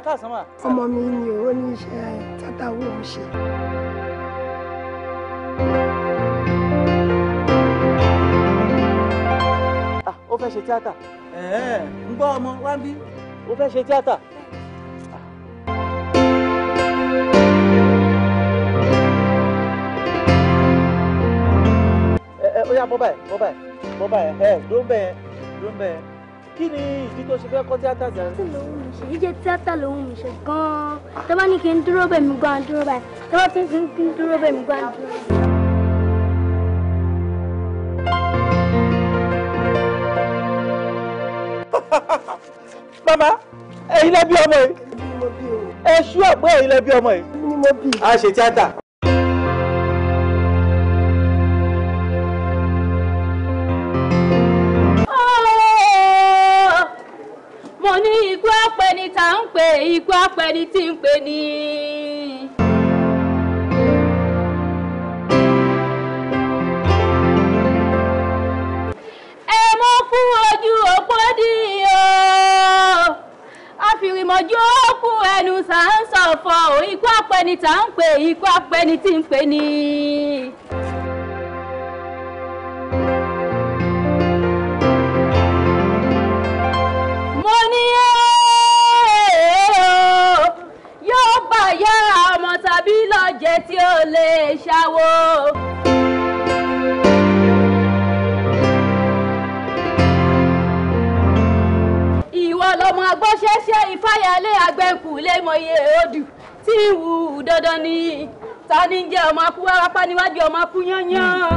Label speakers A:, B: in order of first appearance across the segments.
A: ẹ káàsán mà. ọmọ mi ni ó ní iṣẹ́ tátàwọ̀ ń ṣe.
B: Ah, ó fẹ́ ṣe tíátà. ń gbọ́ ọmọ wá bí. ó fẹ́ ṣe tíátà. Ah. ó yá bọ́ báyìí bọ́ báyìí bọ́ báyìí ẹ
A: dó ń bẹ̀ yẹn dó kí ni ìdí tó ṣe fẹ́ kọ́ tíátà jàre.
C: ìjẹ tíátà lòun mi ṣe gan-an tó bá ní kí n dúró bẹ̀ mí gan dúró báyìí tó bá tún kí n dúró bẹ̀ mí gan dúró báyìí.
B: mama ẹ̀yin lẹ ọmọ yìí ẹ ṣú ọ̀pẹ́ ẹ̀yin lẹ ọmọ yìí a ṣe tíátà.
C: ikú ọ̀pẹ ni tà ń pè ikú ọ̀pẹ ni tí ń pè ní. ẹ mọ kú ojú òpó dì o àfìrìmọ̀jú ó kú ẹnu sàǹsọ̀fọ̀ ikú ọ̀pẹ ni tà ń pè ikú ọ̀pẹ ni tí ń pè ní. mo ní ẹ̀ẹ́rọ yóò bá yá ọmọ tàbí lọ́jẹ́ tí ó lè ṣàwó. ìwọ lọmọ agbóṣẹ́ṣẹ́ ìfáyàlé àgbẹ̀kùlé mọ̀ye odù tí ń wù dandan ni ta ni ń jẹ́ ọmọ akú wárápá níwájú ọmọ akú yányán.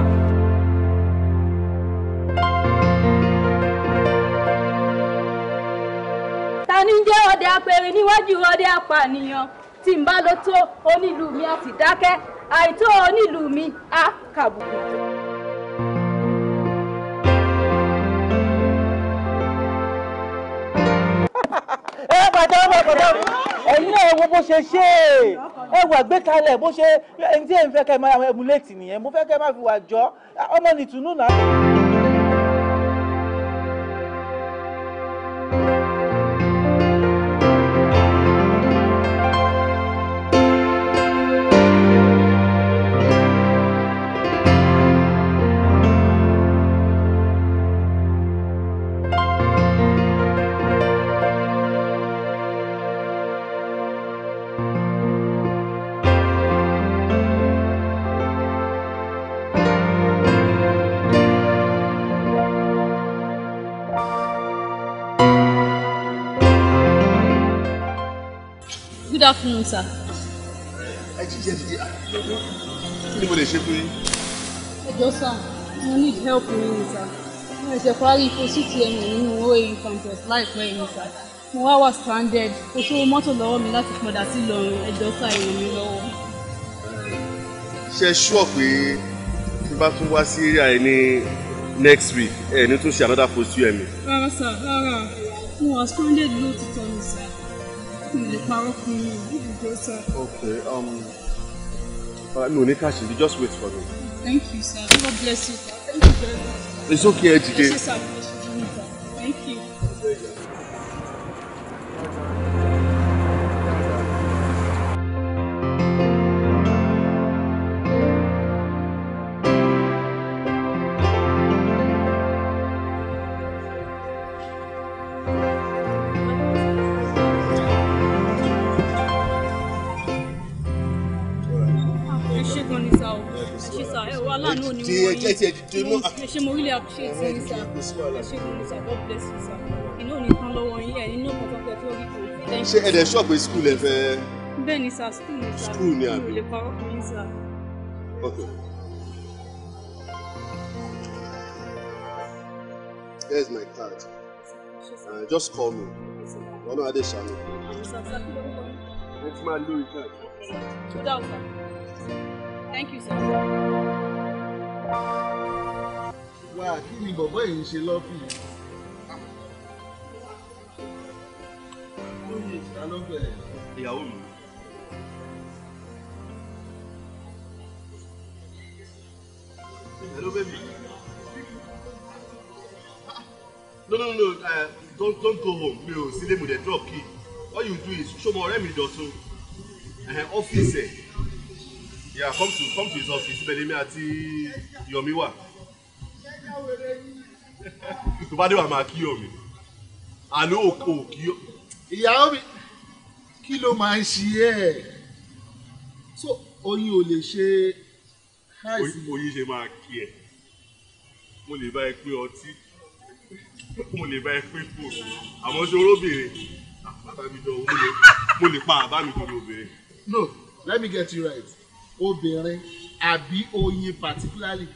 C: ní jẹ́ ọdẹ apẹ̀rẹ̀ níwájú ọdẹ apànìyàn tí n bá lọ tó onílù mi a sì dákẹ́ àìtó onílù mi a kàbùkù. ẹ pàtó ẹ pàtó
B: ẹ̀yin náà wo bó ṣe ṣe ẹ wà gbé kalẹ̀ bó ṣe ẹni tí ẹ fẹ́ kẹ́ ẹ máa emulate nìyẹn mo fẹ́ kẹ́ ẹ má fi wà jọ ọmọ nìtùnú náà.
C: Good afternoon, sir.
B: Ẹ jíjẹ jíjẹ kí ni mo lè ṣe fún yín?
C: Ẹ sá, mo need help mi ni sá. Mo ẹ̀ṣẹ̀
D: parí ipò CTM nínú OAU campus láìpẹ́ yìí sá. Mo wá wà stranded, kò sówó
E: mọ́tò mi láti padà sí Ìlọrin ẹjọ́ sá ìrìn mi lọ́wọ́.
B: Ṣé ṣúọ̀ pé tí bá tún wá sí area ẹ ní next week ẹ ní tún ṣe another post UM?
C: Rárá sá, rárá, mo wà stranded lóòótọ́ mi sá
B: okay um mi ò ní ká just wait for me.
C: thank you sir god bless you sir thank you very much. it's okay ejike. ẹ ṣe
D: do not. ṣe mo really appreciate you sir ṣe mo sir God bless you sir iná nìkan lọ́wọ́ yín ẹ̀ iná kan tó fẹ́ tó rí ṣé ẹ dẹ̀ ṣọ́ọ̀pù skul fẹ́. bẹ́ẹ̀ ni sir skul ni sir skul ni àbí. olè parọ́ fún yín sir.
B: okay. here's my card uh, just call me wọn náà adé ṣàlù. ẹ ti máa lórí card.
D: without thank you sir
B: wá kí ni bọ̀bọ́ yìí ń ṣe lọ́fíìsì. hello baby. no no no uh, don't don't go home mi see them with the drop key all you do is show mo ọ̀rẹ́ mi so ọ́fíìsì ẹ̀ yeah come to come to his office bẹ́ẹ̀ ni mi àti Yomi tó bá dé wàá máa kí omi àlọ́ òkò kí o. ìyàwó mi kí ló máa ń ṣe ẹ́ so oyin ò lè ṣe káìsì. oyin ṣe máa kí ẹ mo lè bá ẹ pé ọtí mo lè bá ẹ pé kò àmọ́ ṣe olóbìnrin àbámidọ̀ mo lè pa àbámidọ̀ lóbìnrin. no let me get you right obìnrin àbí oyin particularly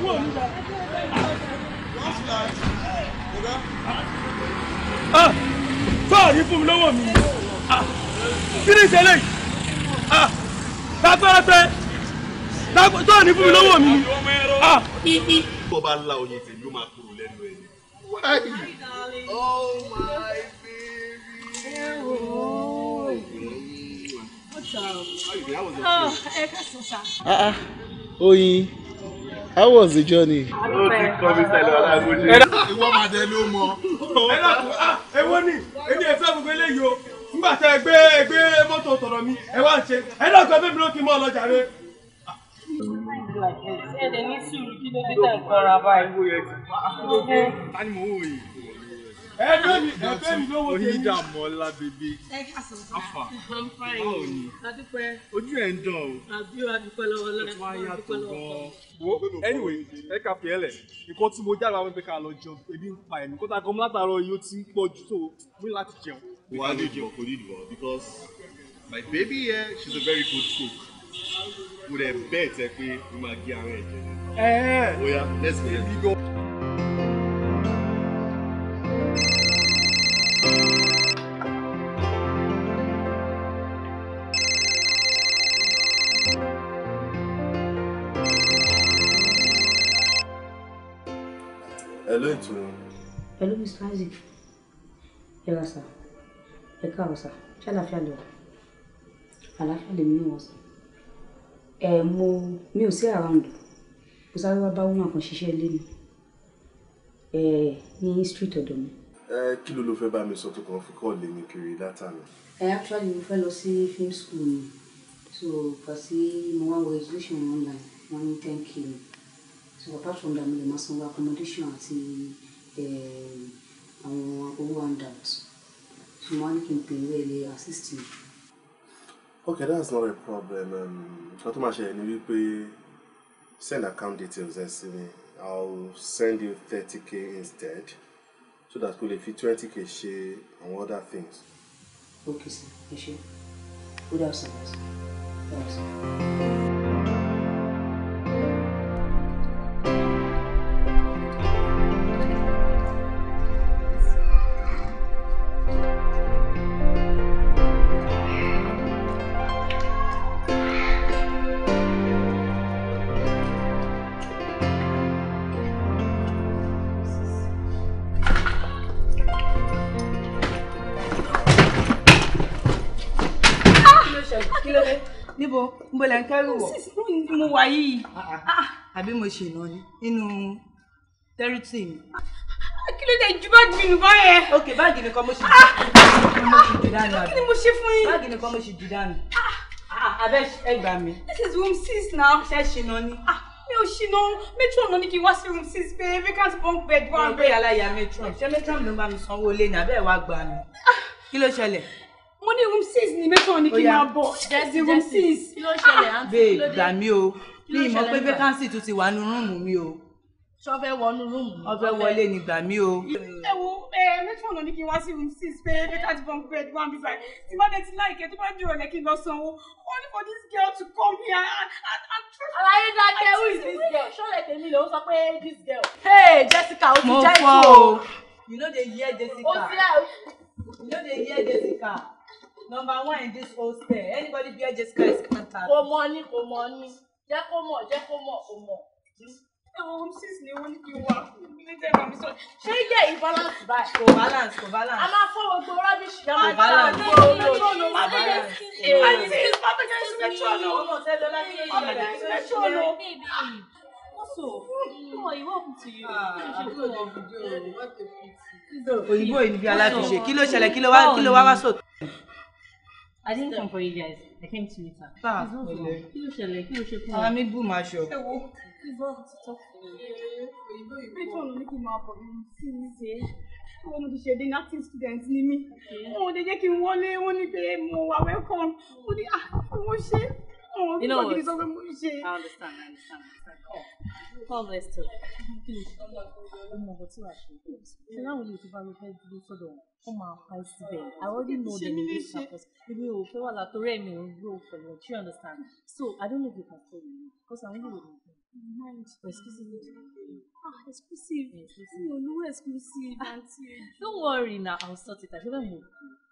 B: sọ́ọ̀rì fún mi lọ́wọ́ mi kí ni ìṣẹ̀lẹ̀ yìí tàkọ́rọ́pẹ́ sọ́ọ̀rì fún mi lọ́wọ́ mi. tó bá la oyin tẹ̀ ló máa kúrò lẹ́nu ẹ̀. Oh Oyin. How was the journey? Ó ti kọ́ mi sẹ́lẹ̀ alágbóṣe. Ìwọ máa dẹ ló mọ. Ẹ dàpọ̀ ah, ẹwọ́ ni èmi ẹ̀ fẹ́ gbogbo eléyìí o. Nígbà tẹ gbé gbé mọ́tò tọ̀rọ̀ mi, ẹ wá ṣe. Ẹ dàpọ̀ ẹgbẹ́ mi ló kí mọ́
A: ọlọ́jà rẹ.
F: Ẹ lè ní sùúrù kí ló dé tẹ̀ ń
A: kọ́ra báyìí.
F: Ta ni mò ń wò yìí? ẹgbẹ́ mi ẹgbẹ́ mi lówó tèmi. oyin dààmú
B: ọlá bèbè.
F: ẹ kí a i'm fine. báwo ni. adúpẹ́.
B: ojú ẹ̀ ń dán o. àbí o adúpẹ́
F: lọ́wọ́ lọ́wọ́.
B: ọtún ayé anyway ẹ kà fi ẹlẹ nǹkan tí mo jáde wá pé ká lọ jẹun ebi ń pa ẹ̀mí kótà gan-an látàárọ̀ yóò ti pọ̀ ju tó mú láti jẹun. wà á lè jẹun kò ní ìdìbò because my baby here she's a very good cook mo dẹ̀ bẹ́ẹ̀ tẹ́ pé mo máa gé ara ẹ̀ jẹ.
G: ẹ̀ẹ́ oya
B: let's go. Hello, Ìtùnú.
D: Hello, Mr. Isaac. Ẹ wá sà. Ẹ káàbọ̀ sà. Ṣé àlàáfíà lè wà? Àlàáfíà lè mí wọ̀ sà. Ẹ mo mi ò sí àràǹdù. Mo sáré wá bá wúmọ̀ kan ṣiṣẹ́ ilé mi. Ẹ ní street ọ̀dọ̀ mi.
B: Ẹ kí ló ló fẹ́ bá mi sọ tó kàn fi kọ́ọ̀lù mi kiri látàná?
D: Ẹ actually mo fẹ́ lọ sí film school mi. So, kà sí mo wá wo exhibition online. Wọ́n ní ten k so apart from that mo lè máa sanwó accommodation eh, àwọn owó handout so mo wá ní kí assist you.
B: okay that's not a problem um, nǹkan tó máa ṣẹlẹ̀ ni wípé send account details ẹ sí mi i'll send you thirty k instead so that kò lè fi twenty k ṣe àwọn other
D: things. okay sir ẹ ṣe good afternoon sir. Good
F: lẹ́rù wọ̀. sísè bó ni mo wà yìí. Ah, ah. Ah, àbí mo ṣe ìnáwó nínú tẹ́rítì mi. kí ló dé ju báàgì mi nù bá yẹ. ok báàgì nìkan mo ṣe jù dànù. kí ni mo ṣe fún yín. báàgì nìkan mo ṣe jù dànù. abẹ́ ẹ gbà mí. this is room six now. ṣe é ṣìnà ni. mi ò ṣìnà matron ló ní kí n wá sí room six pé vacant bunk bed one bed. mo ń gbé yàrá ìyá matron ṣé matron ló ń bá mi sanwó ilé ní abẹ́ ẹ̀ wá gbà mí. kí ló ṣẹlẹ̀ mo ní room six ni mẹ́fọ̀ ni kí n máa bọ̀ jẹ́sí room six. kí ló ṣẹlẹ̀ àǹtí ah! kí ló dé. bẹ́ẹ̀ gbà mí o mi ì mọ̀ pé vacancy tún ti wà nínú rúùmù mi o. sọ fẹ́ wọnú rúùmù. ọbẹ̀ wọlé ni gbà mí o. ẹ wo ẹ mẹ́fọ̀ kí n wá sí room six pé vacancy from bed one big five tí bá dé ti láìkẹ́ tó bá jù ọ̀lẹ́ kí n lọ sanwó only for this girl to come
E: here and and and trust. alaye dake who is this girl ṣọlẹ̀ tèmi ló sọ pé this girl. hey Jessica o ti jẹ́ ìtú o. you no dey hear Jessica. o ti ẹ. you no dey hear Jessica number one in this whole state anybody bear just is contact. kò mọ ni kò mọ ni jẹ́ kó mọ̀ jẹ́ kó mọ̀ kò mọ̀.
F: àwọn sis ni wọ́n ní kí wà ní tẹ́
E: ṣé yẹ ìbalance báyìí. kò balance kò balance. a máa fọ gbogbo rubbish. kò balance kò balance kò balance. àti sis pàtó
F: jẹ́ spiritual o. ọmọ tẹ lọ láti ẹ̀yìn ọmọ tẹ spiritual o. Also, no, it won't to you. Ah, I know the video. What a pity. Òyìnbó yìí ni bí aláfiṣe.
H: Kí I didn't come for you guys. I came to meet her. Ah, kí ló ṣẹlẹ̀? Kí ló ṣe fún ah, mi? Ara mi gùn máa ṣọ. Ṣé wo? Ìbọn ti to fún mi. Òyìnbó
D: ìbí
F: ìtàn ló ní kí n máa bọ̀ mí sí ní ṣe. Wọ́n mo ti ṣe dé nursing student ní mí. Wọ́n ò lè jẹ́ kí n wọlé, wọ́n ní pé mo wà welcome. Mo ní àwọn ah, ṣe. Oh, you know what? Is I understand. I understand. I understand. Oh,
H: homeless too. So now we need to buy a bed for them. Come on, fight today. I already know the need purpose. You will feel like to rain will grow for you. Do you understand? So I don't know if you can tell me because I'm only with mind exclusive. Ah, exclusive. You know, exclusive. Don't worry now. I'll sort it. I don't know.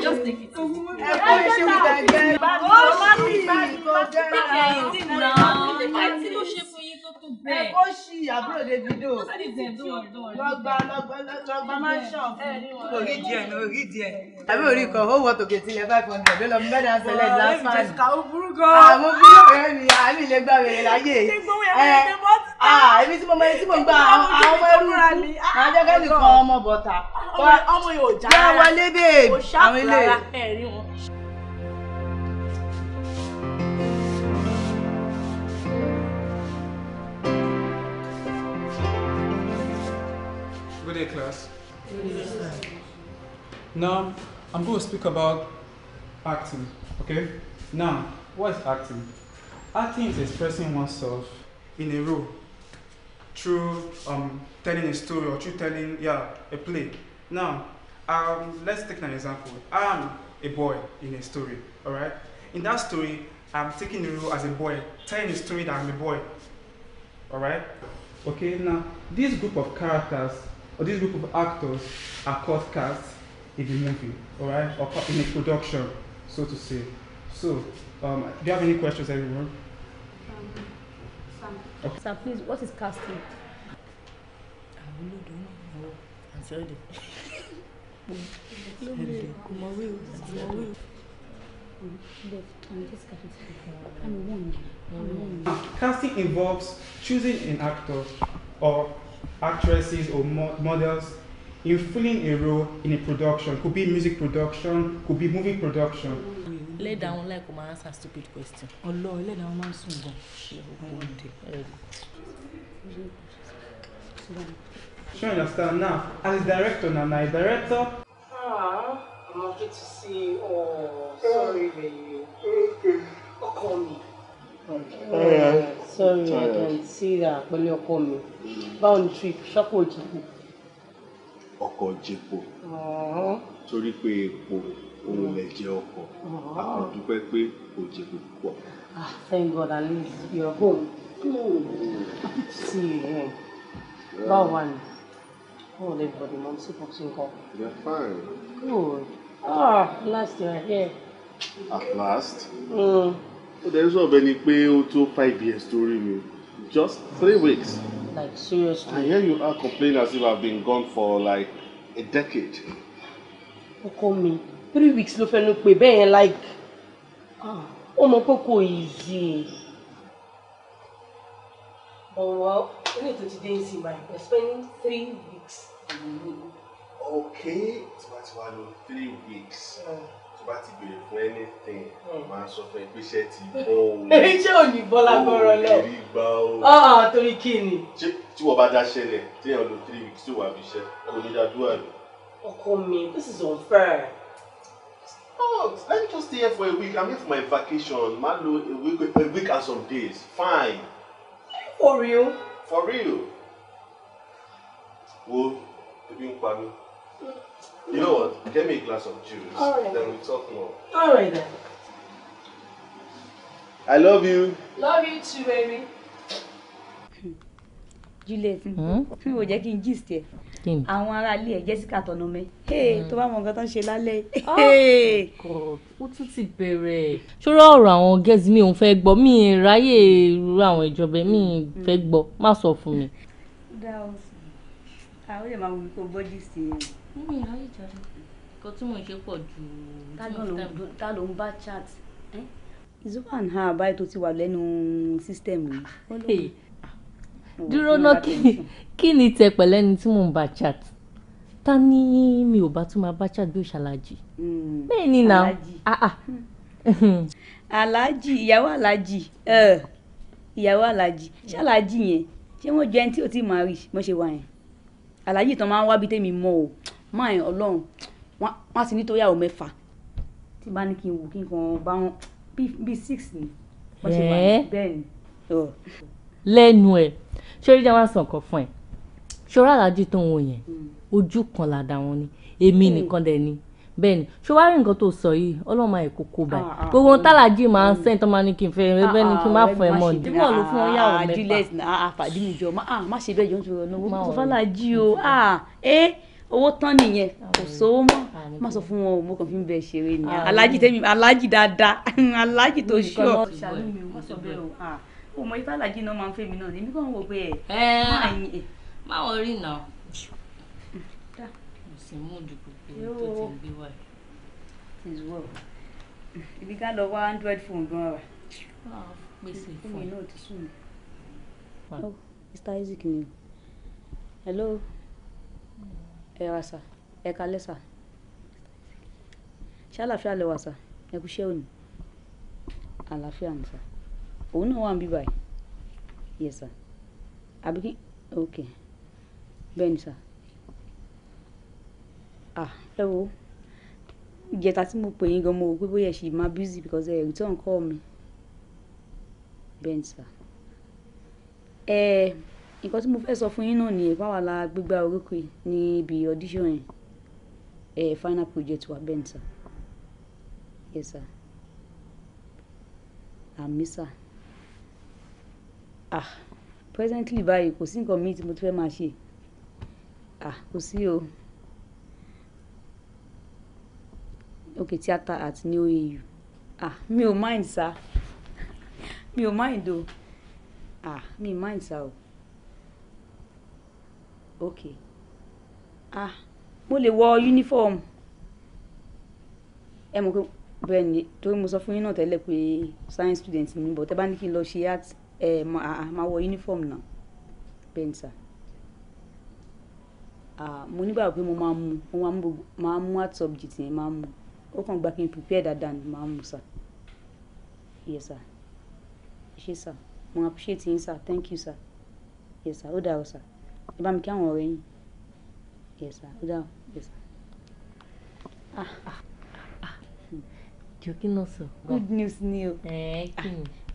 F: Just take it ẹ kó ṣì àbúrò davido lọgbà lọgbà lọgbà mansion orí díẹ̀ ní orí díẹ̀ àbí orí kan ó wọ tòkè tilẹ̀ five hundred ló lọ mú bẹ́ẹ̀ dáńsẹ̀ lẹ́yìn last man. ọ̀rẹ́ mi jẹ́sìkà ó burú gan. àwọn ah, burú bẹ́ẹ̀
E: mi àmì ilé gbà wèrè láyé. ṣé gbowó yẹn wọ́n ti bọ́ ti ta. èmi tí mo mọ ẹni tí mo gbà àwọn ah, ọmọ ẹrú àwọn jẹ́gẹ́ nìkan ọmọ bọ̀tà. ọmọ yóò já rárá kò ṣáà rárá
H: ẹ̀rí wọn.
B: Good day, class. Now, I'm going to speak about acting, okay? Now, what is acting? Acting is expressing oneself in a role through um, telling a story or through telling, yeah, a play. Now, um, let's take an example. I'm a boy in a story, all right? In that story, I'm taking the role as a boy, telling a story that I'm a boy, all right? Okay, now, this group of characters or this group of actors are called cast in the movie, all right, or in a production, so to say. So, um, do you have any questions, everyone?
D: Um, Sam. Okay. Sam, please, what is casting?
H: I really don't know. I'm sorry.
B: Casting involves choosing an actor or actresses or mo models in filling a role in a production could be music production could be movie production.
H: lẹ́dàá down like kó máa answer stupid question. ọlọ
F: lẹ́dàá wọn máa ń sùn gan. ṣé you understand now as a director now, na a director. ah i'm happy to see you oh sorry baby ọkọ mi. Oh, sorry i can see that pẹ̀lú ọkọ mi báwo ni trip ṣọ́pọ̀ òjìpo.
B: ọkọ̀ òjìpo
F: uh-huh.
B: torí pé epo òun lè jẹ ọkọ̀
F: uh-huh. a kò
B: pé òjìpo púpọ̀.
F: ah thank god at least you home see you here báwo wà ní. Oh, everybody, mom, see for single.
B: They're fine.
F: Good. Ah, last year, here.
B: At last? Mm ó dẹ̀ ń sọ̀rọ̀ bẹ́ẹ̀ ni pé ó tó five years tó rí mi just three weeks.
F: like seriously. I
B: hear you are complaining as if i been gone for like a decade.
F: ọkọ mi three weeks ló fẹnu pé bẹ́ẹ̀ yẹn like ọmọ ah, pé kò easy. ọ̀wọ́ ilé tó ti dé ń sìn báyìí we spend three weeks. okay tiwantiwa lo three
B: weeks. Uh bá ti béèrè fún anything máa hmm. sọ fún ẹ pé iṣẹ́ ti bọ́ o. iṣẹ́ ò
F: ní bọ́ lágbọ́rọ̀ lọ. o ò
B: rí gbá o. ọ̀ọ́
F: ah, ah, torí kí ni.
B: ṣé tí wọ́n bá dáṣẹ́ lẹ̀ téèyàn lo three weeks tí wàá fi ṣẹ́ kò ní dàdúrà lọ. ọkọ mi this is unfair. Oh, let me just stay here for a week. I'm here for my vacation. Ma lo a week, a week and some days. Fine. For real? For real. Wo, ebi ń pa mí. Hmm. You know what? Get me a glass of juice. All right. Then we talk more. All right then. I love
H: you.
F: Love you too, baby. Juliet, mi
D: ò hmm? jẹ́ kí n gist ẹ̀. Àwọn ará ilé ẹ̀ Jessica tọ̀nà mi. Hmm. Tó bá mọ nǹkan tó ń ṣe lálẹ́.
H: Oh ó tún ti bẹ̀rẹ̀. Ṣọ́ra ọ̀rọ̀ àwọn gẹ́sì mi òun fẹ́ gbọ́. Mi ì ráyè irú àwọn ìjọba mi ì fẹ́ hmm. gbọ́. Má sọ fún mi. Ó dáa Àwọn ò ah, máa wù mí kó gbọ́ gist mímì ráyè jáde nǹkan tí mò ń
D: ṣe pọ̀ ju. ta ló ń bá chat zuba ń ha báyìí tó ti wà lẹ́nu sísítẹ̀mù yìí. dúró náà
H: kí ni tẹ pẹ̀lẹ́ ni tí mò ń bá chat ta ni mi ò bá tún máa bá chat bí ó ṣàlàjì. Hmm. bẹ́ẹ̀ ni nà ah, ah.
D: aláàjì ìyàwó aláàjì ìyàwó aláàjì ṣàlàjì yẹn ṣé wọ́n jẹ́ ẹni tí ò tí ì máa rí bó ṣe wà yẹn aláàjì tán máa ń wá bí tèmi mọ́ o máa yàn ọlọ́run wọ́n á ti ní tó yàwó mẹ́fà tí bá ní kí n wò kí n kàn bá wọn bíi six ni wọ́n ṣe wà bẹ́ẹ̀ ni.
H: lẹ́nu ẹ̀ ṣé orí jẹ́ wá sàn kan fún ẹ̀ ṣé orí aláàjì tó ń wò yẹn ojú kan làdá wọn ni èmi nìkan dẹ̀ ni bẹ́ẹ̀ ni ṣé wàá rí nǹkan tó sọ yìí ọlọ́mọ ẹ̀ kókó báyìí gbogbo ohun tálàjì máa ń sẹ́yìn tó máa ní kí n fẹ́ ẹ bẹ́ẹ̀ ni kí n má fọ ẹ mọ́ ni. ìdíwọ̀n ló fún ọyá ọ̀mẹ́fà àdílẹ̀
D: àfàdínìjọ má ṣe bẹ́ẹ̀ jọ ń sọ̀rọ̀ náà wọ́n o ẹ owó tán nìyẹn kò sówó mọ́ má sọ fún wọn o mo kàn fi ń bẹ ṣeré ni alájì tèmi alájì dáadáa alájì tó ṣọ. ọmọ ifá alájì náà máa ń fẹ́ mi náà èmi kàn wò pé ẹ má wọ rí nà mo sì mú ìdìbò pé tó ti ń gbé wá yìí. ibi ká lọ wá android phone gan ra. pèsè fún mi náà ti sùn mi. Mr Isaac ni hello ẹ ra sà ẹ e kalẹ́ sà ṣé àlàáfíà lẹ wà sà ẹ kú iṣẹ́ òní àlàáfíà ni sà òun náà wà ń bí báyìí yes sà àbí kí ok bẹ́ẹ̀ ni sà ah ẹ wo ìjẹta tí mo pè yín gan mo rò pé bóyá ẹ ṣì máa busy because ẹ return call mi bẹ́ẹ̀ ni sà ẹ. Eh, nǹkan tí mo fẹ́ sọ fún yín náà nìyẹn báwa la gbégbá orókè ní ibi audition yẹn ẹ̀ final project wa bẹ́ẹ̀ sà yes sà àmì sà ah presently báyìí kò sí nǹkan míì tí mo ti fẹ́ máa ṣe ah kò sí o ok theatre at ní OAU ah mi ò mind sá mi ò mind o ah mi mind sá o ok ah mo le wọ yúnífọ́ọ̀mù ẹ mọ̀ pé bẹ́ẹ̀ ni torí mo sọ fún yín náà tẹ́lẹ̀ pé science student mi bọ̀ tẹ́ bá ní kí n lọ ṣe art ẹ máa wọ yúnífọ́ọ̀mù náà bẹ́ẹ̀ ni sà mo nígbà pé mo máa mú mo máa mú art subject yẹn máa mú ó kàn gba kí n prepare dáadáa ni máa mú sà yes sà ṣe sà mo appreciate yín sà thank you sà yes sà ó dàrú sà ẹ bá mi kí àwọn ọ̀rẹ́ yín yẹsà ó dáhùn yẹsà.
H: jòkí náà sọ. good news ni o. Ah,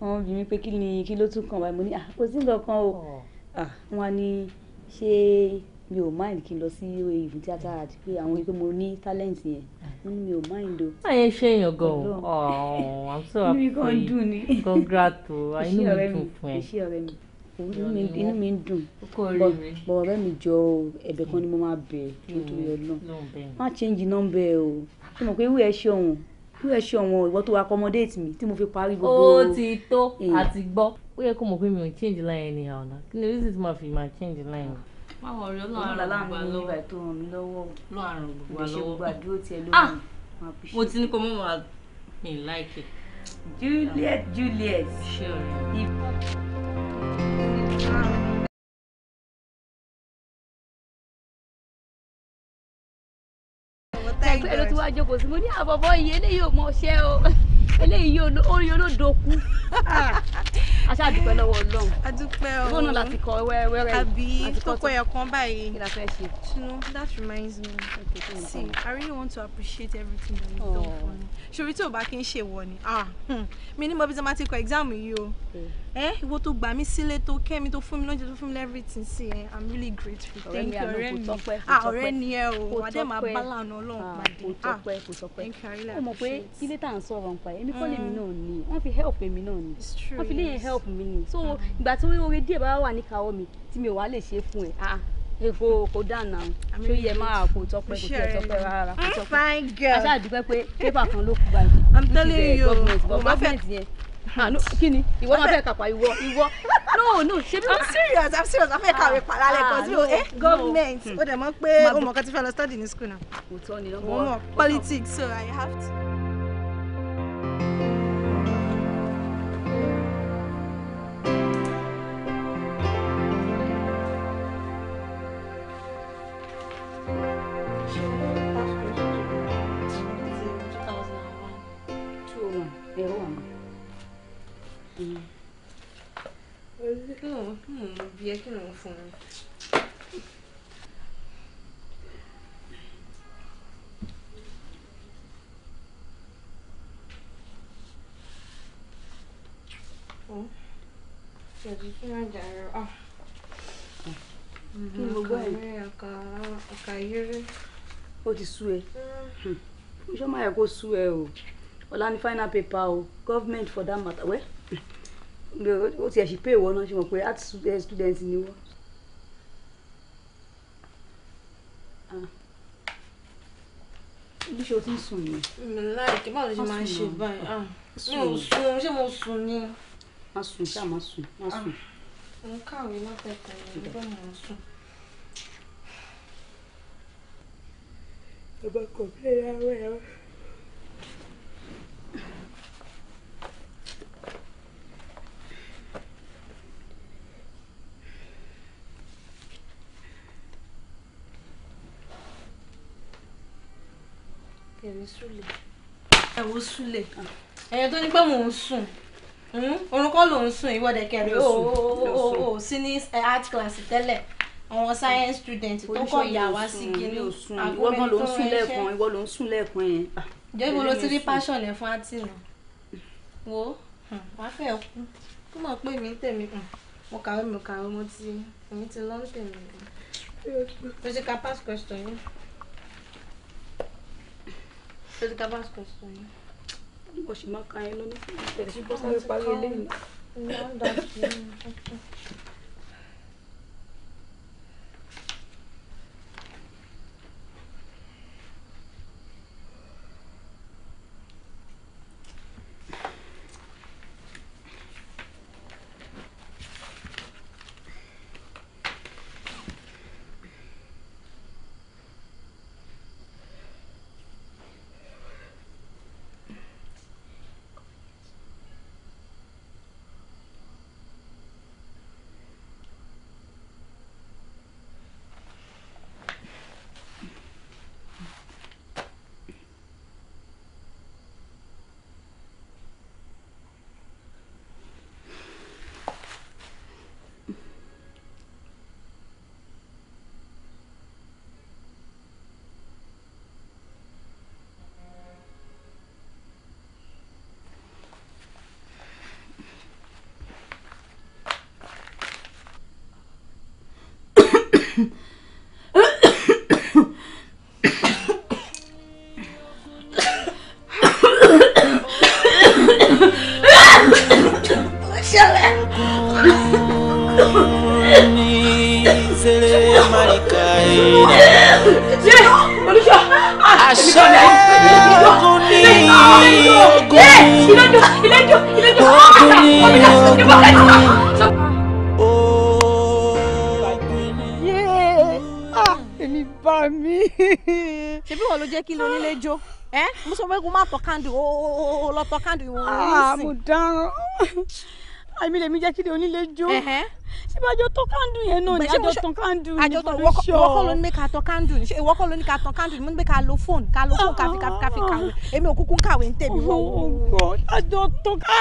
D: wọ́n bí mi pé kí ni kí ló tún kàn wá mo ní ah, kò sí nǹkan kan o ah, wọ́n ní ṣé mi ò mind kí n lọ sí ìfún tíátà àti pé àwọn ipe mo ní talent yẹn mi ò mind o.
H: báyẹn ṣe èèyàn gan o i'm so happy congrats o inú mi dùn fún ẹ. iṣẹ́
D: ọ̀rẹ́ mi inú mi ń dùn bọ̀ ọ̀rẹ́ mi jọ ẹ̀bẹ̀ kan ni mo máa bẹ̀ nítorí mm, ọlọ́run má change number ẹ o ṣé mo pé wíwẹ̀ ẹ ṣe ọ̀hún wíwẹ̀ ṣe ọ̀hún ìwọ tó accommodate mi tí mo fi parí gbogbo. ó ti tó àti mm.
H: gbọ́ ó yẹ kó mọ̀ pé mi ò change line ẹni àwọn kí ni reason tí mo fi máa change line mi. má wọ ọ̀rẹ́ ọlọ́run àrùn gbogbo
D: àlọ́wọ́ ọlọ́run àrùn gbogbo àlọ́wọ́ ah!
H: mo ti ní kó mọ̀ wá mi like it. Juliet, Juliet. Sure
D: ẹgbẹ́ ló ti wá jókòó sí mo ní ah, àbọ̀bọ̀ yìí eléyìí ò mọ ọṣẹ́ o eléyìí orí olódoku
E: aṣá àdúpẹ́ lọ́wọ́ ọlọ́run àdúpẹ́ o fóònù láti kọ wẹ́rẹ́wẹ́rẹ́ àbí kókó ẹ̀kan báyìí kí la fẹ́ ṣe. you know that reminds me see i really want to appreciate everything that you don for me ṣòrí tí ò bá kí n ṣèwọ ni ah, hmm. mi ní mo bí sọ ma ti kọ exam yìí o ẹ eh, ìwọ tó gbà mí sílé tó kẹ́ mi tó fún mi lóúnjẹ tó fún mi everything sí ẹ eh, i'm really grateful thank you ọ̀rẹ́ mi ah, ọ̀rẹ́ ni ẹ o wàdé máa bá lànà Ọlọ́run ah, pàdé kò tọpẹ́ kò
D: tọpẹ́ ó mọ̀ pé ilé tá à ń sọ̀rọ̀ nípa èmi kọ́ lèmi náà ni wọ́n fi help èmi náà ni wọ́n fi léyìn help mi ni so ah. ìgbà tí oore díẹ̀ bá wà ní mi tí mi ò wá lè ṣe fún ẹ ah èfo kò dáná tó yẹ máa kò tọpẹ kò tọpẹ rárá kò tọpẹ i'm telling you
C: Ah, kí ni
D: ìwọ máa fẹ́ kàpá ìwọ ìwọ no no ṣe wọn. i'm serious i'm serious afẹ́ kàwé pàlálẹ̀ kan ah, sí o eh government
E: ó dẹ̀ mọ̀ pé ó mọ̀ kan ti fẹ́ lọ study ní school náà. òótọ́ ni politics so i have to. fún un. kí ló ah.
D: mm-hmm. gbọ́ ẹ̀ ó ti sú ẹ hmm. ó ṣọ́ máa yẹ kó sú ẹ o ọ̀la ni final paper o government for that matter wẹ́ hmm. ó tiẹ̀ sì pay ìwọ náà ṣe mọ̀ pé art student ni wọ́n. o ti sùn ni.
E: láìkí báwo ló ṣe máa ń ṣe báyìí mi ò sùn ṣé mo sùn ni.
D: má sùn ṣáà má sùn má ah, sùn.
E: mo kàwé látẹ̀kọ̀ ní bá mo sùn.
F: ẹ bá kọ̀ bí ẹ yára ẹ.
H: ní
E: súlẹ̀. ẹ wo súlẹ̀ ẹ̀yẹ tó ní pé mò ń sùn orun kọ́ ló ń sùn ìwọ́de kẹrin o o o sí ní art class tẹ́lẹ̀ àwọn science student tó kọ̀ yà wá sí kíní ìwọ gan ló ń sùn lẹ́ẹ̀kan ìwọ ló ń sùn lẹ́ẹ̀kan yẹn. Ah,
D: jẹ́ ibo ló ti rí
E: passion ẹ̀ fún àǹtí nà wo wá fẹ́ kú kó mọ̀ pé mi tèmi mo kàwé mo kàwé mo ti èmi ti lọ́n tèmi. mo ti ka pass question yìí. There's a Gabas question. jẹ́ kí ni onílé jó ni àjọ tán kándù ni for sure. ìwọ kọ́ ló ní ká tán kándù ni ìwọ kọ́ ló ní ká tán kándù ni mo ní pé ká lo fóònù ká lo fóònù káfí káfí káfí kàwé èmi ò kúkú ń kàwé ń tèmi wọ́n wò. àjọ tán ká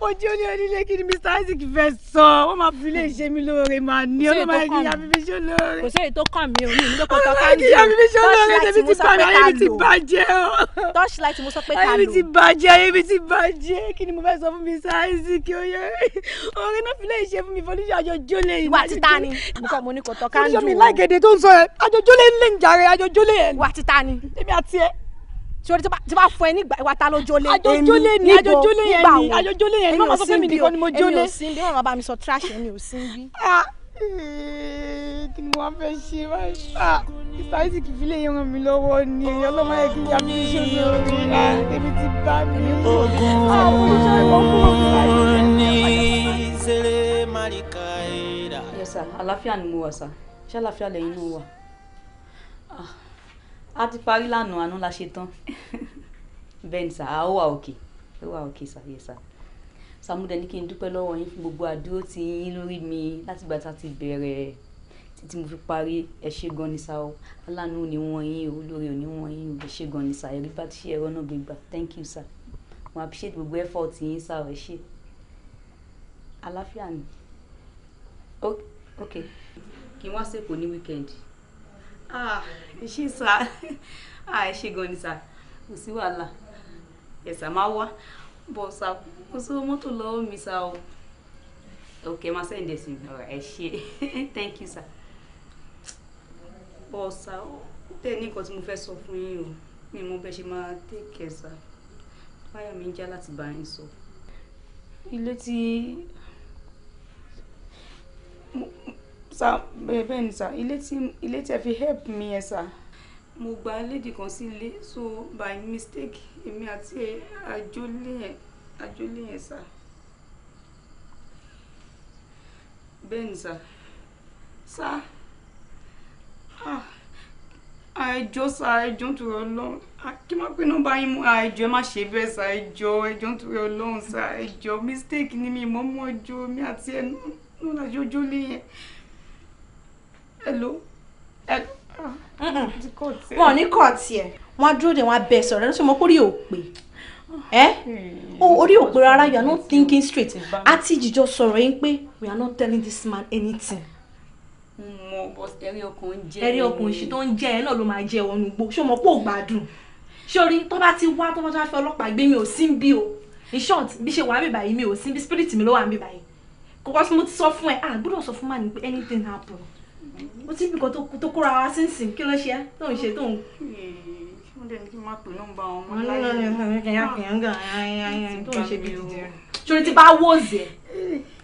E: ojú ó ní onílé kí ni Mr Isaac fẹ́ sọ wọ́n máa fi ilé ìṣe mi lóore màá ní ọlọ́mọ ẹ̀kíyà fífi ṣe lóore. kò sẹ́yìn tó kàn mí o mi ò ní lóko tán kándù. mi ti bàjẹ́ ayé mi ti bàjẹ́ kí ni mo mi fọlíṣẹ́ nǹkan mo ní kò tọ́ ká ń dùn. oṣù mi láìgèdè tó sọ ẹ àjọjọlé ń lè ń jàre àjọjọlé ẹ. wà ti ta ni. èmi àti ẹ. sori tí bá fún ẹ nígbà ìwà ta ló jólé. àjọjọlé ni àjọjọlé yẹn ni àjọjọlé yẹn ni màmá sọ fún mi nìkan ni mo jólé. èmi ò sin bí màmá bá mi sọ trash èmi ò sin bí. Ah, eh, kí ni wọ́n fẹ́
F: ṣe
A: báyìí.
E: ìsáyìsì kì í fi lè yan mi lọ́wọ́ ni èèyàn lọ́mọ yẹ kí ìyá mi ṣe lórí
F: ah, èmi ti bá mi. ogun ah, ni
D: zele marika yìí sà àlàáfíà ni mo wà sà ṣé àlàáfíà lẹ́yìn náà wà ah, a ti parí lánàá àánú la ṣe tán bẹ́ẹ̀ ni sà a ó wà òkè ó wà òkè sà yẹ sà sàmúdẹ ní kí n dúpẹ́ lọ́wọ́ yín fún gbogbo àdúró tí yín lórí mi látìgbà tá a ti bẹ̀rẹ̀ títí mo fi parí ẹ ṣé gan ni sà o aláàánú ni wọ́n yín o olórí ò ní wọ́n yín o ẹ ṣé gan ni sà ẹ̀rí bá ti ṣe ẹ̀rọ náà gbégbà thank you sà mo appreciate gbogbo effort yín sà ẹ ṣé àlàáfíà ni. Okay ok kí n wá sèkò ní weekend? ah ṣé sá ah ẹ ṣe gan ni sá kò sí wàhálà ẹ̀sà máa wá bọ̀ sá kò sí mọ́tò lọ́wọ́ mi sá o ok ma send this in ọ̀rọ̀ ẹ ṣe thank you sá bọ̀ sá ó tẹ̀ ní nǹkan tí mo fẹ́ sọ fún yín o mi mo bẹ́ ṣe máa take sá báyọ̀ mi ń já láti bá yín sọ ilé tí sa bẹ́ẹ̀ ni sa ilé tí ilé tí ẹ fi help mi yẹn sa mo gba lady kan sí ilé so by mistake èmi àti àjọlé yẹn àjọlé yẹn sa bẹ́ẹ̀ ni sa sa ah àìjọ sa àìjọ nítorí ọlọ́run kí n má pé nọ́mbà yín mú àìjọ ẹ má ṣe bẹ́ẹ̀ sa àìjọ àìjọ nítorí ọlọ́run sa àìjọ mistake ni mi mọ́ mọ́
A: ọjọ́ mi àti ẹ̀ náà ló la jojo lé yẹn hello hello ah, wọn ò ní
E: kọ́ọ̀tì ẹ̀ wọ́n á dúró de wọn á bẹ̀ sọ̀rọ̀ ẹ̀ lọ́sọ̀mọ́ kórè ò pé ẹ orí hmm. òpè rárá you are not thinking straight àti ìjìjọ sọ̀rọ̀ yín pé we are not telling this man anything.
D: mo bọ ẹrí ọkùnrin
E: jẹ ẹrí ọkùnrin tó ń jẹ ẹ náà ló máa jẹ ọnu gbó ṣé o mọ pé ò gbádùn sórí tó bá ti wá tó bá tó bá fi ọlọ́pàá gbé mi ò sí bí o in short bí ṣe wà á bèbà yìí mi ò sí bí spirit mi ló wà á bèbà yìí kọ́kọ́ mo ti sọ fún ẹ a gbọ́dọ̀ sọ fún màmí pé anything happen o ti bìkan tó kóra wa sínsìn kí ló ṣe ẹ tó ń ṣe tó ń.
D: mo dẹ̀ ní kí n máa pè nọ́mbà wọn. mo ní
E: lọ́ọ́ lè sọ pé kìnyà kìnyà ń gàn án yán yán yán tó ń ṣe bí ti jẹ. sori ti bá wọ́ọ̀zì ẹ̀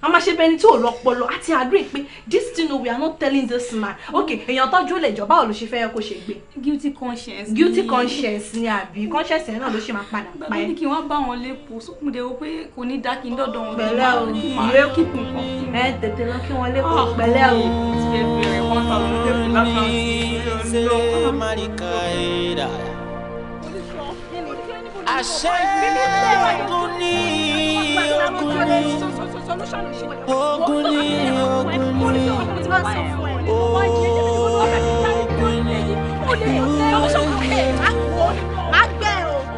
E: a máa ṣe bẹ́ẹ̀ ni tí ò lọ́pọlọ àti agree pé this thing we are not telling this man okay èèyàn tọ́jú lè jọba ò ló ṣe fẹ́ yẹ kó ṣe gbé. guilty conscience ni guilty conscience ni àbí conscience yẹn náà ló ṣe máa padà pa ẹ. bàbá ní kí wọ́n bá wọn lépo sókùn de o pé kò ní dá kí n dọ̀dọ̀ wọn. pẹ̀lẹ́ o ìwé kíkùn kan ẹ tètè lọ kí wọ́n lépo ah, pẹ̀lẹ́ o.
F: ṣe bèrè wọn ta ló lè fi lákàtúntì
E: àṣẹ ìgbìmọ̀ ọkùnrin ọkùnrin ogun ni ogun ni ogun ni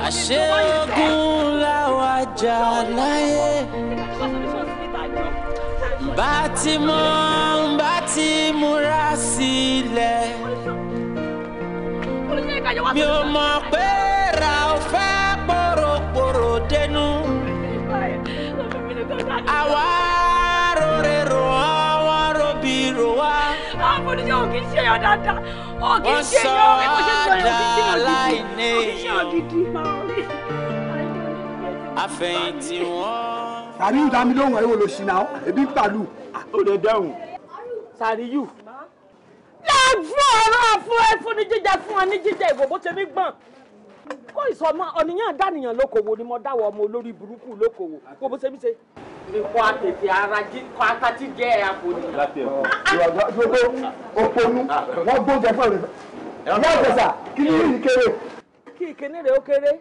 B: àṣé ogun làwa jà láyé bá ti mọ̀ bá ti múra sílẹ̀ mi ò mọ̀ pé
E: ra ọ̀fẹ́. àwárò rẹ̀ rò àwárò bí rò wá. àfọlùjọ ò kì í ṣe yàn dáadáa ò kì í ṣe yàn bí mo ṣe sọ yàn kì í ṣe yàn gidi ò kì í ṣe yàn gidi máa
F: rí. àfẹ̀yìntì wọn.
B: sàríyù dá mi lóhùn ẹ̀wọ̀n ló ṣì náà ebi ń pàlù. Ah, ó lè dẹ́hùn sàríyù fún ọ̀rọ̀ fún ẹ fún ní jíjẹ fún ẹ ní jíjẹ ìbòbó tèmi gbọ̀n kó ìsọmọ ọ̀nìyàn dánìyàn lókòwò ni mo dáwọ ọmọ olórí burúkú lókòwò kó bó ṣe mí ṣe nìkọ́ àtẹ̀tẹ̀ ara kọ́ atati jẹ́ ẹ̀ àpòlì. gbogbo òponu wọ́n gbóúnjẹ fún ẹ̀rọ wọ́n tẹ̀sà kí ni yìí kéré. kí ìkíní rẹ̀ ó kéré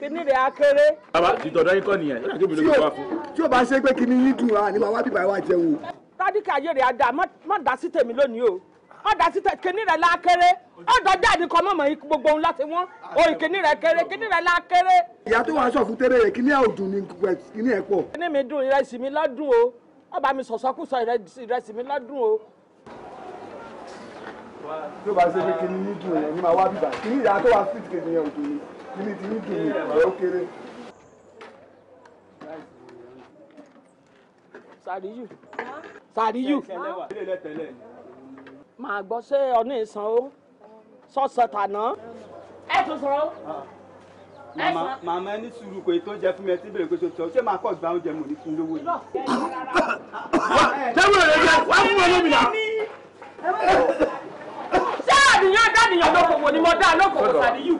B: kíní rẹ̀ á kéré. bàbá ìtọ̀dọ̀ yín kọ́ nìyẹn lọ́dà tóbi ló ti wá fún. tí o bá ṣe pé kíní yín dùn á ní bàbá bíbá wa jẹun. tádìkà yèrè àdá má dá sí tèmi lónìí o ọ̀dà títẹ̀ kìnní rẹ̀ la kéré ọ̀dọ̀ jáde kan mọ̀mọ́ gbogbo ohun láti wọ́n oyin kìnní rẹ̀ kéré kìnní rẹ̀ la kéré. ìyá tó wàá sọ fún tẹ́lẹ̀ yẹn kìnní ẹ̀ dùn ní kìnní ẹ̀ pọ̀. kìnní mi dùn ìrẹsì mi lọ́dún o ọba mi sọ̀sọ́kùsọ ìrẹsì mi lọ́dún o. tó bá ṣe pé kìnní ní dùn yẹn ni màá wá bíbà kìnní ìyá tó wàá fit kìnní yẹn dùn ní kìnní ti ní dùn ní ọ̀rẹ́ ó kéré màá gbọ́ ṣé ọ̀nà ìsan o sọ́sọ tàná
C: ẹ tún sọ o. Ah.
B: màmá ẹni sùúrù kò tó jẹ fún mi ẹ ti bèrè pé ṣe ṣe máa kọ́ gba oúnjẹ mò ní fún lówó yìí. jẹ́wọ́ rẹ̀ jẹ́ wá fún wọn lómìnira. ṣé àdìyàn dàdìyàn lókòwò ni mo dá lókòwò sàdíyù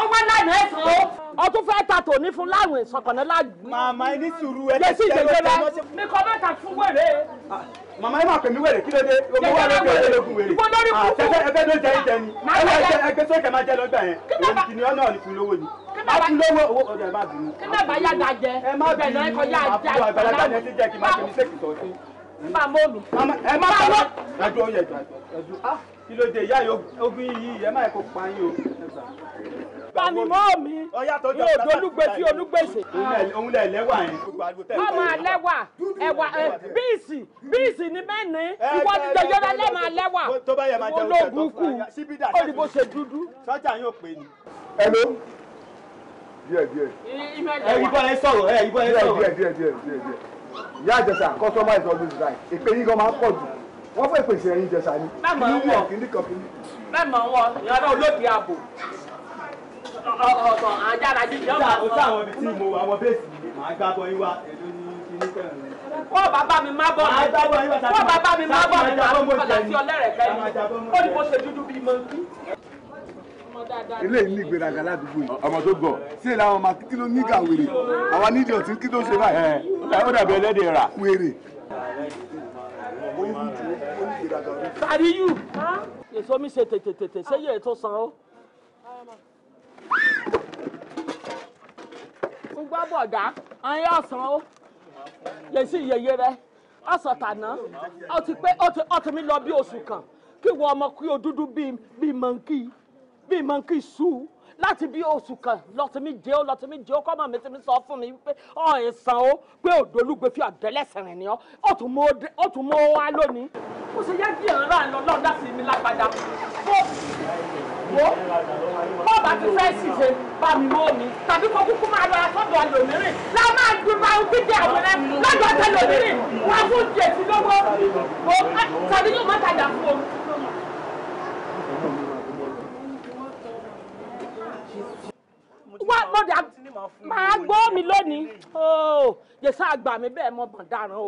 B: àwọn náà ní ẹ̀sán o o tún fẹ́ ta tòní fún láwìn sọ̀kànnà láàgbé. màmá ẹni sùúrù ẹ lè sí ìjẹjẹ rẹ mi kọ mẹ́ta fún wèrè. Ah, màmá ẹ máa pè mí wèrè kí ló dé ogun wà lóde ọdẹ lógun wèrè. ìwọ lórí ah, kúkú àtẹ̀fẹ́ ẹgbẹ́ ló jẹ ìjẹ ni ẹwà ẹgbẹ́ ẹgbẹ́ sókè máa jẹ lọ́gbà yẹn òun kì ni ọ náà ní fún lówó ni. a fún lówó owó ọdọ ẹ má bínú. kí náà ah. ìyá ogun yìí ẹ má yẹ kó pa yín o pami mọ́ mi ní òdo olúgbèsè olúgbèsè. òun lẹ lẹ́wà yẹn. wọ́n máa lẹ́wà ẹ̀wà
A: bíìsì bíìsì ni mẹ́ni ìwọ ni dojọ́lá lẹ́ máa lẹ́wà ológun
B: kù olùbó ṣe dúdú. sọ́jà yóò pè ní. hello díẹ̀ díẹ̀.
C: ẹ ìbọn ẹ sọ̀rọ̀ ẹ ìbọn ẹ sọ̀rọ̀. díẹ̀
B: díẹ̀ díẹ̀ díẹ̀ díẹ̀ ìyá àjẹsà customer is always right ìpè yín gan máa ń pọ̀ jù wọ́n fẹ́ pèsè ẹyin jẹsà ni. bẹ́ẹ̀ mọ̀ ń wọ̀
C: bẹ́ẹ̀ mọ̀ ń wọ̀ ìyàrá olóògbé
B: ààbò
A: ọ̀tọ̀ àjára jíjẹ́ ọ̀gá. ó sáwọn ibi tí
B: mo àwọn bẹ́ẹ̀sì màá gbá bọ́ yín wá èdè ní kíní kẹrin. wọ́n bàbá mi má bọ̀ mi wọ́n bàbá mi má bọ̀ mi má padà sí ọlẹ́rẹ̀ kẹ́yìn ó ní mo ṣe dúdú bíi mọ́ńkì. eléyìí ní ìgbéraga ládùúgbò yìí. ọmọ tó gọ̀ sí èlà àwọn ọmọ kí ló ní ìgà wèrè àwa nídìí ọ̀tún kí ló ṣe báyìí. ó dàbí ẹlẹ́dẹ̀ rà. wèrè. sàríyù èso mi ṣe tètè tètè ṣé yẹ ètò san ó ń gbọ́ bọ̀dá àwọn yóò san ó yèsí yèyé rẹ ọ̀sán tàná ó ti pé ó ti mi lọ bí oṣù kan kí wọ́n ọmọ kí o dúdú bíi mọ̀nkì bíi mọ̀nkì sùúrù láti bí oṣù kan lọ́tìmí jẹ́ ó lọ́tìmí jẹ́ ó kọ́mọ mi ti mi sọ fún mi pé ọ̀hìn san ó pé òdòlúgbe fi àdẹ́lẹ́sẹ̀rìn ni ọ́ ó tún mọ́ wá lónìí. ó ṣe yẹ kí ẹ̀rọ àlọ́ náà dá mi lágbádá wo bọ́ọ̀bà ti fẹ́ ṣìṣe
C: bá mi mọ́ mi tàbí kó kúkú máa lọ sọ́dọ̀ ẹlòmíràn láà máa ju bá ojú jẹ àwọn lọ́dọ̀ tẹlòmíràn wá fún jèsì lówó tàbí yóò má tajà fún omi.
B: wá mo máa gbọ́ mi lónìí oh, jésù àgbà mi bẹ́ẹ̀ mọ bọ̀n o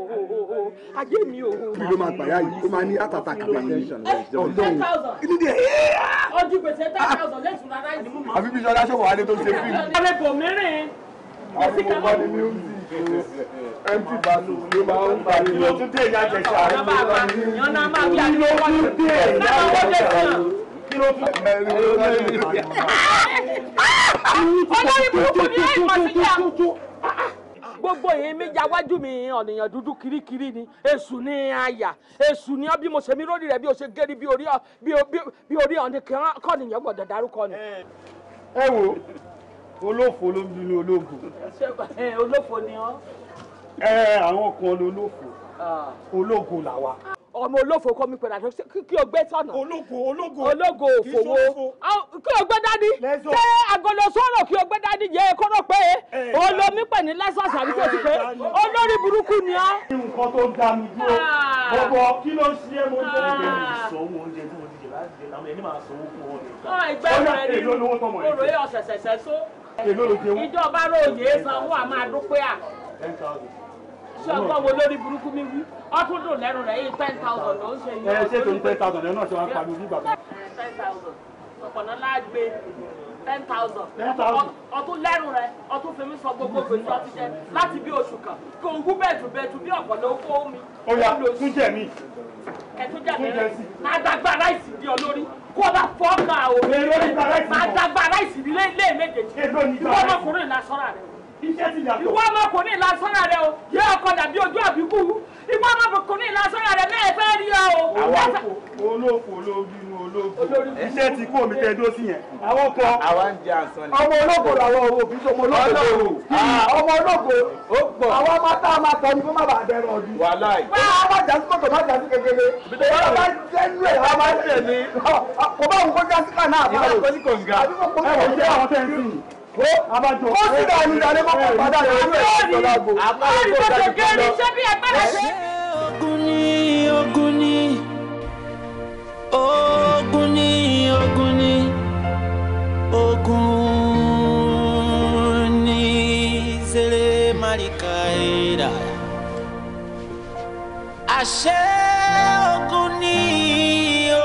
B: ayé mi o. Oh, oh. kí ló máa gbà yá yìí ó máa ní àtàtà kàlà yìí ọdún ìdíje. ojú gbèsè ten thousand lẹ́sùn rárá yìí mú mọ́. àfi bí sọlá ṣòwò adé tó ṣe fíìmù. ọ̀rẹ́
C: bò mí rìn. àfi mo ló máa
B: bá mi lọ. tún ló máa ń bí àná máa ló máa ń bí àná olórí burúkú ni ẹ mọ̀ sí yà. gbogbo yìí mi yáwájú mi ọ̀nìyàn dúdú kirikiri ni èṣù ni àyà èṣù ni bí mo ṣe mi lórí rẹ bí o ṣe gérí bí orí bí orí ọ̀nì kọ́ nìyẹn gbọ́dọ̀ dárúkọ ni. ẹ wo olófo ló ń bínú ológo. olófo ni ọ. ẹ àwọn kan lolófo ah. ológo làwa ọmọ olófo kọ́ mi pẹ̀lú àjọ kí o gbé sọ̀nà ológo ológo ológo òfòwò kí o gbé dání ṣé agolo sọ̀rọ̀ kí o gbé dání yẹ kọ́rọ̀ pé olómi pẹ̀ ní lásàsì àbí kò sí pé olórí burúkú ni ọ́. nǹkan tó dá mi dúró ah. bọ̀bọ̀ kí ló ṣe é mo ń bọ̀ nígbà mi sọ owó oúnjẹ tí mo ti jẹ láti jẹ láwọn ẹni máa sọ owó fún ọ nìkan. ìgbẹ́ rẹ̀ ni orò yóò ṣẹ̀ṣẹ̀ ṣẹ́ só ìjọba róòyè sanwó àmàdúpẹ́ à. ten thousand ṣe ọgbọ́n wo lórí burúkú mi wí ọtún dùn lẹ́nu rẹ̀ yìí ten thousand ló ń ṣe yìí. ẹ ṣé tó ń ten thousand ẹ náà ṣe wá ń pariwo bí bàbá. ten thousand ọ̀pọ̀nà láàgbé ten thousand ọtún lẹ́nu rẹ̀ ọtún fi mí sọ gbogbo gbèsè ọtí jẹ láti bí oṣù kan kò ń wú bẹ̀tùbẹ̀tù bí ọ̀pọ̀nà owó mi. ó yá tún jẹ mí. ẹtún jẹ mí àdàgbà ráìsì di iṣẹ́ ti yàtọ̀. ìwọ ọmọ kò ní ìlà sọ́ra rẹ o yẹ ọkọ dàbí
C: ojú àbíkú ìwọ ọmọ kò ní ìlà sọ́ra rẹ náà fẹ́ rí ọ o. àwọn ọkọ
B: olóòfò olóòbínú olóòfò iṣẹ́ ti kó mi tẹ́ dó sí yẹn. àwọn ọkọ ọmọ olóòfò làwọn owó fi sọmọ olóòfò ọmọ olóòfò ah. àwọn ọmọ tá a máa tọ́ ni kó má bàa bẹ̀rẹ̀ ọdún. wàhálà yìí. wọ́n á máa jásí kòtò má jásí kékeré. wọ́n máa jẹ́nu ẹ̀ wọ́n máa jẹ́ ní. kò bá òun kó jásí kà náà. ìlànà kò ní kò ń ga. àbí kò kó ó sì dà ní ìdálé kó kó padà lórí ẹ̀ ìjọlágbó. lórí bọ́sẹ̀ gẹ́rì ṣé bí agbára ṣe. ogun ni ogun ni ogun ni ogun ni
G: ogun
B: ni zere marika era àṣẹ ogun ni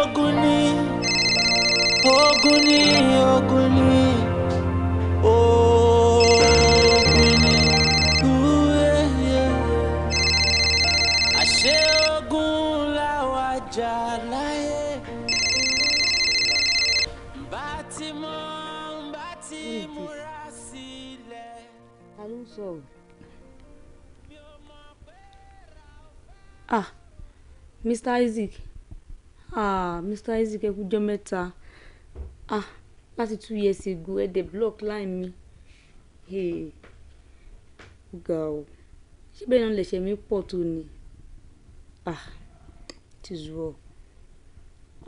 B: ogun ni ogun ni ogun ni
D: ah mr isaac ah mr isaac ẹ kú jọ́ mẹ́ta ah láti two years ago ẹ eh, dẹ̀ block line mi ó ga o ṣé bẹ́ẹ̀ náà lẹ̀ṣẹ̀ mi pọ̀ tó ni ah ti zu ọ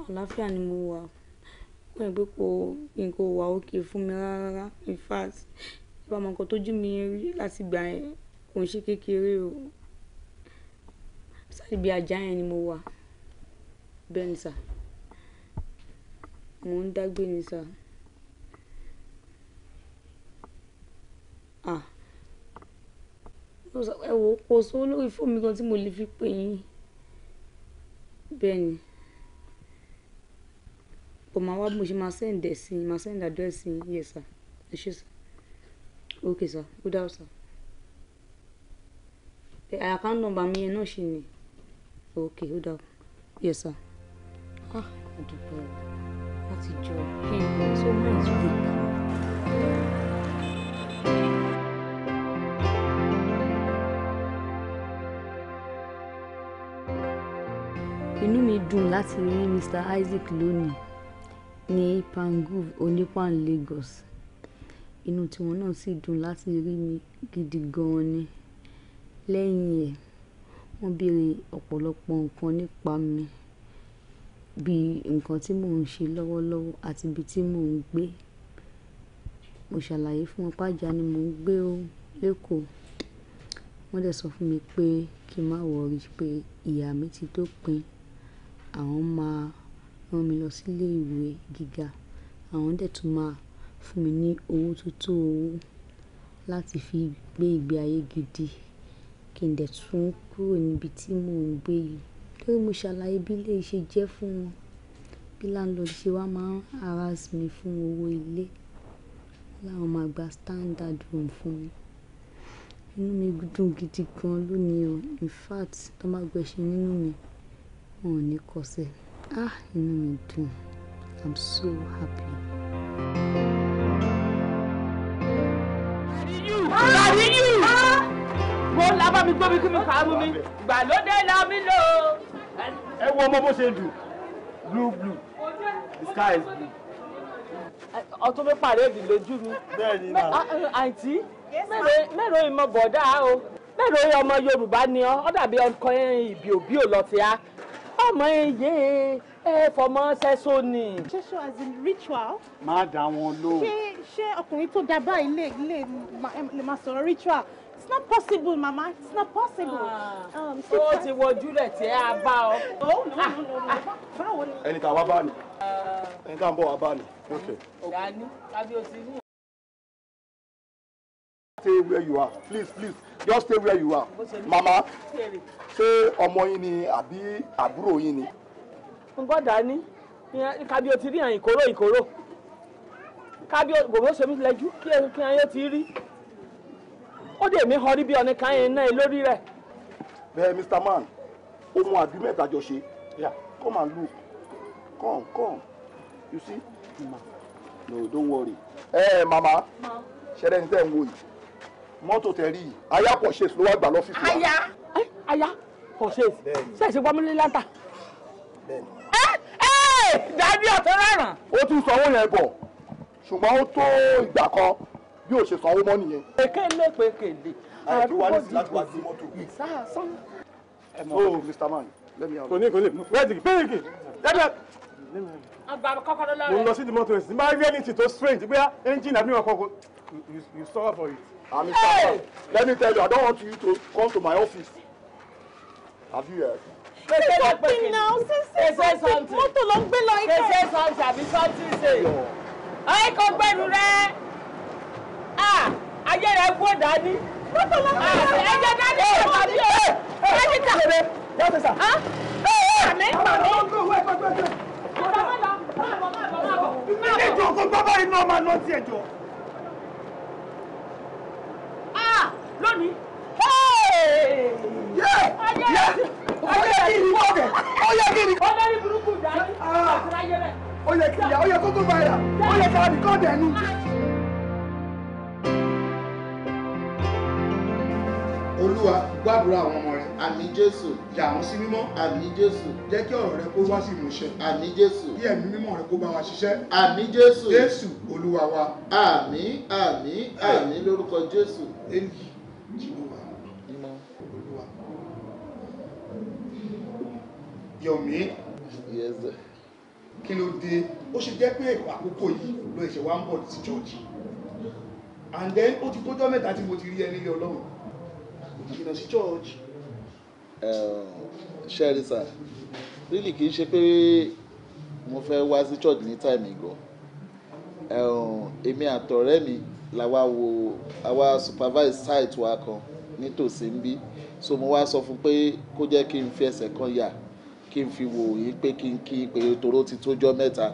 D: àlàáfíà ni mo wà wọ́n yẹn pé kò nǹkan wà òkè fún mi rárá in fact ìbá ọmọ nǹkan tójú mi rí láti gbà yẹn kò ń ṣe kékeré o sáré bíi ajá yẹn ni mo wà bẹ́ẹ̀ ni sà mò ń dágbé ni sà. Ah. ẹ wò ó kò sówó lórí fóònù mi gan tí mo lè fi pè yín bẹ́ẹ̀ ni kò máa wá bí mo ṣe máa send ẹ̀ sí máa send address yín yes sir ẹ ṣé sir okay sir good out sir account number mi yẹn náà ṣì ni okay good out yes sir ah àdúgbò láti jọ kí n lọ sóhun ẹ̀ sóhun. dùn láti rí Mr. Isaac lónìí ní Pangrove Onípàn Lagos. Inú tiwọn náà sì dùn láti rí mi gidi gan-an ni. Lẹ́yìn ẹ̀, wọ́n béèrè ọ̀pọ̀lọpọ̀ nǹkan nípa mi, bí i nǹkan tí mò ń ṣe lọ́wọ́lọ́wọ́ àti ibi tí mò ń gbé. Mo ṣàlàyé fún wọn pé ni mò ń gbé ó lékòó. Wọ́n dẹ̀ sọ fún mi pé kí n má worry pé ìyà mi ti dópin àwọn máa rán mi lọ sí ilé ìwé gíga. Àwọn dẹ̀ tún máa fún mi ní owó tó tó owó láti fi gbé ìgbé ayé gidi kí n dẹ̀ tún kúrò níbi tí mò ń gbé yìí. Torí mo ṣàlàyé bí ilé ṣe jẹ́ fún wọn, bí landlord ṣe wá máa ń harass mi fún owó ilé. Láwọn máa gba standard room fún mi. Inú mi dùn gidi gan lónìí o. In fact, tón bá gbẹ́ṣẹ nínú mi wọn ò ní kọsẹ̀ ah inú mi dùn i'm so happy. Àríyù mo lábá mi gbómi
B: kí mi kà á mú mi gbàlódé la mi lò. Ẹ wo ọmọ bó ṣe dùn blue blue the sky is blue. Ọtún mi pàrẹ́ẹ̀dì lójú mi. Bẹ́ẹ̀ni náà. Ah, ah, àǹtí mẹ́rin ìmọ̀ bọ̀dá o mẹ́rin ọmọ Yorùbá ni ọ́ ọ́ dàbí ọkọ ìbí eh, òbí ò lọ ti á ọmọ iye ẹ fọmọ sẹ́sọ ni.
E: sẹ́sọ as in ritual.
B: má dá wọn lò.
E: ṣé ṣé ọkùnrin tó dá báyìí lè lè lè máa sọ̀rọ̀ ritual it's not possible mama it's not possible.
F: Ah. Um, ó ti
B: wojú rẹ̀ tí a bá ọ.
F: Ah. báwo ni.
B: ẹni tá a wá bá ni ah. ẹni tá a ń bọ̀ wá bá ni. dání stay where you are please please just stay where you are mama ṣé ọmọ yín ni àbí àbúrò yín ni. bọ́dà ni kábí o ti rí àyìn ìkóró ìkóró kábí o gbogbo ṣe mí lẹ́jú kí ẹyin ó ti rí ó dè mí họrí bí ọ̀nì kan yẹn náà lórí rẹ̀. bẹ́ẹ̀ mr man ohun agreement àjọ ṣe come and look come come you see no don't worry ẹ eh, hey, mama ṣẹlẹ ní tẹ́ ń wò yìí mọ́tò tẹ̀rí aya purchase ló wá gbà lọ́fíìsì wa. aya aya purchase ṣe ṣe gbọ́mílẹ̀ láńtà.
C: dàbí ọ̀tọ̀ rárá.
B: ó ti sanwó yẹn bọ̀ ṣùgbọ́n ó tó ìgbà kan bí ó ṣe sanwó mọ́ nìyẹn. èkéle pé kéle àdúgbò dìbò
C: ìsásán.
B: so oh, mr man let me out. kò ní kò ní wẹ́ẹ̀dì pẹ́ẹ́kì lẹ́dẹ̀.
C: àgbà kọ́kọ́rọ́ lọ́rẹ́. mo lọ sí
B: di mọ́tò ẹ̀sìn bá rí ẹni tí tó strange bóyá engine àbí ọkọ̀ you suffer for it. I'm in hey! Let me tell you, I don't want you to come to my office.
I: Have you heard? Say something now. Say,
C: say, say something. Mọ́tò ló ń gbé lọ ikẹ́. Say say something àbí something say. Ayé kò gbẹ́nu rẹ̀. Ayé rẹ̀ kú dání. Mọ́tò ló ń gbé lọ ikẹ́. Ẹ̀jẹ̀ dání ṣe wà ní o. Dókítà. Dókítà. Àmì pàmì. Ìjọ kò gbọ́ báyìí
B: ní ọmọ náà ti ẹ̀jọ̀. lónìí. ọyẹ kí ni kọ́ kẹ̀ ọyẹ kí ni. olórí burúkú dání ah. àtúrà yẹ bẹ́ẹ̀. ọyẹ kí ya ọyẹ kókó báyà ọyẹ ká ní kọ́ dẹ̀nu. olúwa gbàdúrà àwọn ọmọ rẹ àmì jésù yà sí mímọ́ àmì jésù jẹ́ kí ọ̀rọ̀ rẹ kó wá sí ìmúṣẹ àmì jésù kí ẹ̀mí mímọ́ rẹ kó bá wa ṣiṣẹ́ àmì jésù jésù olúwa wa àmín àmín àmín lórúkọ jésù. Jehovah Olúwa Yomi kí ló dé ó ṣe jẹ́ pé àkókò yìí ló ṣe wá ń bọ̀ sí chọ́ọ̀chì and then ó ti tójọ́ mẹ́ta tí mo ti rí ẹni ilé ọlọ́run ìjìnà sí chọ́ọ̀chì. ṣẹ́ẹ̀rì sà rírì kì í ṣe pé mo fẹ́ wá sí chọ́ọ̀chì ní táìmì gan èmi àtọ̀rẹ́ mi làwa wo àwa supervise site wa kan nítòsí ń bí so mo wá sọ fún pé kó jẹ́ kí n fi ẹsẹ̀ kan yà kí n fi wò yín pé kí n kí pé toró ti tójọ́ mẹ́ta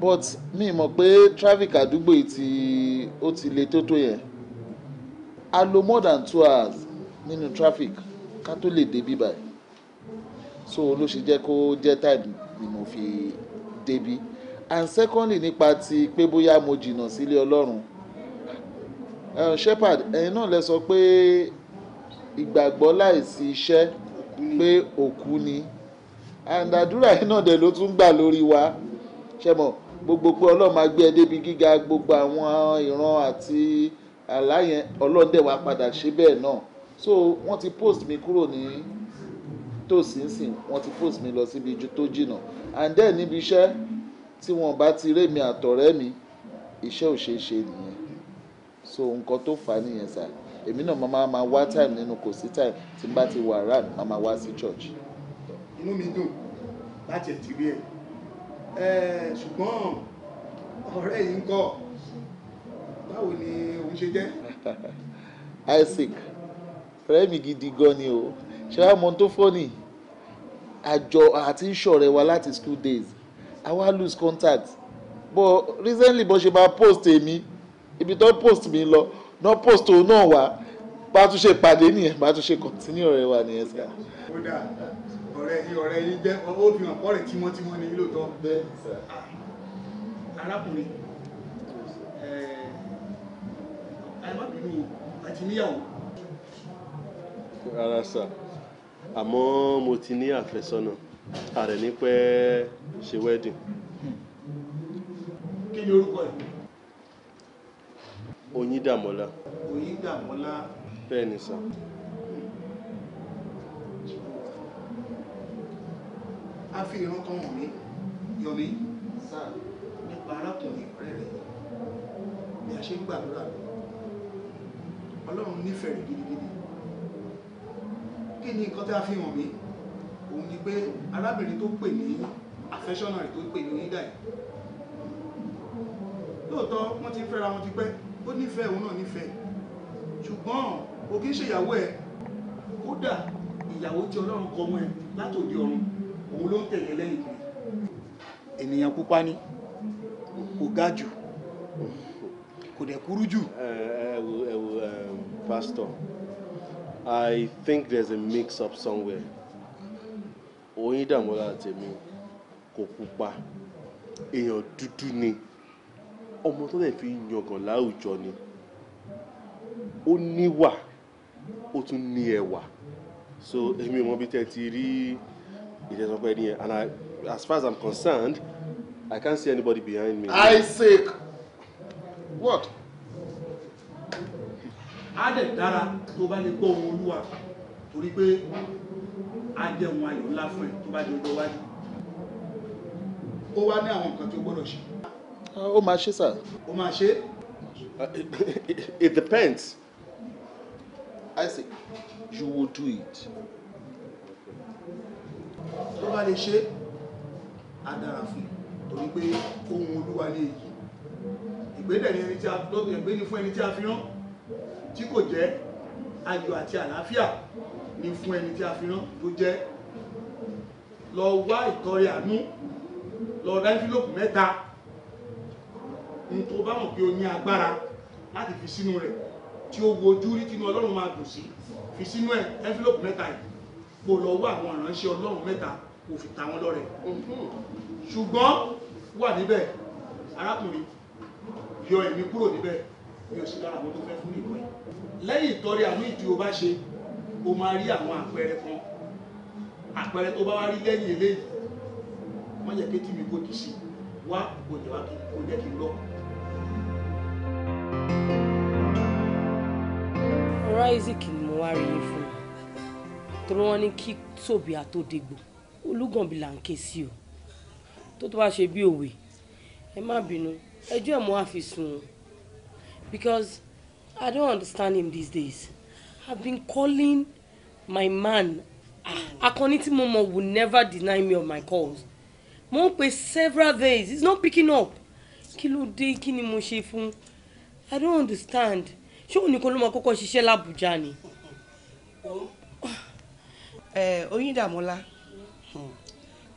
B: but mi mọ̀ pé traffic àdúgbò yìí ti ó ti le tó tó yẹn a lo more than two hours nínú traffic ká tó lè débi báyìí so ló ṣe jẹ́ kó jẹ́ time ni mo fi débi and secondly nípa ti pé bóyá mo jìnnà sílé ọlọ́run shepherd ẹ̀yin náà lẹ sọ pé ìgbàgbọ́ láìsí iṣẹ́ pé òkú ni and àdúrà yìí náà dẹ̀ ló tún gbà lórí wa ṣe mọ̀ gbogbo pé ọlọ́run máa gbé ẹ débi gíga gbogbo àwọn ìran àti àlá yẹn ọlọ́run dẹ̀ wá padà ṣe bẹ́ẹ̀ náà so wọ́n ti post mi kúrò ní tòsínsìn wọ́n ti post mi lọ síbi tó jìnnà and then níbi iṣẹ́ tí wọn bá ti rémi àtọ̀rẹ́ mi iṣẹ́ ò ṣeé ṣe nìyẹn so nǹkan tó fà á nìyẹn sà èmi náà máa máa wá time nínú kò sí time tí n bá ti wà ran máa máa wá sí church. inú mi dùn láti ẹ̀tì rí ẹ ṣùgbọ́n ọ̀rẹ́ yìí ń kọ́ báwo ni òun ṣe jẹ́. Isaac ọ̀rẹ́ mi gidi gan ni o ṣé wàá mọ ohun tó fọ́ ni àjọ àti ìṣọ̀rẹ́ wa láti school days I àwa lose contact but recently bó ṣe máa post èmi ibi tó post mi lọ náà post òun náà wá bá tún ṣe pàdé nìyẹn bá tún ṣe continue ọ̀rẹ́ wa nìyẹn sá. kódà ọ̀rẹ́ yìí ọ̀rẹ́ yìí jẹ́ ó fi hàn kọ́rẹ̀ tímọ́tímọ́ ní lóòótọ́. bẹ́ẹ̀ sá. Ah, arákùnrin àìmábìnú àti níyàwó. rárá sá àmọ́ mo ti ní àfẹ́sọ́nà a rẹ̀ ní pẹ́ ṣe wedding. kí ni orúkọ ẹ̀. Oyíndàmọ́lá. Oyíndàmọ́lá. bẹ́ẹ̀ ni sà. a fi ìran kan hàn mí yọmí sà nípa arákùnrin rẹ̀ rẹ̀ bí a ṣe ń gbàdúrà lọ ọlọ́run nífẹ̀ẹ́ rẹ̀ gidigidi kí ni nǹkan tí a fi hàn mí òun ni pé arábìnrin tó pè ní àfẹ́sọ́nà tó pè ní onídà yìí lóòótọ́ wọ́n ti fẹ́ra wọn ti pẹ́ ó nífẹ̀ẹ́ òun náà nífẹ̀ẹ́ ṣùgbọ́n o kì í ṣèyàwó ẹ̀ kódà ìyàwó tí ọlọ́run kọ mọ́ ẹ látòdì ọ̀run òun ló ń tẹ̀lé lẹ́yìn kiri ènìyàn pupa ni kò ga jù kò dẹ̀ kúrú jù. pastor I think there's a mix up somewhere. Oyin Dàmọ́lá tèmi kò pupa èèyàn dúdú ni ọmọ tó lè fi yangàn láwùjọ ni ó níwà ó tún ní ẹwà so èmi ò mọ bí tẹ́ ti rí ìjẹsọpẹ ni and I, as far as I'm concerned I can't see anybody behind me. Isaac what. á dẹ̀ dára tó bá lè gbọ́ ohun olúwa torí pé á jẹ́ ohun ayọ̀ ńlá fún ẹ tó bá di ọjọ́ iwájú ó wá ní àwọn nǹkan tí ó gbọ́dọ̀ ṣe. Ah, ó máa ṣe sir. ó máa ṣe. it depends i say you will do it. tó bá lè ṣe á dára fún un torí pé ohun olúwa lè yí ìgbédè ni ẹni tí a tó ìgbé ni fún ẹni tí a fi rán tí kò jẹ́ ayọ̀ àti àlàáfíà ni fún ẹni tí a fi rán tó jẹ́ lọ wá ìtọrẹ àánú lọ ra ẹ́ńfílọ́pù mẹ́ta ní tó bá mọ̀ pé o ní agbára láti fi sínú rẹ̀ tí ó wojú rí tínú ọlọ́run máa dùn sí fi sínú ẹ̀ ẹ́ńfílọ́pù mẹ́ta yìí kó lọ wá àwọn ìránṣẹ́ ọlọ́run mẹ́ta kò fi ta wọn lọ́rẹ ṣùgbọ́n wà níbẹ̀ arákùnrin yọ ẹ̀mí kúrò níbẹ̀ mi ò sí lára àwọn tó fẹ́ fún ìwé lẹ́yìn ìtọrẹ àánú ìtì o bá ṣe o máa rí àwọn àpẹẹrẹ kan àpẹẹrẹ tó bá wá rí lẹ́yìn eléyìí wọ́n jẹ́ kéjì mi kò dì sí wá kò jẹ́ wá kò jẹ́ kí n lọ.
F: ọ̀rọ̀ Isaac ni mo wá rí yín fún un torí wọ́n ní kí tòbí àtòdègbò olúgànbí là ń ké sí o tó tó bá ṣe bí òwe ẹ má bínú ẹjọ́ ẹ̀ mo wá fi sùn o because I don't understand him these days. I've been calling my man. Akọni tí mo mọ̀ will never deny me of my calls. Mo ń pè several days, he's not picking up. Kí ló dé kí ni mo ṣe fún? I don't understand. Ṣé òun nìkan ló máa kọ́kọ́ ṣiṣẹ́ l'Àbújá ni? Oyindamola,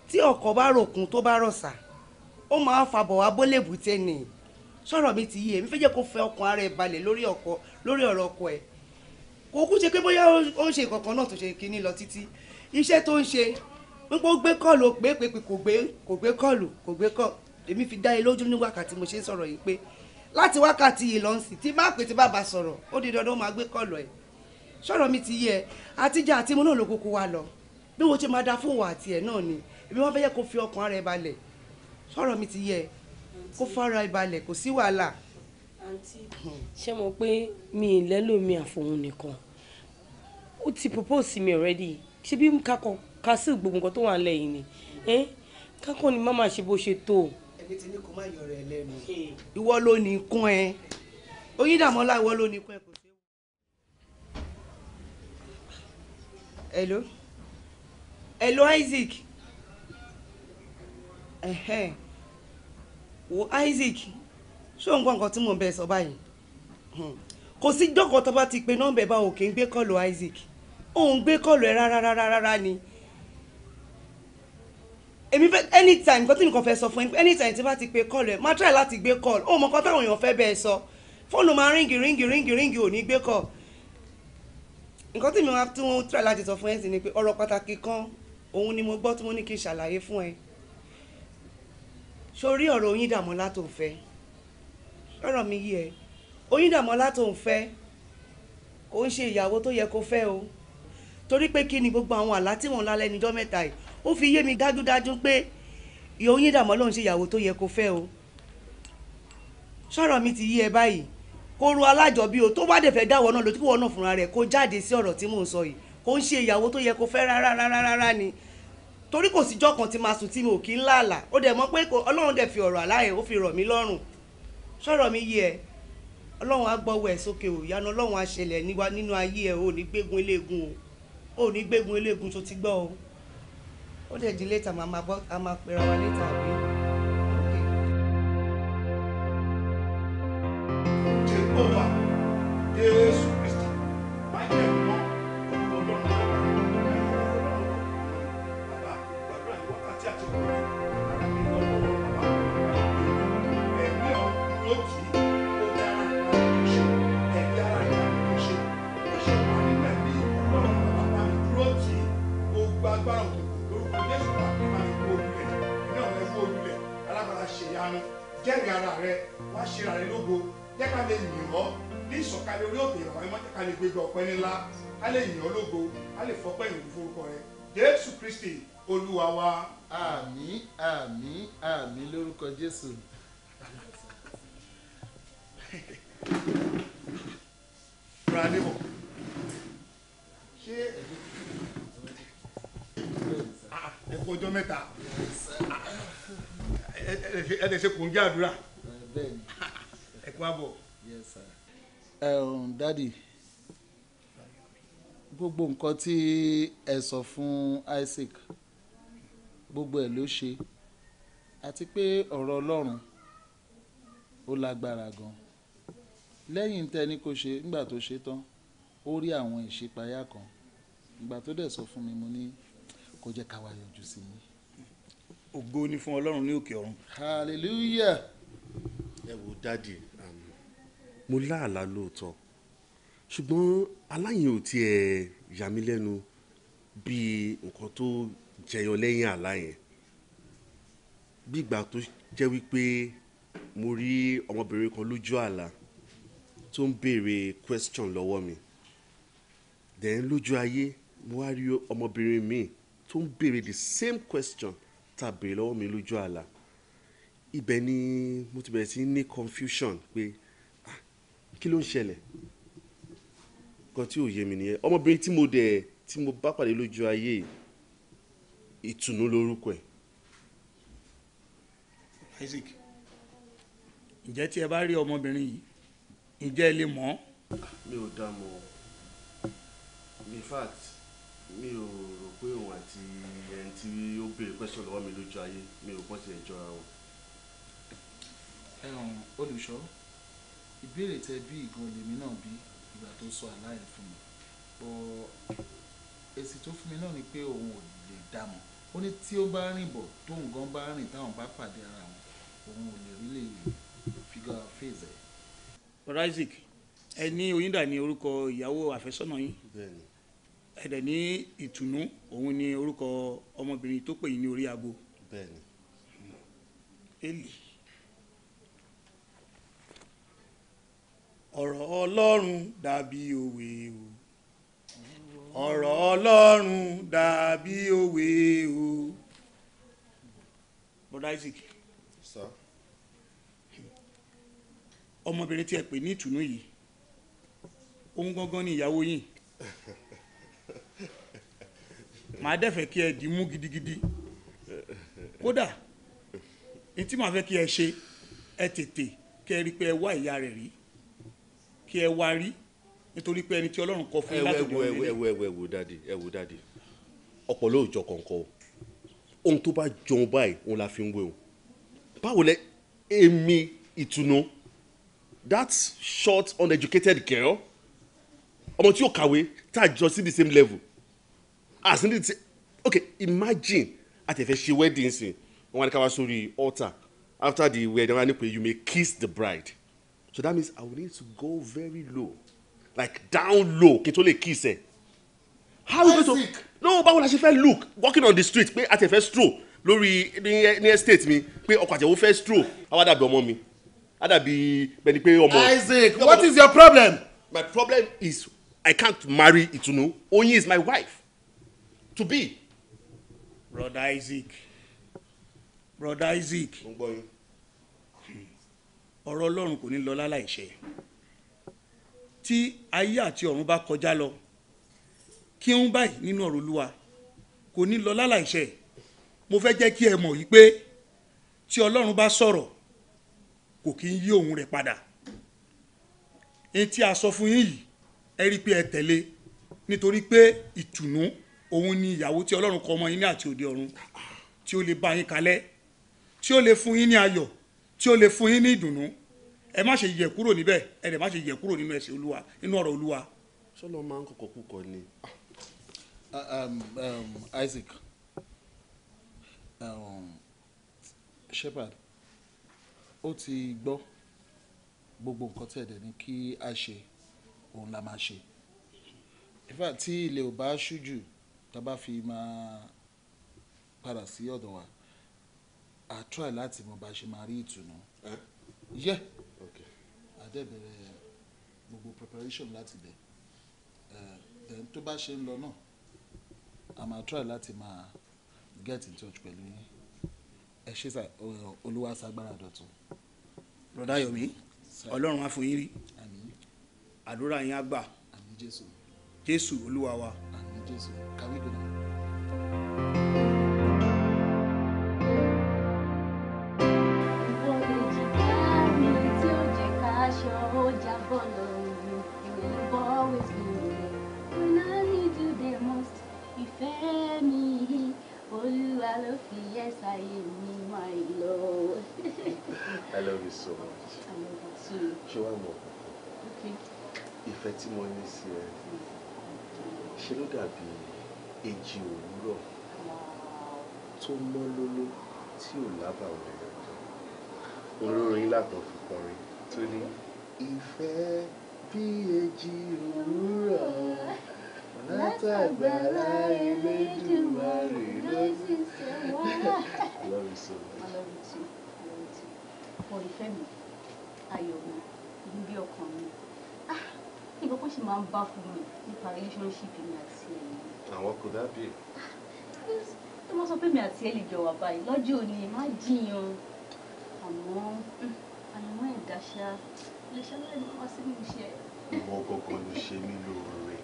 F: tí ọkọ̀ bá ròkun tó bá
A: rọ̀ṣà, ó máa fàbọ̀ wá bólèbùté ni. Sọ̀rọ̀ mi ti yé, èmi e. fẹ́ jẹ́ kó fẹ́ ọkàn ara ẹ̀ balẹ̀ lórí ọ̀rọ̀ ọkọ ẹ̀ kò kú ṣe pé bóyá ó ń ṣe kankan náà tó ṣe kínní lọ títí iṣẹ́ tó ń ṣe ń pọ́ gbé kọ́ọ̀lù pé pé kò gbé kò gbé kọ́ọ̀lù kò gbé kọ́ èmi fi dá e lójú ní wákàtí mo ṣe ń sọ̀rọ̀ yìí pé láti wákàtí yìí lọ́n sì tí má pè tí bàbá sọ̀rọ̀ ó di dandan ó máa gbé kọ́ọ̀lù ẹ̀ sọ̀rọ̀ mi ti yẹ àtijọ́ àti mo náà ló kúkú wa lọ bí mo ṣe máa da fóònù àti ẹ̀ náà ni èmi wọ́n fẹ́ yẹ kó fi ọkàn ara ẹ̀ balẹ̀
F: sọ̀rọ̀ mi ti yẹ kó fara ẹ̀ balẹ̀ kò sí wàhálà Hmm. ṣé mo pé mi ì lẹ́lò mi àfòun nìkan ó ti propose sí already ṣé bí kakọ ka sí gbogbo nǹkan tó wà lẹ́yìn ni kakọ ni má máa ṣe bó ṣe tó.
A: ẹbí ti ní kó má yọrọ ẹ lẹ́nu hmm.
F: ìwọ ló ní kún ẹ
A: Oyíndàmọ́lá ìwọ ló ní kún ẹ kò sí. hello hello Isaac. Uh -huh. Wo Isaac ṣé òun gbọ́ nǹkan tí mò ń bẹ sọ báyìí hmm. kò sí jọ́kọ̀ tó bá ti pe nọ́mbẹ̀ bá òkè ń gbé kọ́ọ̀lù Isaac òun gbé kọ́ọ̀lù ẹ rárá rárá rárá ni èmi fẹ́ anytime nǹkan tí nǹkan fẹ́ sọ fún yín anytime tí bá ti pe kọ́ọ̀lù ẹ máa try láti gbé kọ́ọ̀lù òun mọ̀ nǹkan táwọn èèyàn fẹ́ bẹ́ẹ̀ sọ fóònù máa ríngì ríngì ríngì ríngì ò ní gbé kọ́ọ̀lù nǹkan tí mi wá tí wọ́n try láti sọ fún yín sí ni pé ọ̀rọ̀ pàtàkì kan òun ni mo gbọ́ tí mo ní kí n ṣàlàyé fún ẹ sórí ọ̀rọ̀ Oyindàmọ́lá tó fẹ́ ọ̀rọ̀ mi yìí ẹ̀ Oyíndàmọ́lá tó ń fẹ́ kò ń ṣe ìyàwó tó yẹ kó fẹ́ o torí pé kí ni gbogbo àwọn àlá tí wọ́n ń lá lẹ́nujọ́ mẹ́ta yìí ó fi yé mi dájúdájú pé Oyíndàmọ́lá ń ṣe ìyàwó tó yẹ kó fẹ́ o sọ̀rọ̀ mi ti yí ẹ báyìí kó ru alájọbí o tó bá dẹ̀ fẹ́ dáwọ́ náà lójú kí wọ́n náà fúnra rẹ̀ kó jáde sí ọ̀rọ̀ tí mò ń sọ yìí kò ń ṣe ìyàwó tó yẹ kó fẹ́ rárá rárá rárá ni torí kò síjọ́ kan ti máa sùn tí mi ò kí ń láàlà ó dẹ̀ mọ̀ pé ọlọ́run dẹ̀ fi ọ̀rọ̀ àlá ó fi rọ̀ mí lọ́rùn sọ̀rọ̀ mi yé ẹ ọlọ́run á gbọ́wọ́ ẹ sókè o ìyanu ọlọ́run á ṣẹlẹ̀ nínú ayé ẹ ò ní gbégun eléegun o ò ní gbégun eléegun tó ti gbọ́ o ó dẹ̀ di létà màá máa pẹ́ra wa létà àbí.
B: lè yìn ọ́ lógo a lè fọpẹ́ ìwé forúkọ rẹ jésù kristi olúwa wa. àmín àmín àmín lórúkọ jésù. ra níbọ̀ ṣé ẹ̀kọ́ ọjọ́ mẹ́ta ẹ lè ṣe kò ń jẹ́ àdúrà ẹ̀kọ́ àbọ̀. yes sir. Um, daddy gbogbo nǹkan tí ẹ sọ fún Isaac gbogbo ẹ̀ ló ṣe àti pé ọ̀rọ̀ Ọlọ́run ó lágbára gan lẹ́yìn tẹ́ni kò ṣe nígbà tó ṣe tán ó rí àwọn ìṣípayá kan ìgbà tó dẹ̀ sọ fún mi mo ní kó jẹ́ ká wá yọjú sí mi. ògo ni fún Ọlọ́run ní òkè ọ̀run. hallelujah. ẹ wo dáàdi um, mo láàlá lóòótọ́ ṣùgbọ́n aláyẹn ò tiẹ̀ yà mí lẹ́nu bíi nǹkan tó jẹyọ lẹ́yìn aláyẹn bí ìgbà tó jẹ́ wípé mo rí ọmọbìnrin kan lójú àlá tó ń béèrè question lọ́wọ́ mi then lójú ayé mo wá rí ọmọbìnrin míì tó ń béèrè the same question tá a béèrè lọ́wọ́ mi lójú àlá ibẹ̀ ni mo ti bẹ̀rẹ̀ sí ní confusion pé ah, kí ló ń ṣẹlẹ̀ nǹkan tí ò yé mi nìyẹn ọmọbìnrin tí mo dẹ̀ tí mo bá pàdé lójú ayé ìtùnú lórúkọ ẹ̀. Isaac ǹjẹ́ tí ẹ bá rí ọmọbìnrin yìí ǹjẹ́ ẹ lè mọ̀ ọ́. mi ò dá mọ̀ in fact mi ò rò pé òun àti ẹni tí ó béèrè pẹ́sọ̀ lọ́wọ́ mi lójú ayé mi ò pọ́sẹ̀ ìjọra wọn. ẹ̀ràn olùṣọ́ ìbéèrè tẹ bí ìgan lèmi náà bí ìgbà tó sọ àlá yẹn fún mi bọ́ èsì tó fún mi náà ni pé òun ò lè dá mọ̀ ó ní tí ó bá rìn bọ̀ tóun gan bá rìn táwọn bá pàdé ara wọn òun ò lè rí lè figure out face Isaac ẹ ní Oyinda ní orúkọ ìyàwó àfẹ́sọ́nà yín ẹ dẹ̀ ní ìtùnú òun ní orúkọ ọmọbìnrin tó pè yín ní orí aago. bẹ́ẹ̀ni. eli. ọ̀rọ̀ ọlọ́run dàbí òwe
H: o ọ̀rọ̀ ọlọ́run
B: dàbí òwe o. bọ́dá Isaac ọmọbìnrin tí ẹ pè ní ìtùnú yìí òun gangan ni ìyàwó yìí màá dẹ́fẹ̀ kí ẹ dì í mú gidigidi kódà ní màá fẹ́ kí ẹ ṣe ẹ tètè kẹ́ ẹ rí pé ẹ wá ìyá rẹ̀ rí kí ẹ wá rí nítorí pé ẹni tí ọlọ́run kọ fún yín láti dùn nílé. ẹ wo ẹ wo ẹ ẹ wo dáàdi ọ̀pọ̀ ló jọ kọ̀ǹkọ̀ o ohun tó bá jọun báyìí òun la fi ń wé o báwo lẹ èmi ìtùnú that short uneducated girl ọmọ tí yóò kàwé tá a jọ sí the same level as in the ok imagine àtẹ̀fẹ́ ṣe wedding sin wọn wá ní ká wá sórí altar after the wedding wọn wá ní pé you may kiss the bride so that means i will need to go very low like down low kí n tó lè kí ìsẹ̀ how you go to no báwo la ṣe fẹ́ look walking on the street pé a ti fẹ́ stroll lórí ní ní estate mi pé ọkọ̀ àtẹ̀wò fẹ́ stroll àwa dàbí ọmọ mi á dàbí bẹni pé ọmọ. Isaac what is your problem. my problem is i can't marry Itunu Oyin is my wife to be. brother Isaac brother Isaac ọ̀rọ̀ ọlọ́run kò ní lọ láláìṣẹ tí ayé àti ọ̀run bá kọjá lọ kí ń báyìí nínú ọ̀rọ̀ olúwa kò ní lọ láláìṣẹ mo fẹ́ jẹ́ kí ẹ mọ̀ yìí pé tí ọlọ́run bá sọ̀rọ̀ kò kí ń yí òun rẹ̀ padà èyí tí a sọ fún yín yìí ẹ rí i pé ẹ tẹ̀lé nítorí pé ìtùnú òun ni ìyàwó tí ọlọ́run kọ ọmọ yín ní àti òde ọ̀run tí ó lè bá yín kalẹ̀ tí ó lè fún yín ní ayọ̀ tí ó lè fún yín ní ìdùnnú ẹ má ṣe yẹ kúrò níbẹ̀ ẹ dẹ̀ má ṣe yẹ kúrò nínú ẹ̀sìn olúwa nínú ọ̀rọ̀ olúwa. sọlọ máa ń kọkọ kúkọ ni ah, um, um, Isaac um, Shepard, ó ti gbọ́ gbogbo nǹkan tí ẹ dẹ̀ ní kí a ṣe òun la máa ṣe ìfà tí ilé ò bá ṣú tá a bá fi máa padà sí ọ̀dọ̀ wa a try láti mọ bá ṣe máa rí ìtùnú yẹ àdẹ́bẹ̀rẹ̀ gbogbo preparation láti bẹ̀ then tó bá ṣe ń lọ náà a máa try láti máa get in touch pẹ̀lú yín ẹ ṣe sà olúwa ṣàgbára dọ̀tun. broda yomi ọlọ́run á fún yín rí àdúrà yín á gbà jésù olúwa wa. àmín jésù kàwé gbọ́dọ̀. ìfẹ́ tí mo ní sí ẹ ṣe ló dàbí èjì òwúrọ̀ tó mọ́ lóló tí ò lábàwọ̀n ẹ̀yọ̀jọ́ olórin lágbọ̀n fi kọrin tó ní ìfẹ́ bí èjì I love you so much. I love you too. I
D: love you too. Olùfẹ́ mi, ayọ̀ mi, ibi ọkàn mi nǹkan kó sì máa ń bá fún mi nípa relationship mi àti ẹ̀yìn.
B: àwọn kò dábìí.
D: tó máa sọ pé mi àti ẹ̀ lè jọ wà báyìí lọ́jọ́ òní má jiyàn àmọ́ àyànmọ́ ìdáṣà iléeṣẹ́ láì máa wá sí mi ṣe.
B: ìwọ gọgọ ló ṣe mí lóore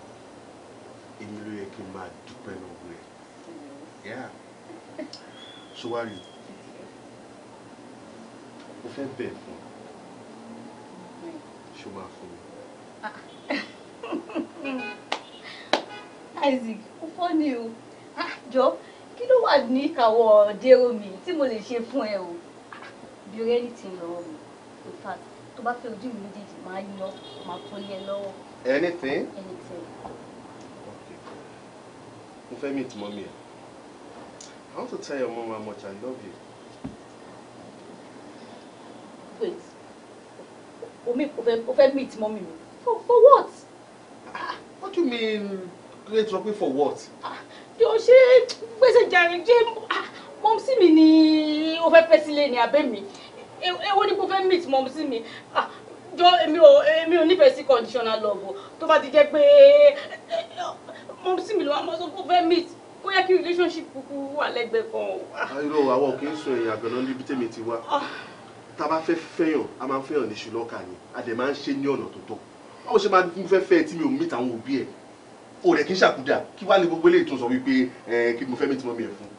B: èmi ló yẹ kí n máa dúpẹ́ lọ́wọ́ ẹ̀ ṣọwárì mo fẹ́ bẹ̀ fún ṣùgbọ́n fún mi.
D: Isaac ó fọ́ni o àjọ ah, kí ló wà ní ìkàwọ́ dèrò mi tí mo lè ṣe fún ẹ o bèrè anything lọ́wọ́ mi in fact tó bá fẹ́ ojú mi méjèèjì máa yan
H: máa fún yẹn lọ́wọ́.
D: anything. anything. okay
B: mo fẹ́ meet mommy ẹ I want to tell your mom how much I love you.
D: wait o fẹ́ meet mommy mi
C: for for what what do you mean
B: great rugby for what.
C: Ah, yóò ṣe gbèsè jàre jẹ́ mọ́mísí mi ni ó fẹ́ fẹ́ sílé
D: ní abẹ́ mi èwo e, ni mo fẹ́ meet mọ́mísí mi ah, jọ èmi ò èmi ò nífẹ̀ẹ́
F: sí conditional love o tó bá ti jẹ́ pé mọ́mísí mi ló máa mọ́ sọ fẹ́ meet ó yẹ kí relationship kúkú wà lẹ́gbẹ̀ẹ́ kan.
B: Ah. irú àwọn kì í sọ èèyàn àgbẹ̀nà níbi tèmi ti wá tá a bá fẹ́ fẹ́yàn a máa ń fẹ́yàn ní ṣùlọ́kà ni a dẹ̀ máa ń ṣe ní ọ̀nà tó tọ́ báwo ṣe máa ń fẹ́ fẹ́ tí mi ò mìtà àwọn òbí ẹ̀ o rẹ̀ kì í ṣàkúdà kí wàá ní gbogbo eléyìí tún sọ wípé kí mo fẹ́ mi tí mọ́ mi ẹ̀ fún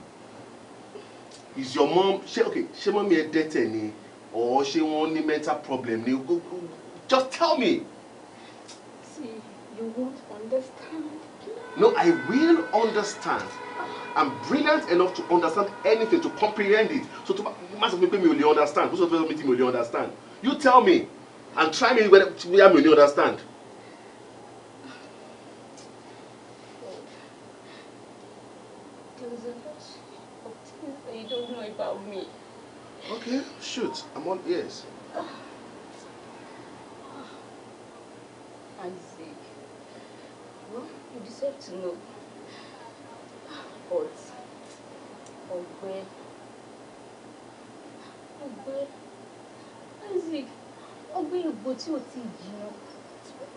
B: is your mom ṣé ok ṣé mọ́ mi ẹ dẹ́tẹ̀ ni or ṣé wọ́n ní mental problem ni just tell me. no I will understand. I'm brilliant enough to understand anything to comprehend it so to ma sọ pé mi ò lè understand bó sọ pé mi ò lè understand you tell me and try me whether whether mi ò ní understand. Okay, shoot, I'm on ears.
D: Isaac, well, you deserve to know. But, Ogbe, Ogbe, Isaac ó gbé ìgbò tí ò ti jìnnà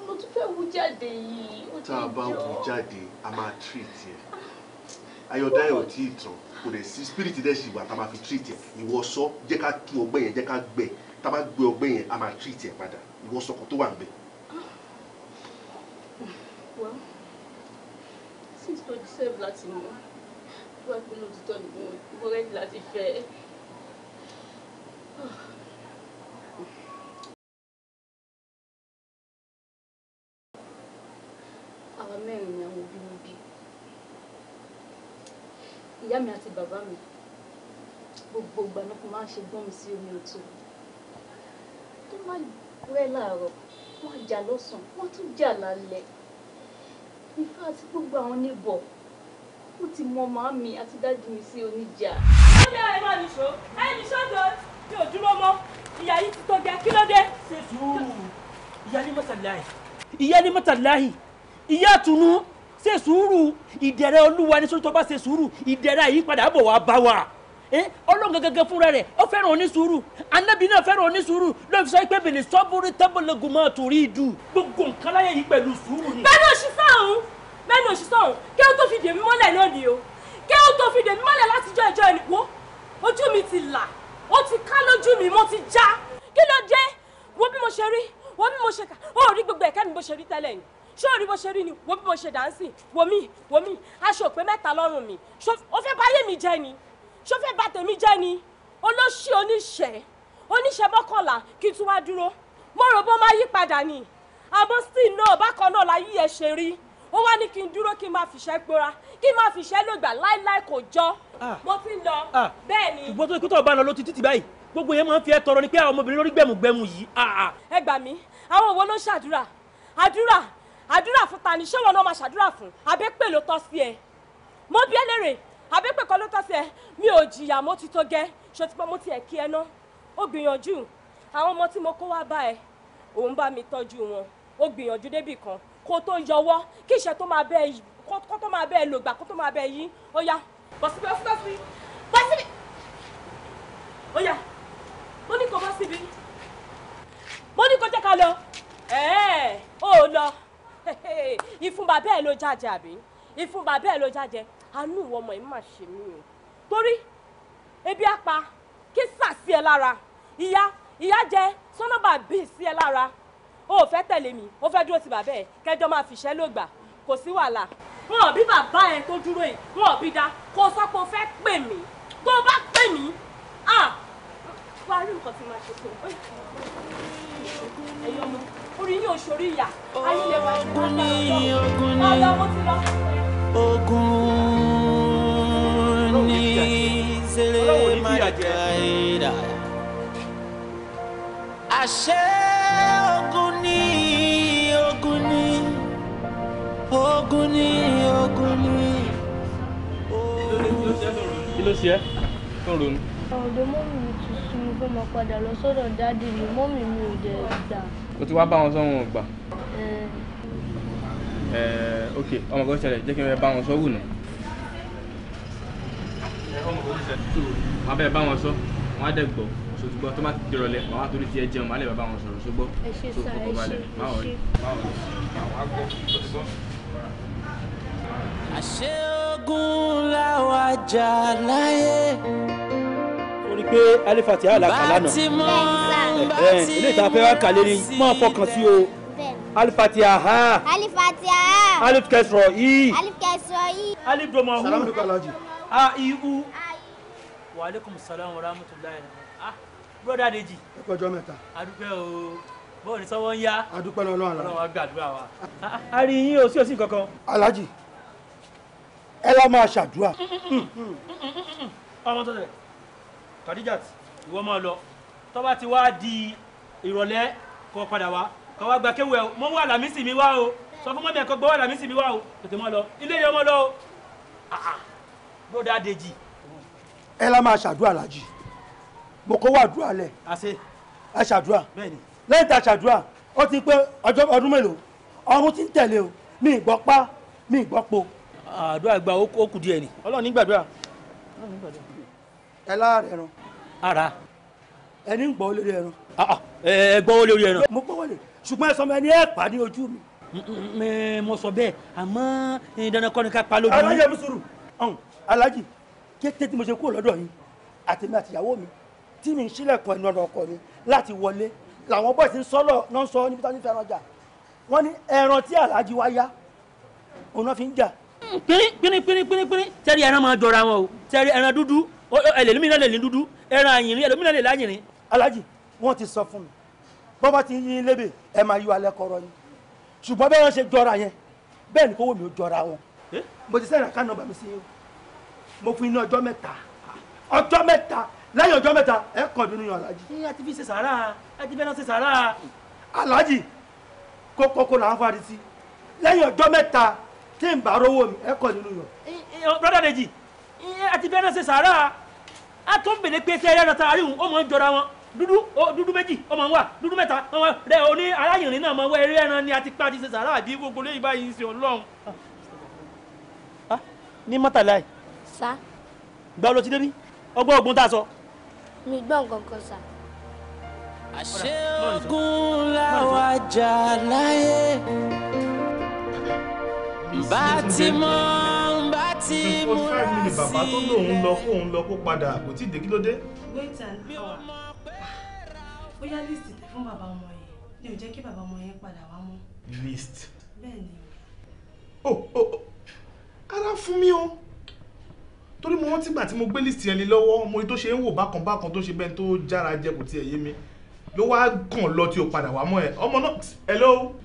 D: mo tún fẹ́ wú jáde yìí ó ti jọ. tá a bá wú
B: jáde a máa treat ẹ ayọ̀dáyọ̀ tí ì tàn kò lè sí spirit dẹ̀ sì wà tá a máa fi treat ẹ ìwọ sọ jẹ́ ká tú ọgbẹ́ yẹn jẹ́ ká gbẹ tá a bá gbé ọgbẹ́ yẹn a máa treat ẹ padà ìwọ sọkàn tó wà ń bẹ.
D: wá since
C: láti mọ wá pinnu òtítọ́ nìkan ìwọ rẹ̀ láti fẹ́
D: àwa mẹ́rin ni àwọn òbí mi bí ìyá mi àti bàbá mi gbogbo ìgbà náà máa ń ṣe gbọ́n mi sí omi ọ̀tọ̀ tó máa rẹ́ láàárọ̀ wọ́n jà lọ́sàn-án wọ́n tún jà lálẹ́ ìfẹ́ àti gbogbo àwọn níbọ̀
C: ó ti mọ màámi àti dájú mi sí oníjà. ó ní ààrẹ máa nìṣó ààrẹ nìṣó tó mi ò dúró mọ́ ìyá yìí ti tó kí ló dé. ṣé sùúrù ìyá ní mọ́tàláì
B: ìyá ní mọ́tàláì ìyá àtúnú ṣe sùúrù ìdẹ̀rẹ̀ olúwa ní sórí tó bá ṣe sùúrù ìdẹ̀rẹ̀ àyípadà bọ̀ wá bá wa ọlọ́run gẹ́gẹ́ fúnra rẹ̀ ó fẹ́ràn onísùúrù anábì náà fẹ́ràn onísùúrù ló fi sọ pé bèlè sọ́búrú tábìlẹ́gùn máa torí ìdù
C: gbogbo nǹkan láyé yìí pẹ̀lú sùúrù ni. bẹ́ẹ̀ ni òṣìṣẹ́ òun bẹ́ẹ̀ ni òṣìṣẹ́ òun kí ó tó fi dèmí mọ́lẹ̀ náà ni o kí ó tó fi dèmí mọ́lẹ̀ látijọ́ ìjọ ìnìwó ojú mi ti là ó ti ká lójú mi mo ti já kí ló dé wo bí mo ṣe rí wo bí mo ṣe kà ó rí
F: gbogbo ẹ̀kẹ́ mi bó ṣe rí tẹ́lẹ̀ ni ṣé o bó ṣe rí ni wo bí mo ṣe dánsì wo mí wo mí aṣọ òpè mẹ́ta lọ́rùn mi o fẹ́ bá yé mi jẹ́ ni ṣó fẹ́ bá tèmi jẹ́ ni olóṣì
C: oníṣẹ́ oníṣẹ́ mọ́kànlá kí n tún wá dúró mo rò bó máa yí padà ni
F: àmọ́ still náà bákan náà láyé ẹ̀ ṣe rí ó wá ní kí n dúró kí n máa fìṣẹ́ gbóra kí n máa fìṣẹ́ lògbà láíláí kò jọ ah. mo ti ń lọ ah. bẹ́ẹ̀ ni.
B: ṣùgbọ́n tó ikú tó bá lọ ló ti títì báyìí gbogbo yẹn máa ń fi ẹ tọrọ ni pé àwọn ọmọbìnrin lórí gbẹmùgbẹmù yìí. Ah,
C: ẹ gbà mí àwọn òwò ló ṣàdúrà
I: àdúrà àdúrà fún ta ni ṣé wọn náà máa ṣàdúrà fún abẹ́pẹ́ ló tọ́ sí ẹ mo bí ẹlẹ́rẹ̀ abẹ́pẹ́ kan ló tọ́ sí ẹ mi ò jìyà mo ti tó gẹ́ ṣe ti pọ́ mo ti ẹ̀ kí ẹ ná ó gbìyànjú àwọn ọmọ tí mo kó wá bá ẹ òun bá mi tọ́jú wọn ó gbìyànjú débì kan kó tó yọwọ́ kí iṣẹ́ tó máa bẹ́ẹ̀ kó tó máa bẹ́ẹ̀ lògbà kó tó máa bẹ́ẹ̀ yí ó yá bọ̀ síbi ó síbẹ̀ síbi bọ̀ síbi ó yá mo ní kó bọ́ síbi mo ní kó jẹ́ ká lọ ẹ̀ẹ́
F: ó lọ. ìfúnba bẹ́ẹ̀ ló jáde àbí ìfúnba bẹ́ẹ̀ ló jáde àánú ìwọ ọmọ yìí má ṣe mí o torí ebi apa kí sàsí ẹ lára ìyá ìyá jẹ sọnọba bíi sí ẹ lára o ò fẹ́ tẹ̀lé mi
I: o fẹ́ dúró ti bàbá ẹ kẹjọ máa fìṣẹ́ lògbà kò sí wàhálà wọn ò bí bàbá ẹ tó dúró
C: yìí wọn ò bí dá kó sọ pé o fẹ́ pè mí tó o bá pè mí wàá rí nǹkan tí màá ṣe fún ẹ orí yóò ṣorí ìyá ayé lè wà ní ọjọ́
B: ọjọ́ mo ti lọ. ogun ni zèlè mádìkàìdà àṣẹ ogun ni ogun ni ogun ni ogun ni. kí ló ṣe é tó ronú.
F: ọ̀dọ̀ mọ́mì mi ti
H: sún mi pé mo padà lọ sọ́dọ̀ dáàdì mi mọ́mì mi ò dẹ̀ gbà
B: o ti wá bá wọn sọ wọn ẹ ẹ ok ọmọ kan ṣẹlẹ̀ jẹ́ kí n bẹ bá wọn sọ wù nù. ọmọ kan ṣẹlẹ̀ tó wọn abẹ́ bá wọn sọ wọn á dẹ̀ gbọ́ ṣùgbọ́n tó má ti dìrọ̀lẹ́ màá wá torí tiẹ̀ jẹun màá lè bá wọn sọ̀rọ̀ ṣùgbọ́n
H: tó kọ́kọ́ balẹ̀ má wọ̀
B: má wọ̀ rí má wọ̀ àṣẹ ogun làwọn àjà láyé. orí pé alifati àlàkà lánàá. bá ti mọ́ ọ́n ilé ìta fẹ́ kàlẹ́ ni máa fọkàn sí o alifatiya ha alifatiya ha alif kẹsọrọ yìí alif kẹsọrọ yìí alif dọmọ hu salamu alaykum alaji
A: a ihu
B: wa aleykum salaam wa rahmatulahi ah broda deji. ẹ kọjọ mẹ́ta. adúpẹ́ o bọ́ọ̀ ni sọ́wọ́ ń yá. adúpẹ́ lọ́wọ́ àlọ́. ọlọ́wọ́ gbàdúrà wa. a rí yín o sí òsì kankan. alhaji ẹ lá máa ṣàdúrà. Mm, mm, mm, ọmọ tó tẹ kàdíjà ìwọ máa lọ tó ti wá di ìrọ̀lẹ́ kó padà wá kó wá gba kéwù ẹ̀ mọ́ wà lámísì mi wá o sọ fún mọ́bìnrin kan gbọ́ wà lámísì mi wá o tètè mọ́ lọ ilé yẹn mọ́ lọ o broda Dèjì. ẹ lá máa ṣàdúrà lájì mo kó wà dúrà lẹ ẹ ṣàdúrà lẹ́yìn tá a ṣàdúrà ó ti pé ọdún mélòó ọrùn ti ń tẹ̀lé o mi ìgbọ́ pa mi ìgbọ́ po. àdúrà gba ó kù díẹ̀ ni ọlọ́run ní gbàdúrà. ẹ lára rẹ̀ rán. ara ẹni ń gbọ́wọ́ lórí ẹran. Ah, ah, ẹ gbọ́wọ́ lórí ẹran. mo gbọ́wọ́ lè ṣùgbọ́n ẹ sọ ma ẹni ẹ pa ní ojú mi. Mm, mm, mm, mo sọ bẹ́ẹ̀ àmọ́ eh, dandan kọ́ni ká pa lójú mi. àwọn yẹn mi sùúrù ọ̀hún alájì kété tí mo ṣe kúrò lọ́dọ̀ yìí àtẹ̀mí àtìyàwó mi tí mi ń ṣílẹ̀kùn ẹnu ọ̀nà ọkọ mi láti wọlé làwọn bọ́ọ̀sì ń sọ́lọ̀ náà ń sọ níbi táwọn ti fẹ́ràn jà wọ́n ní ẹran tí alájì wá yá òun náà fi ń jà. pínpínpínpínpín hmm, o tẹ́rí ẹran dúdú ẹlẹ́mìnira lè ní dúdú ẹran alájì wọ́n ti sọ fún mi bọ́ bá ti yín lébè ẹ máa yọ alẹ́ kọ́rọ́ ni ṣùgbọ́n bẹ́ẹ̀ wọ́n ṣe jọra yẹn bẹ́ẹ̀ ni kówó mi ò jọra wọn mo ti sẹ́yìn àká nọ́mbà mi sí yín mo fún iná ọjọ́ mẹ́ta ọjọ́ mẹ́ta lẹ́yìn ọjọ́ mẹ́ta ẹ kàn bínú yan alájì. ní àti fi ṣe sàárà àti bẹ́ẹ̀ náà ṣe sàárà. alájì kókókó là ń fari sí lẹ́yìn ọjọ́ mẹ́ta tí n bá rówó mi ẹ kàn bínú yan. brọ́dà dèjì àti bẹ́ẹ̀ náà ṣe sàárà a tún bèrè pé ṣe dúdú dúdú méjì ọmọ wa dúdú mẹ́ta ọmọ rẹ oní aráyìnrin náà máa wọ ẹran ni a ti pa ti ṣe sàrà àbí gbogbo lẹ́yìn báyìí ń ṣe ọlọ́run. Ah, ní mọ́tàlá yìí. sá. gba ọ ti débi ọgbọ́n ogun tá a sọ.
F: mi gbọ́ nǹkan kan sá.
B: àṣé ogun làwọn àjà láyé bá ti mọ́ ti múra sí i. five minutes bàbá tó lóun lọ kóun lọ kó padà kò tí ì dé kí ló dé.
F: wait and hour bóyá list tẹ fún bàbá ọmọ yẹn ni ò jẹ́ kí bàbá ọmọ yẹn padà wá
B: mọ́. list.
F: bẹ́ẹ̀ ni. o o ara fún mi o
B: torí mo rántí gbà tí mo gbé list yẹn lé lọ́wọ́ mo rí tó ṣe ń wò bákan bákan tó ṣe bẹ́ẹ̀ tó jára jẹ kò tiẹ̀ yé mi ló wá kàn lọ tí o padà wá mọ́ ẹ ọmọ náà hello.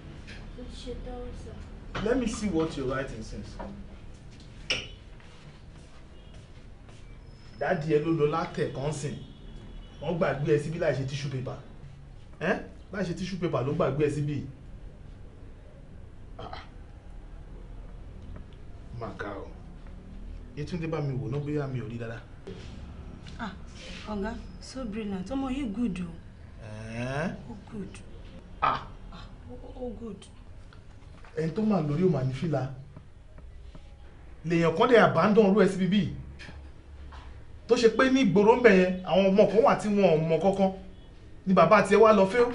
B: let me see what you're writing since. dáàdi ẹ ló lọ látẹ̀ kọ́ńsìn wọ́n gbàgbé ẹ síbí láì ṣe tissue paper ẹ́ láì ṣe tíṣù pépà ló gbàgbé ẹ síbí máa ga ọ Yétúndé bá mi wò náà bóyá mi ò rí dáadáa.
F: ah ọ̀gá so brilliant ọmọ yìí good o.
B: ó
F: good. ah, ah ó good.
B: ẹni tó máa lórí òmà ní fìlà lèèyàn kan dẹ̀ abandon rú ẹ síbí bíi tó ṣe pé ní ìgboro ń bẹ̀ yẹn àwọn ọmọ kan wà tí wọn ò mọ kankan ni bàbá tiẹ̀ wá lọ fẹ́ ó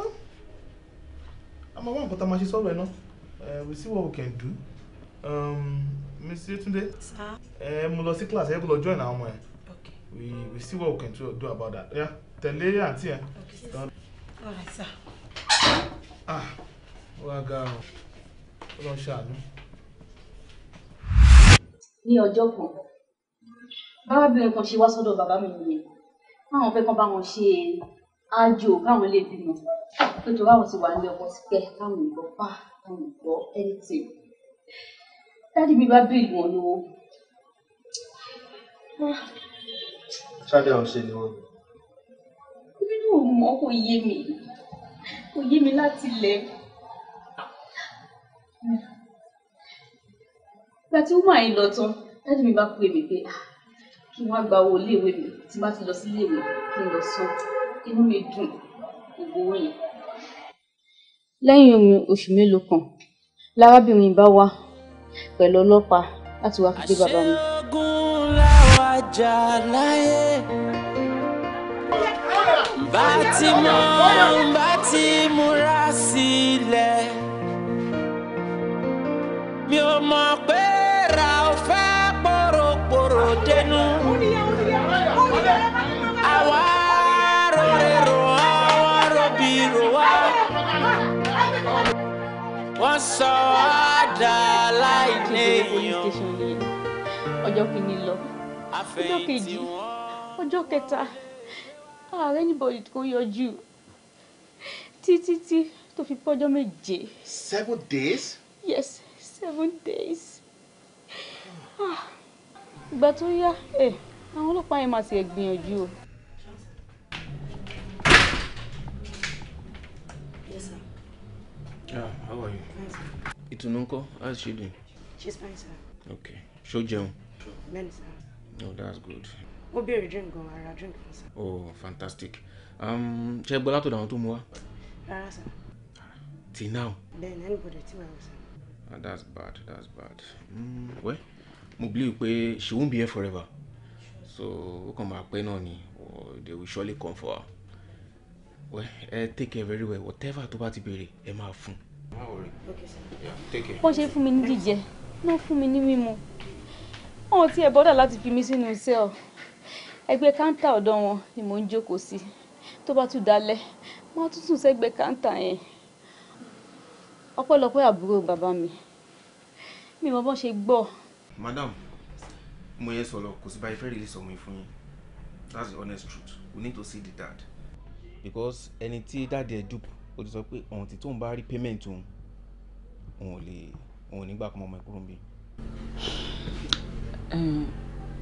B: ah. a máa wá tá a máa ṣe sọ̀rọ̀ ẹ̀ náà eh, we see what we can do um, Mr. Tunde ẹ mo lọ sí class ẹ kó lọ join àwọn ọmọ ẹ we we see what we can do, do about that yeah? tẹ̀lé àǹtí ẹ. all right sir. ah wá ga ọ ó lọ ṣàánú.
D: ní ọjọ́ kan bábá bẹ́ẹ̀ kan ṣe wá sọ́dọ̀ bàbá mi nìyẹn káwọn fẹ́ kán bá wọn ṣe àjò káwọn lè bímọ pé tó báwọn ti wà ní ọkọ ti káwọn ò pa káwọn ò gbọ́ anything dáàdì mi bá bíìlì wọn lówó.
B: ṣáde ọ̀hún ṣe ni wọ́n.
D: mi ò mọ̀ kò yé mi kò yé mi láti lẹ̀ ìgbà tí wọ́n máa ń lọ tán dájú mi bá pè mí pé ah, kí n wá gba owó iléèwé mi tí n bá ti lọ sí iléèwé kí n lọ san inú mi dùn gbogbo owó yẹn. lẹ́yìn orin oṣù mélòó kan lárábìnrin bá wá pẹ̀lú ọlọ́pàá láti wá fi gbé bàbá mi.
F: àṣẹ ogun làwọn àjà láyé bá ti mọ bá ti múra sílẹ̀
B: mi ò mọ̀ pé.
C: sọ àdá láìléèyàn.
E: ọjọ́ kìíní lọ ọjọ́ kejì
D: ọjọ́ kẹta ààrẹ níbo kò yọjú títí tí tó fi pọ́jọ́ méje. seven days. yes seven days. Ah, ìgbà tó yá eh, àwọn ọlọ́pàá yẹn máa ti ẹ̀ gbìyànjú o.
B: Yeah, how are you? Fine, sir. Ìtùnú ńkọ́, how's she doing? She's fine, sir. Okay. Ṣó jẹun?
A: Bẹ́ẹ̀ni, sir.
B: Oh, that's good.
A: Ó a drink go. I'll drink sir.
B: Oh, fantastic. Um, ṣé gbọ́ látọ̀dọ̀ àwọn tó mú wa? sir. Till now?
A: Bẹ́ẹ̀ni, anybody tí wàá sir.
B: Ah, that's bad, that's bad. Hmm. well, mo believe she won't be here forever. So, ó kàn máa pẹ́ náà they will surely come for her ẹ take care very well whatever tó bá ti béèrè ẹ máa fún. wọ́n ṣe fún
D: mi ní jíjẹ náà fún mi ní mímu wọn ò tiẹ̀ bọ́dà láti fi mí sínú sẹ́ọ̀ ẹgbẹ́ káńtà ọ̀dọ̀ wọn ni mò ń jókòó sí tó bá tún dalẹ̀ wọ́n á tún sùn sẹ́gbẹ́ káńtà yẹn ọpẹ́lọpẹ́ àbúrò bàbá mi mi mọ bọ́n ṣe gbọ́.
B: madam mo yẹ sọ̀rọ̀ kò sí báyìí fẹ́ẹ́ release ọmọ yìí fún yín that's the honest truth we need to see the dad because ẹni tí dáàdi ẹ dupe ó ti sọ pé ọ̀hún ti tóun bá rí payment òun òun ò lè òun ò ní gbà kọ́ ọmọ ẹ kúrò níbí.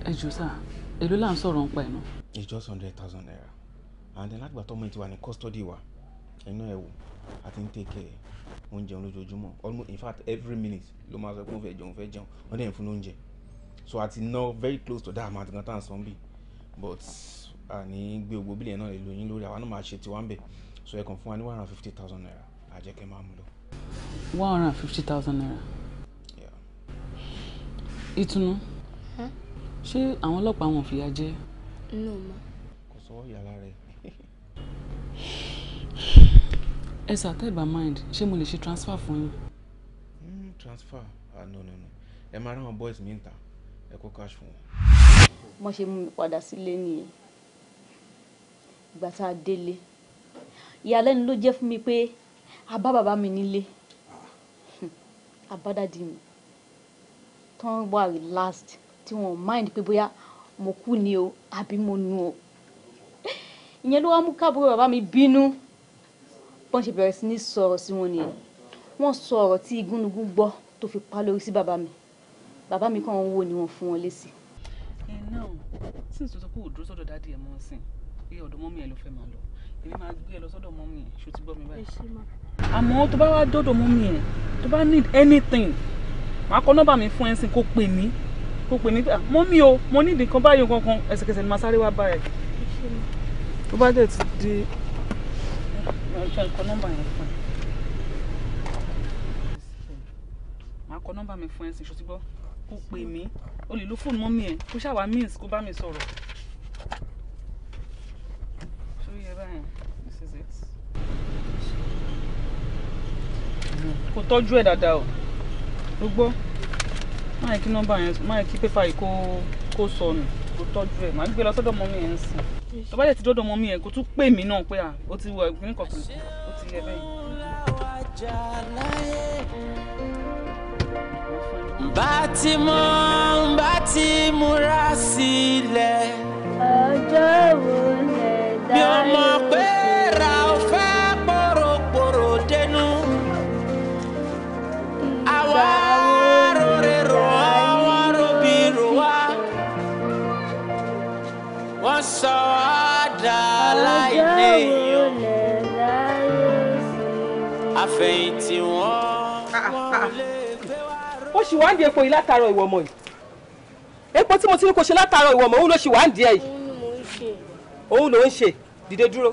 B: ẹ jù sá èló là ń sọ̀rọ̀ ń pa ẹ̀ nù. it's just hundred thousand naira and then látìgbà tọ́mọ ẹ ti wà ní custody wa ẹnu ẹ wò àti ń take care oúnjẹ lójoojúmọ́ almost in fact every minute ló máa sọ pé òun fẹ́ jẹun fẹ́ jẹun wọ́n dẹ̀ ń fún lóúnjẹ so àti very close to that amount gan tá à ń but à ní gbé gbogbo bílẹ̀ náà lè yín lórí àwa náà máa ṣe tiwa ń bẹ̀ so ẹ fún wa ní one hundred fifty thousand naira àjẹkẹ́ máa mú lọ.
C: one hundred and fifty thousand naira. ìtùnú ṣé àwọn ọlọ́pàá wọn fìyà jẹ.
F: nù mọ́.
B: kò sọ yàrá rẹ. ẹ sàtẹ́ mind ṣé mo lè ṣe transfer fún yín. Hmm, transfer ah, no no no ẹ máa rán àwọn boys mi ń ta ẹ kó cash fún wọn.
D: mo ṣe mú mi padà sílé nìyẹn ìgbà tá a délé ìyàlẹ́nu ló jẹ́ fún mi pé a bá bàbá mi nílé àbádàdì mi tó ń wà relaxed tí wọ́n mind pé bóyá mo kú ni o àbí mo nu o ìyẹn ló wá mú káàbùrò bàbá mi bínú bọ́n ṣe bẹ̀rẹ̀ sí ní sọ̀rọ̀ sí wọn nìyẹn wọ́n sọ ọ̀rọ̀ tí igúnnugún gbọ́ tó fi pa lórí sí bàbá mi bàbá mi kàn ń wò ni wọ́n fún wọn lésì.
B: ẹ náà sínsìn tó kó òdúró sọ́dọ̀ dáàdi ẹ mọ ọ sìn pé ọ̀dọ̀ mọ́mí ẹ̀ ló fẹ́ máa lọ èmi máa gbé ẹ lọ sọ́dọ̀ mọ́mí ẹ̀ ṣó ti gbọ́ mi báyìí.
D: àmọ́ tó bá wá
B: dọ́dọ̀ mọ́mí ẹ̀ tó bá need anything màá kọ nọ́mbà mi fún ẹ̀sìn kó pè mí kó pè mí pé ah, mọ́mí o mo ní ìdìkan báyìí kankan ẹsẹ̀kẹsẹ̀ ni màá sáré wá bá ẹ̀. tó bá dẹ̀ ti di. màá kọ nọ́mbà mi fún ẹ̀sìn ṣó ti gbọ́ kó pè mí
F: o lè lo fóònù mọ́mí ẹ̀ kó ṣàwá means kó bá mi sọ̀rọ̀. this is it kò tọ́jú ẹ̀ dáadáa o gbogbo máa kí nọ́mbà yẹn máa kí pépà yìí kó kó sọnù kó tọ́jú ẹ̀ máa gbé lọ sọ́dọ̀ mọ́mí yẹn sìn tó bá dẹ̀ ti dọ́dọ̀
B: mọ́mí yẹn kó tún pè mí náà pé à ó ti wọ ẹ̀gbìn kọ̀ọ̀kan ó ti yẹ bẹ́ẹ̀. bá ti mọ múra sílẹ̀. ọjọ́ wo lẹ mi ò mọ̀ pé ra ò fẹ́ pòròpòrò dẹnu àwa rore rò àwa robi
G: rò wá wọ́n
B: ó sì wá ń di epo yìí látàárọ̀ ìwọ ọmọ yìí epo tí mo ti ní kó ṣe látàárọ̀ ìwọ ọmọ òun ló ṣì wá ń di ẹ yìí òun ló ń ṣe dìde dúró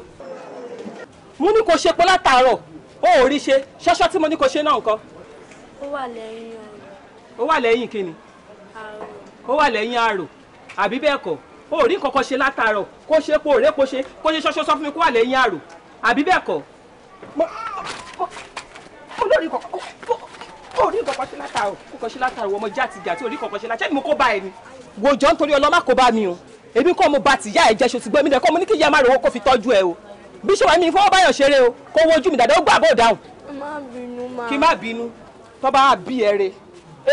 B: mo ní kò ṣe pé látàárọ̀ ó ò rí ṣe ṣọ́ṣọ́ tí mo ní kò ṣe náà nǹkan.
I: ó wà lẹ́yìn àrò.
B: ó wà lẹ́yìn kíni. àrò. ó wà lẹ́yìn àrò àbí bẹ́ẹ̀ kọ́ ó rí kọ́kọ́ ṣe látàárọ̀ kó ṣe kó rè kó ṣe kó ṣe ṣọ́ṣọ́ sọ fún mi kó wà lẹ́yìn àrò àbí bẹ́ẹ̀ kọ́. olórí kọ̀ọ̀kan ó rí kọ̀ọ̀kan ṣe látàárọ̀ kó kọ̀ ṣe látàárọ̀ ọmọ èmi kọ́ mo bá ti yá ẹ̀ jẹ́ ṣòṣùgbọ́ èmi nìkan mo ní kí ìyá máa rówó kó fi tọ́jú ẹ o bí ṣe wà mí fọwọ́ báyọ̀ ṣeré o kó wojú mi dàdé ó gbà bó dáhùn. kí má bínú tó bá bí ẹrẹ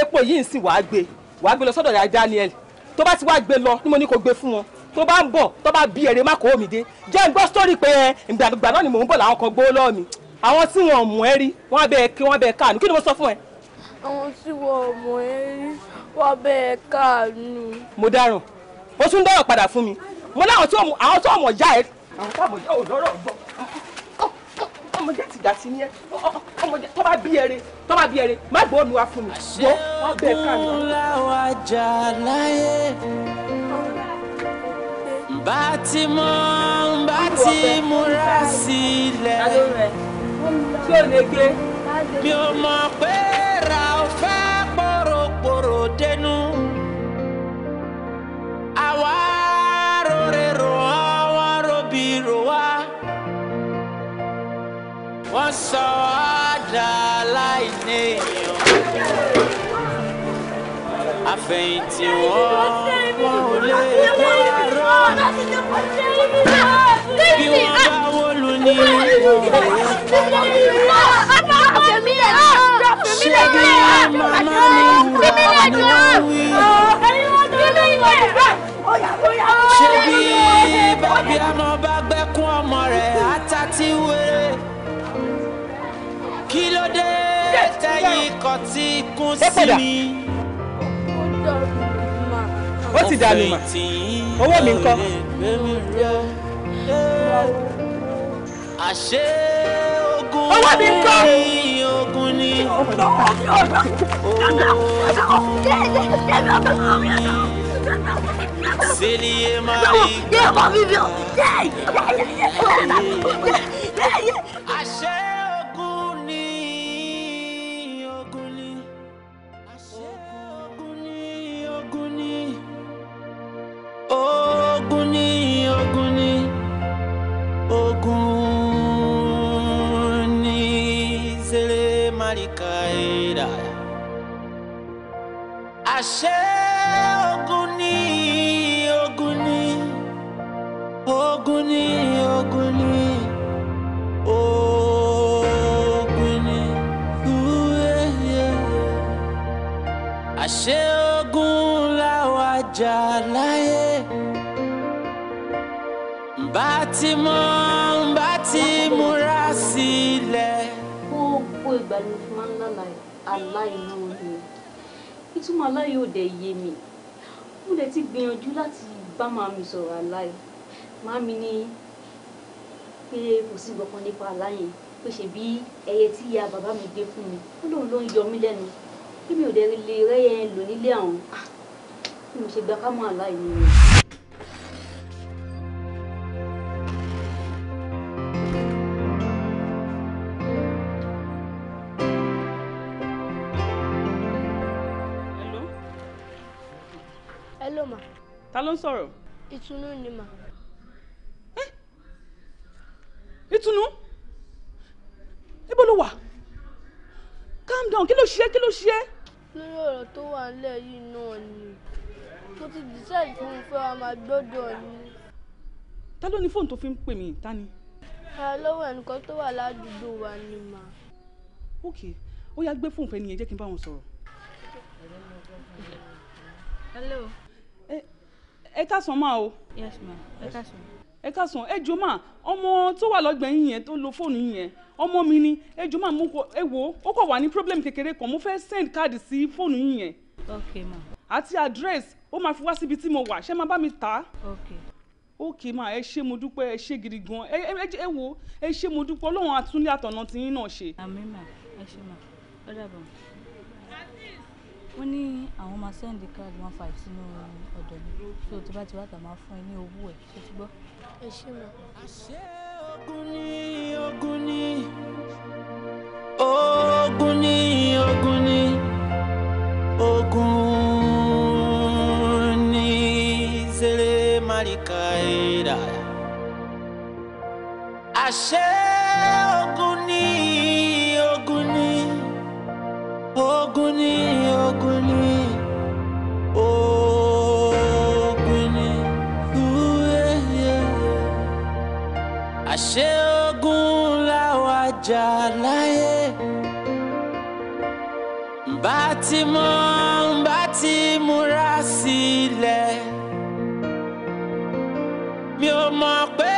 B: epo yìí ń sì wàá gbé wàá gbé lọ sọ́dọ̀ ya Daniel tó bá ti wá gbé lọ ni mo ní kó gbé fún wọn tó bá ń bọ̀ tó bá bí ẹrẹ má kó omi dé jẹ́ ń gbọ́ sítórì pé ẹ ìgbàgbà náà ni mò ń bọ̀ làwọn kan gbó lọ́ọ̀ mi àwọn tí wọn mú ẹ rí wọn bẹ kí wọn bẹ káànú kí ni mo sọ fún ẹ.
F: àwọn tí wọn mú ẹ rí wọn bẹ
C: káànú.
B: mo dáràn ó tún dọ́rọ̀ padà fún mi mo láwọn tó àwọn tó ọmọ já ẹ
C: àwọn tó ọmọ já ò lọ́rọ̀ gbọ́
B: ọmọdé ti dà sí ní ẹ ọmọdé tó bá bí ẹrẹ tó bá bí ẹrẹ má gbọ́ olúwa fún mi wọ́n wọ́n bẹ̀ ká mi. mọ bá múra sílẹ̀
G: tí ò lè gbé. mi ò mọ̀ pé ra ò
B: fẹ́ pòròpòrò dé wọ́n sọ àdá
C: láìní àfẹ̀yìntì wọn wọn ò lè dọ́rọ̀
G: bí wọ́n bá wọlú ní wọn ò lè dọ́rọ̀ ṣé bí màmá mi wúra
F: ṣé bí bàbí àmọ́ bá gbẹ́kún ọmọ rẹ̀ àtàtì wéré kí ló dé
B: tẹ́yìn kan tí kún sí mi. ó ti dànù mà owó mi ń kọ́. àṣé ogun owó mi ń kọ́.
G: ogun ni ogun. Silly Mari. Yeah, mommy, Bill. Yeah, yeah, yeah, yeah,
B: yeah. Àṣẹ ogun ni ogun ni.
G: Àṣẹ ogun ni ogun ni. Ogun
B: ni ogun ni. Ogun ni Silly Mari Kaira. Àṣẹ.
E: ti mọ bá ti múra sílẹ̀. gbogbo ìgbà
D: ni mo fi máa ń lálàá aláìlóore ìtumọ̀ aláì ò dẹ̀ yé mi mo dẹ̀ ti gbìyànjú láti bá màmí sọ̀rọ̀ aláì màmí ní pé kò sí gbọ̀kan nípa aláì pé ṣe bí ẹyẹ tí ìyá bàbá mi gbé fún mi ó lóun ló ń yọ mí lẹ́nu kí mi ò dẹ̀ lè rẹ́yẹ lò nílé àwọn ah, bí mo ṣe gba ká mọ́ aláì nínú.
B: ta ló ń sọ̀rọ̀.
F: ìtùnú ni mà.
I: ìtùnú ibo
F: ló wà calm down kí ló ṣe kí ló ṣe. lórí ọ̀rọ̀ tó wà nílẹ̀ yìí náà ni mo ti decide fún un pé wàá máa gbọ́dọ̀ ni. ta ló ní fóònù tó fi ń pè mí ta ni. ara lọ́wọ́ ẹnìkan tó wà ládùúgbò wa ni mà. ok
B: ó yá gbé fóònù fẹ́ nìyẹn jẹ́ kí n bá wọn sọ̀rọ̀. hello ẹ káàsán máa o. yes ma ẹ káàsán. ẹ káàsán ẹ jọ máa ọmọ tó wà lọ́gbẹ̀ẹ́ yín yẹn tó lo fóònù yín yẹn ọmọ mi ni ẹ jọ máa mú kó ẹ wò ó kọ̀ wà ní problem kékeré kan mo fẹ́ send card sí fóònù yín yẹn. ok ma. àti address ó máa fi wá síbi tí mo wà ṣé máa bá mi tà ok ok ma ẹ ṣé mo dúpẹ́ ẹ ṣé gidi
F: gan ẹ ẹ ẹ wò ẹ ṣé mo dúpẹ́ ọlọ́run àtúnlé àtọ̀nà tiyín náà ṣe. àmín ma ẹ ṣé ma ó dàbọ̀
D: wọ́n ní àwọn máa send card one five sínú ọ̀dọ̀ mi so tó bá ti wá tà máa fún ẹ ní owó ẹ̀ ṣe ti gbọ́. ẹ ṣe mọ. àṣé ogun ni ogun ni
A: ogun
B: ni ogun ni ogun ni zere marika era àṣé ogun ni ogun ni ogun ni
G: ogun ni
B: àṣé ogun làwa jà láyé bá ti mọ bá ti mi ò mọ̀ pé.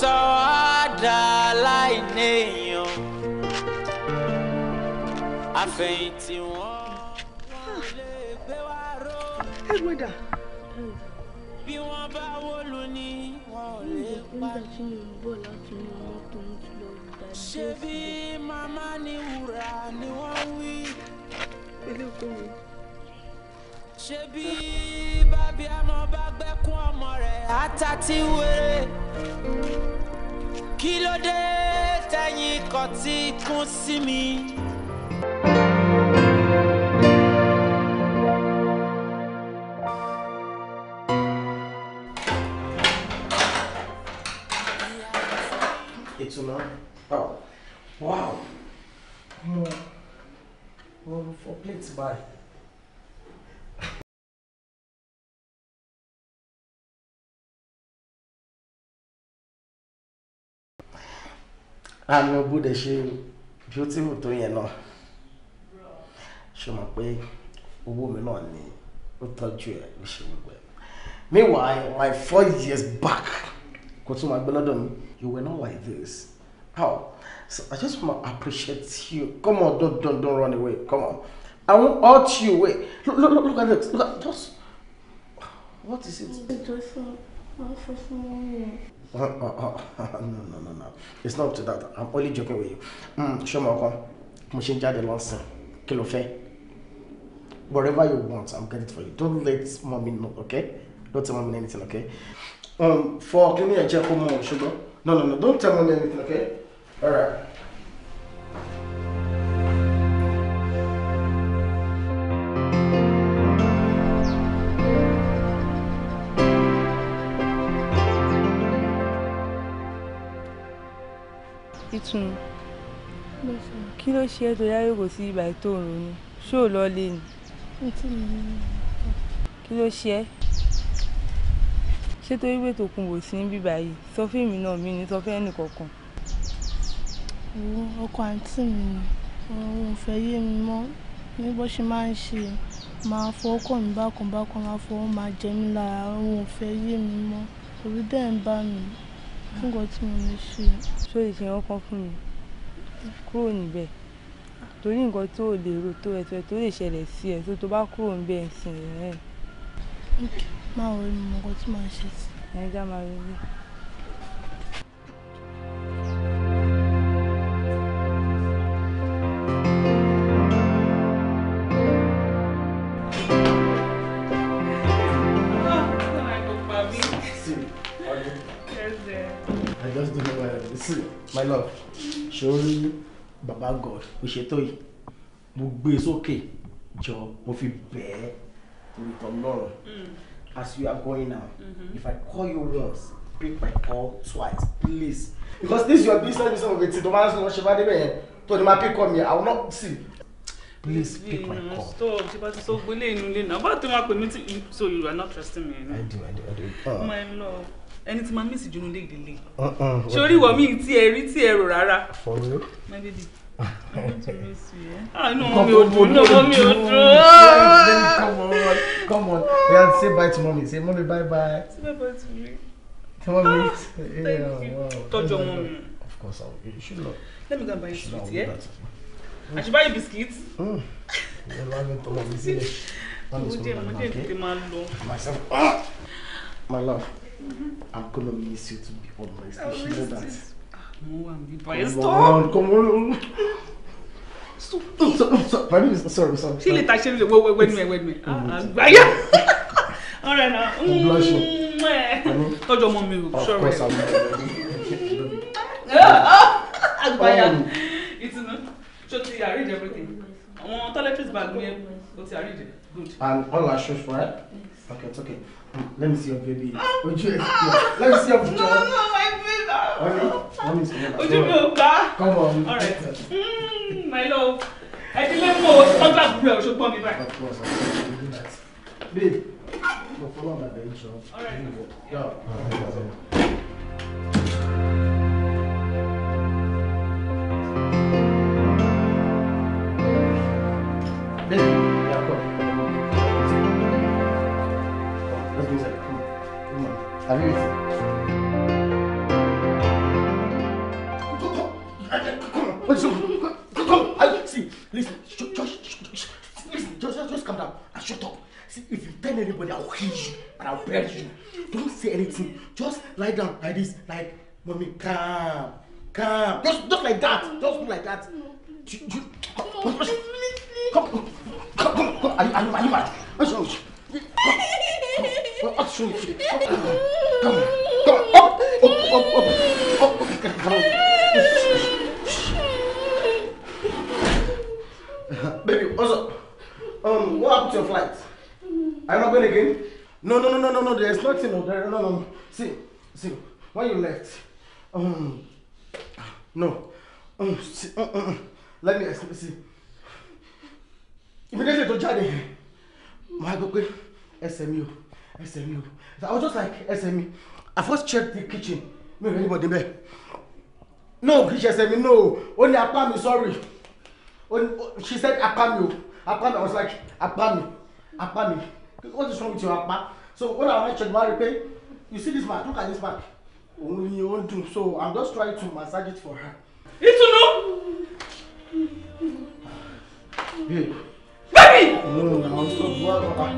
B: sọ àdá láìní èèyàn àfẹ̀yìntì wọn wọn
F: lè gbé bí wọ́n bá wọ́lù ni wọn ò lè parí. nígbà tí mo ń bọ̀ láti inú mọ́tò ń lọ dájú. ṣebí màmá ni wúrà ni wọ́n wí. eléyìí kò wọ́n
B: ṣebí bàbí àmọ́ bá gbẹ́kún ọmọ rẹ̀ àtàtì wéré kí ló dé tẹ̀yìn kan ti kún sí mi. Ìtùnà wow wow
F: mo ò rò plate báyìí.
G: àmì òbú dẹ̀ ṣe
B: beautiful tó yẹn náà ṣe mọ̀ pé owó mi náà ni ó tọ́jú ẹ̀ ló ṣe gbogbo ẹ̀ meanwhile like four years back kò tún máa gbé lọ́dọ̀ mi you were not like this how so I just wanna appreciate you come on don't don't don't run away come on I won't hurt you wait look look look at this look at just
F: what is it. ìjọsìn wọn fọ fún wọn yẹn.
B: Ah, ah, ah, no, no, no, no. It's not up to that. I'm only joking with you. Show me kàn? Mo ṣe ń jáde lọ́sìn. Kí lo Whatever you want, I'm getting it for you. Don't let mommy know, okay? Don't tell mommy anything, okay? Um, for cleaning ẹ̀jẹ̀ for mọ̀ sugar. No, no, no. Don't tell mommy anything, okay? All right.
F: ìtùnú kí ló ṣe é tó yáyò kò sí ibà tó ń ronú ṣó o lọ lé ni. kí ló ṣe é ṣé torí pé tòkun wò sí bí báyìí sọ fíìmù náà mi ni sọ fẹ́ ẹnìkọ̀ọ̀kan. ọkọ àǹtí mi ni òun fẹ́ yé mi mọ́ ní bó ṣe máa ń ṣe máa fọwọ́ kàn mí bákan bákan máa fọwọ́ máa jẹ mí lára òun fẹ́ yé mi mọ́ òbí
E: dẹ́ ń bá mi fún nǹkan tí mo lè ṣe. ṣó lè ṣe nǹkan kan fún
F: mi kúrò níbẹ̀ torí nǹkan tó o lè ro tó ẹ̀tọ́ tó lè ṣẹlẹ̀ sí ẹ̀ tó tó bá kúrò ń ẹ̀sìn rẹ̀. máa wọlé mọ nǹkan tí màá ṣe sí. nàìjíríà máa wọlé.
B: see my love sori baba god o ṣètò yìí mo gbé e sókè jọ mo fi bẹ́ẹ̀ torí tọ́lọ́rọ̀ mm. as you are going now mm-hmm. if i call you once pick my call twice please because this your business business of eighteen dollars no ṣe bá débẹ̀ yẹn tó ní ma pick call me i will not see please pick my mm, call.
E: stop ṣe bá ti
B: sọ gbélé inú ilé náà bá tó máa pè mí so you are not trusting me. i do i do i do. Uh, my love ẹni tí ma mí ìsìnjú nílé ìdílé sórí ìwọ mi tí ẹ rí tí ẹ rò rárá.
G: àánú mi ò
B: come on yeah, say bye to mommy say mommy bye bye.
A: say bye to me.
B: tell me. tọ́jú ọmọ mi. of course i will you should know. let me go buy you sweet yeah. I should buy you biscuit. Mm. Ah! My love. Mm-hmm. I'm gonna miss you to be ah, on my station. You know that. Come on, come on. Stop. I'm sorry, sorry. sorry, See later, she wait, wait, wait, wait, wait,
C: wait. Ah, ah,
A: All right now. Mm, blush.
C: Touch your mommy. Of sorry. course, I'm. Agbaya,
B: it's no. So you read everything. Àwọn toiletries bag mi, o I read it. Good. And all our shoes, right? Yes. Okay, it's okay. Let me see your baby. Would you explore? Let me
F: see your picture. No,
C: no, my baby.
B: Mommy,
F: mommy's never. Would you be okay? Come on. All right.
C: mm, my
F: love.
B: I didn't know what contract we should put me back. Of course, of course.
F: We'll do that. Babe, you follow my direction. All right. Yeah.
G: All right.
B: Amazing. Come, come, come, come. See, listen, just, just, listen, just, just, just calm down and shut up. See, if you tell anybody, I'll kill you and I'll bury you. Don't say anything. Just lie down like this, like, mommy, calm, calm. Just, just like that. Just like that. You, you, come, come, come, come, come. Are you, are you, are you mad? Come, come. Baby, what's up? Um, what happened to your flight? Are you not going again? No, no, no, no, no, no. There's nothing. No, there, no, no. See, see. Why you left, um, no. Um, see, uh, uh, uh. let me explain. See. Immediately tó jáde, màá gbọ́ pé ẹsẹ̀ mi o ẹsẹ̀ mi e o I was just like ẹsẹ̀ mi e. I first checked the kitchen mi ò anybody bẹ́ẹ̀ no kì í ṣe e, no ó ní apá mi sorry she said apá mi o apá mi I was like apá mi apá mi what is wrong with your apá so when I to check ma rí pé you see this man look at this man Only you ó ń so I'm just trying to massage it for her. ìtùnú. Baby! No, no, no, stop.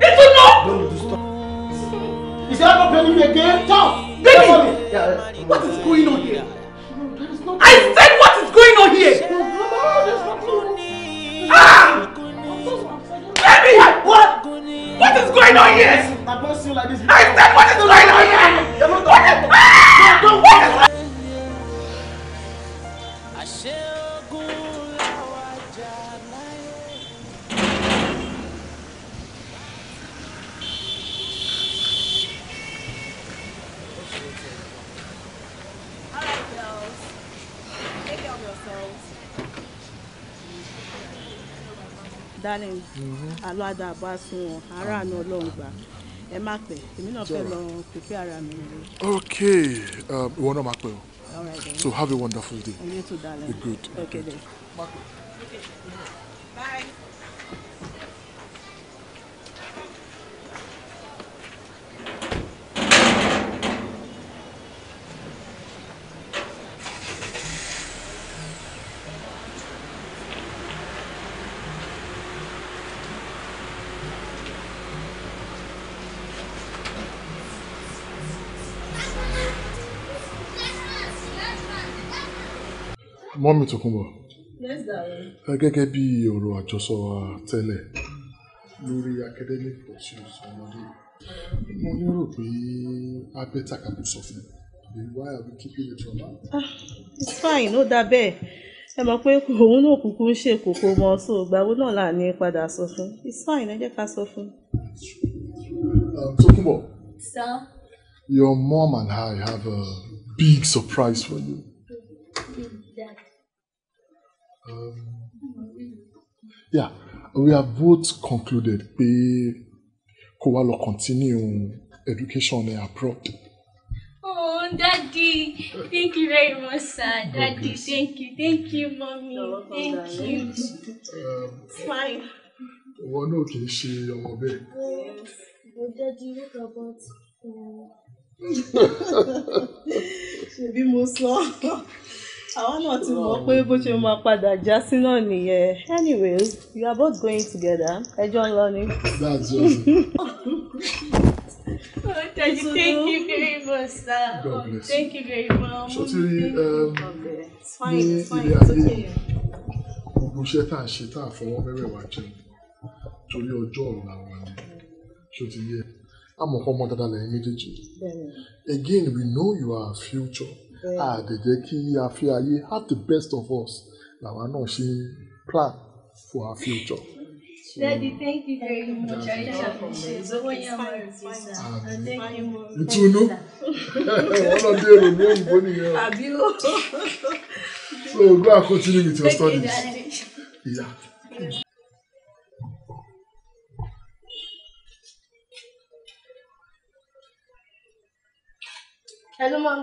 B: It's a Stop! No, you stop. Is that not playing me again? Stop! Baby! Yeah, what is going on here?
C: No, there is nothing. I said what is
A: going on here? No, oh, no, no, there's nothing. Ah! Baby! What? What, is going on here?
B: I said what is going on here? What is... Ah! What
G: is... I shall
F: dálẹ́yìn mm-hmm. àlọ́ àdàbà sun wọn aráàánú ọlọ́run gbà ẹ má pẹ́ èmi náà fẹ́ lọ pèpè ara mi.
B: ok um, ìwọ náà máa pẹ́ o so have a wonderful day.
E: ẹyẹ tó dálẹ́yìn ok then. bye.
B: mọ́mí Tòkunbọ̀ gẹ́gẹ́ bí ọ̀rọ̀ àjọsọ tẹ́lẹ̀ lórí academic pursuits ọmọdé mo lérò pé
E: abẹ́ta kàkó sọ fún mi why are we keeping it from her. Ah, it's fine ó dá bẹ́ẹ̀ ẹ mọ̀ pé òun náà kúkú ń ṣe kókó mọ́ so ìgbàwo náà là ní padà sọ fún it's fine ẹ jẹ́ ká sọ fún. Tòkunbọ̀. Um, sir.
B: your mom and I have a big surprise for you.
E: Mm-hmm.
G: Um,
B: yeah we have both concluded pé kó wá lọ continue education ẹ abroad.
C: Oh, Daddy, thank you very much, sir. Daddy, no, thank you, thank
E: you, mommy, thank you.
B: Um, Fine. Ìwọ náà kì í ṣe ọmọ
E: yes. But Daddy, what about? Um, ṣebí mo sọ àwọn náà ti mọ̀ pé bó ṣe máa padà já sí náà nìyẹn anyways you are both going together ẹjọ́ ń lọ ni. Oh, thank you, thank you very much, sir. God oh, bless. Thank you very much. Ṣọtiri um, ní ilé ayé
B: gbogbo iṣẹ́ tá a ṣe tá a fọwọ́ mẹ́rẹ̀ wá jẹun torí ọjọ́ ọ̀la wa ni ṣọtiri yẹ. Àmọ́ ọmọ dáadáa lẹ́yìn méjèèjì. Again, we know you are our future àdèjẹ́ kí afẹ́ ayé have the best of us làwa náà ṣe plan for our future.
E: Daddy, thank you very much. I appreciate it.
B: Ìtùnú. Ah, Ọlọ́dẹ èrò ló ń bọ́ nìyẹn. Àbí o. So go and continue with your studies.
G: Yeah.
E: Hello, mom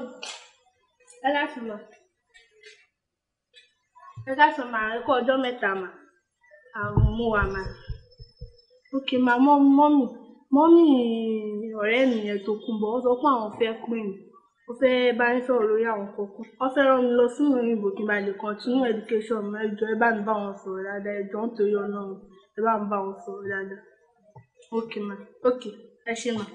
E: ẹ káàsán mà ẹ káàsán mà ẹ kó ọjọ́ mẹ́ta mà àwọn mú wa mà ok mà mọ mọ́mì mọ́mì ọ̀rẹ́ mi yẹn tó kún bọ̀ ó sọ pé àwọn fẹ́ pín mi ó fẹ́ bá ń sọ̀rọ̀ lórí àwọn kọ̀ọ̀kan ó fẹ́ rán mi lọ sínú òyìnbó kí n bá lè continue education mi ẹjọ́ ẹ bá mi bá wọn sọ̀rọ̀ dáadáa ẹjọ́ nítorí ọlọ́run ẹ bá mi bá wọn sọ̀rọ̀ dáadáa ok mà ok ẹ ṣé mà.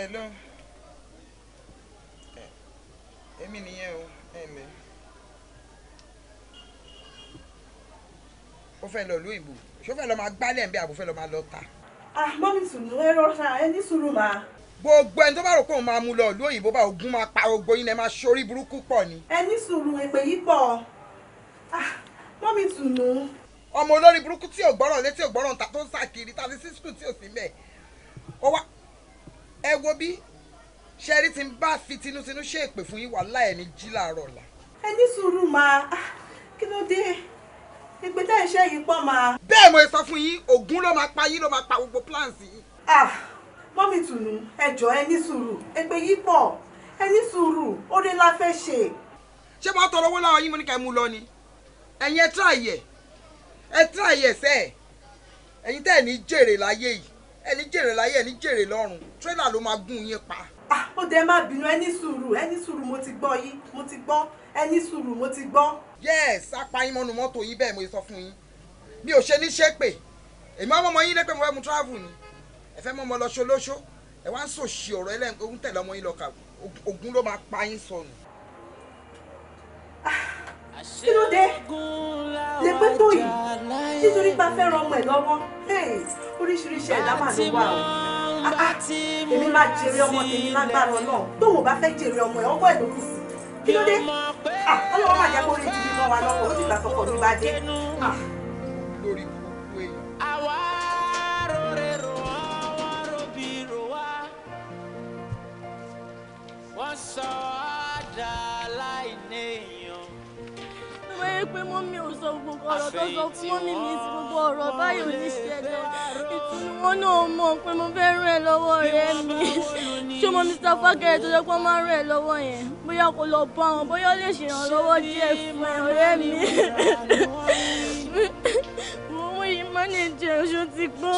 B: hello eh, èmi nìyẹn o ẹ̀lẹ́ ó fẹ́ lọ lóyìnbó ṣó fẹ́ lọ máa gbálẹ̀ ń bẹ́ àbò fẹ́ lọ máa lọ ta. ah mọ́mí sùúrù ẹ rọra ẹ ní sùúrù máa. gbogbo ẹni tó bá rò pé òun máa mú lọ lóyìnbó bá ogun máa pa ogbó yín ẹ máa ṣorí burúkú pọ̀ ni. ẹ ní sùúrù èpè yìí pọ̀ ah mọ́mí sùúrù. ọmọ olórí burúkú tí ò gbọ́ràn létí ò gbọ́ràn ta tó ń sàkiri ta ní sísùkù tí o sí mẹ́ ọ wá ẹ wo bí
A: ṣẹ́rí tí ń bá fi tinútinú ṣe èpè fún yín wà láì ní jí làárọ̀ la. ẹ ní sùúrù máa ah, kí ló dé ìpè tẹ́ iṣẹ́ yìí pọ̀ máa. bẹ́ẹ̀ mo sọ fún yín ogun ló máa pa yín ló máa pa gbogbo plans yìí. ah mọ́mí tùnú ẹ jọ̀ọ́ ẹ ní sùúrù èpè yìí pọ̀ ẹ ní sùúrù oore la fẹ́ ṣe. ṣé mo tọrọ owó lọ́wọ́ yín mo ní ká ẹ mú lọ ni ẹ̀yin ẹ tíráyẹ̀ ẹ tíráyẹ̀ sẹ́ẹ̀
B: ẹ̀yin tẹ́ ẹ̀ ní jèrè láyé yìí ẹni jèrè láyé ẹni jèrè lọ́run tírélà ló máa gún yín pa. ó dẹ má bínú ẹni sùúrù ẹni sùúrù mo ti gbọ́ yín mo ti gbọ́ ẹni sùúrù mo ti gbọ́. yes apá yín mọ́nu mọ́tò yín bẹ́ẹ̀ mo sọ fún yín mi ò ṣe ní ṣépè èmi ọmọ ọmọ yín lẹ́pẹ́ mo fẹ́ mu travel ni ẹ fẹ́ mọ́ ọmọ lọ ṣolóṣó ẹ wá ń sòṣì ọ̀rọ̀ ẹlẹ́yìn ogun tẹ̀lé ọmọ yín lọ kà ogun ló máa pa yín sọnù.
E: Ah kí ló dé lè pé tó yìí nítorí pa fẹ́ ran ọmọ ẹ̀ lọ́wọ́ oríṣiríṣi ẹ̀dá mà ló wà o èmi máa jèrè ọmọ tèmi lágbára náà tóun ò bá fẹ́ jèrè ọmọ ẹ̀ ọwọ́ ẹ̀ ló kù sí kí ló dé ọlọ́wọ́ máa jẹ́ kó rí ibi mọ́ wa lọ́wọ́ ó sì gbà tọkọ mi bá dé.
F: What's up? pé mọ́mí ò sọ gbogbo
A: ọ̀rọ̀ tó sọ fún mọ́mí mi
H: sí gbogbo ọ̀rọ̀ báyìí ò ní ṣẹlẹ̀ ìtùnú wọn náà mọ̀ pé mo fẹ́ ràn lọ́wọ́ rẹ mi ṣé mo Mr. Fakere tó jẹ́ pé wọ́n máa ń lọ́wọ́ yẹn bóyá kò lọ bá wọn bóyá ó lè ṣèrànlọ́wọ́ díẹ̀ fún
F: ẹ ọ̀rẹ́ mi mo mú yìí mọ́nẹ̀jì oṣù
E: ti gbọ́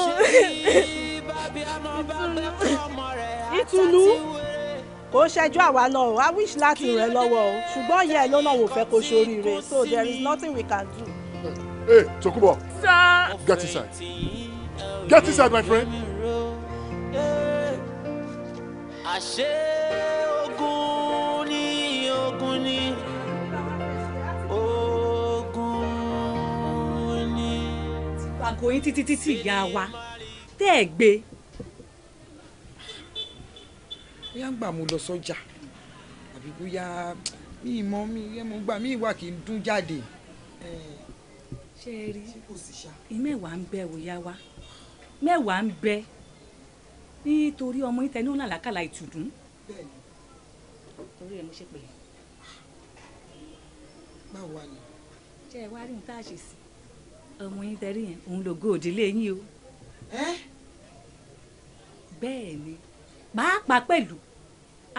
E: ìtùnú ìtùnú kò ń ṣẹjú àwa lọ o i wish láti ràn ẹ́ lọ́wọ́ o ṣùgbọ́n ìyá ẹ̀ ló náà wò fẹ́ kó ṣoríire so there is nothing we can do.
B: hey Tokunbo get inside get inside my friend.
E: àṣé
A: ogun ni ogun ni.
H: àgọ́ yín títí títí ìyá wa tẹ́ ẹ̀ gbé
B: bóyá ń gbà mo lọ sọ́jà àbí bóyá mi ì mọ mi ẹ mo gbà mí ìwà kì í
F: dún jáde. ṣé ẹ rí mẹ́wàá ń bẹ òyà wa mẹ́wàá ń bẹ nítorí ọmọ yín tẹnu làlákàlà ìtùdún.
D: torí ẹ mo ṣe pè é. báwo wà ní.
H: ṣé ẹ wá rí ohun tá a ṣe sí
D: ọmọ yín tẹrí yẹn òun òdílé yín o. bẹ́ẹ̀ ni. pàápàá pẹ̀lú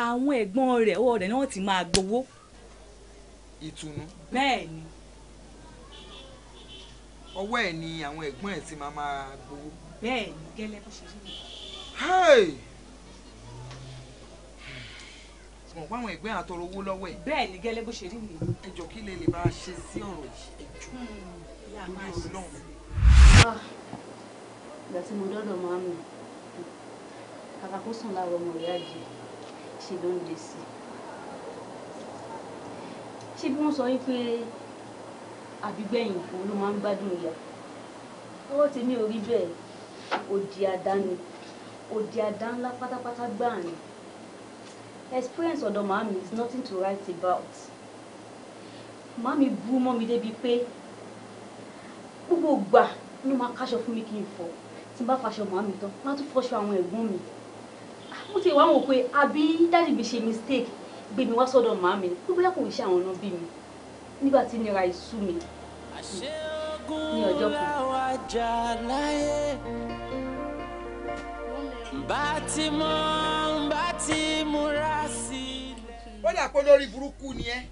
D: àwọn ẹ̀gbọ́n rẹ̀ ọwọ́ rẹ̀ ni wọ́n ti máa gbowó. ìtùnú. bẹ́ẹ̀
B: ni. ọwọ́ ẹ̀ ni àwọn ẹ̀gbọ́n ẹ̀ ti máa máa gbowó. bẹ́ẹ̀ ni
E: gẹ́lẹ́ bó ṣe rí mi.
B: mọ̀ pé àwọn ẹ̀gbẹ́ àtọrọ owó lọ́wọ́ ẹ̀. bẹ́ẹ̀ ni gẹ́lẹ́ bó ṣe rí mi. ẹ kí lè lè bá
D: a ṣe sí ọ̀rọ̀ yìí ẹ
G: jù lórí hmm, Ọlọ́run.
D: Ah, ìgbà tí mo dọ́dọ̀ máa ń lò kàkà kó sùn láàárọ̀ ọmọ rẹ̀ àjẹ́ ṣe ló ń de sí i ṣé bí wọ́n sọ wípé àbígbẹ̀yìn òun ló máa ń gbádùn ìyá ọwọ́ ti ní orí bẹ́ẹ̀ òdì àdá ni òdì àdá ńlá pátápátá gbáà ni experience ọ̀dọ̀ màmí is nothing to write about màmí bú mọ́ mi débi pé gbogbo ìgbà ló máa káṣọ fún mi kí n fọ tí n bá faṣọ màmí tán má tún fọṣọ àwọn ẹ̀gbọ́n mi mo ti wá wò pé àbí dáàdì bí ṣe mistake gbé mi wá sọ́dọ̀ màá mi pé bóyá kò ń ṣe àwọn ọ̀nà bí mi nígbà
F: tí nira ìsú mi ní ọjọ́ kan.
B: ó dà pé lórí burúkú ni ẹ́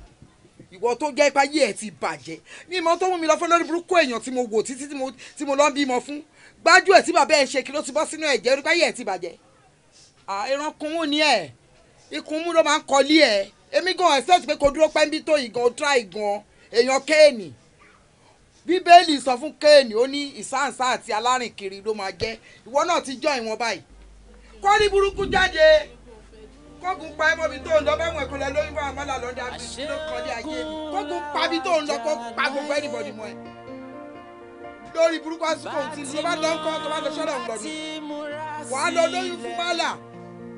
B: ìwọ tó jẹ́ ipá ẹ̀ ti bàjẹ́ ní ìmọ̀ tó mú mi lọ fún lórí burúkú èèyàn tí mo wò títí tí mo lọ bímọ fún gbájú ẹ̀ tí bàbá ẹ̀ ṣe kí ló ti bọ́ sínú ẹ̀jẹ̀ orí ipá ẹ̀ ti bàjẹ́ ẹranko wọn ni ẹ ikùn mú ló máa ń kọlí ẹ èmi gan ẹsẹ̀sì pé kò dúró pẹ́ńbí tó ìgan tra ìgan èèyàn kéènì bíbélì sọ fún kéènì ó ní ìsáǹsá àti alárìnkiri ló máa jẹ́ ìwọ náà ti jọ ìwọ̀n báyìí kọ́ni burúkú jáde kókun pa ẹ mọbi tó ń lọ báwọn ẹkọ lẹ lóyún bá àmàlà lọdà àbí ló kàn ayé kókun pa bí tó ń lọ kó pa gbogbo ẹnìbọdì mọ ẹ lórí burúkú àsìkò tí ló bá lọ ń kọ́ tó bá lọ sọ́dọ̀ ń lọ ní wàá lọ lóyún fún mọ́là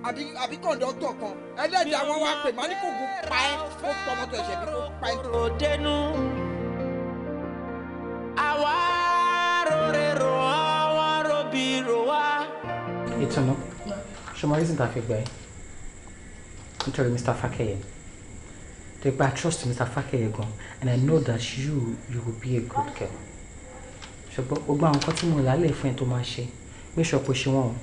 B: àbí àbí kọ̀ǹdọ́tọ̀ kan ẹlẹ́dàá wọn wá pè má ní kò gún pa ẹ́ ó pọ̀ mọ́tò ẹ̀ṣẹ̀ bí kò pa ẹ́. ròdénú àwa rore ro àwa robi ro wa. ìtùnú ṣọmọ reason ta fi gbà
F: nítorí Mr. Fakeye they gba trust Mr. Fakeye gan and I know that you you will be a good girl ṣùgbọ́n gbogbo àwọn nǹkan tí mo là á lè fún ẹ tó máa ṣe make sure ṣe wọ́n o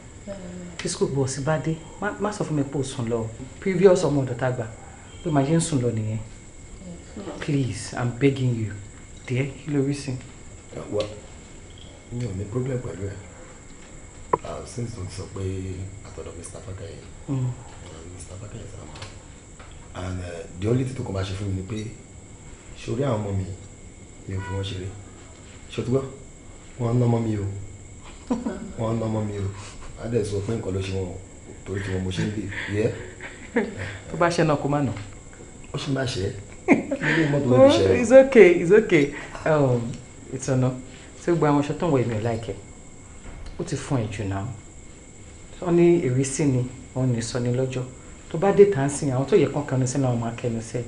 F: kí school bọ̀ sí bá dé má sọ fún mi pé o sùn lọ previous ọmọ ọ̀dọ̀ tá a gbà pé màá ṣe ń sùn lọ nìyẹn please i'm
B: begging you There kí ló rí sí. wa mi ò ní problem pẹ̀lú ẹ̀ ah, since mo ti sọ pé àtọ̀dọ̀ mr fakaye mr fakaye sá mọ́ and uh, the only thing tó kàn bá ṣe fún mi ni pé sórí àwọn ọmọ mi mi ò fi wọ́n ṣeré ṣòtúgbọ́ wọn ń ná ọmọ mi o wọn ń ná ọmọ mi o á dẹ̀ sọ pé nǹkan ló ṣe wọn o torí tí wọn mo ṣe ń bè yẹ. tó bá ṣe náà kó má nà. ó sì máa ṣe é nílé mọ́tò wọn ti ṣe é. it's okay it's okay ìtànà tí ó gba àwọn aṣọ tó ń wọ èmi ò láìkẹ́ ó ti fún ẹ jù náà wọ́n ní ìrísí ni wọ́n ní sọ ní lọ́jọ́ tó bá dé tà ń àwọn tó yẹ kán kẹnu sí náà máa kẹnu sí ẹ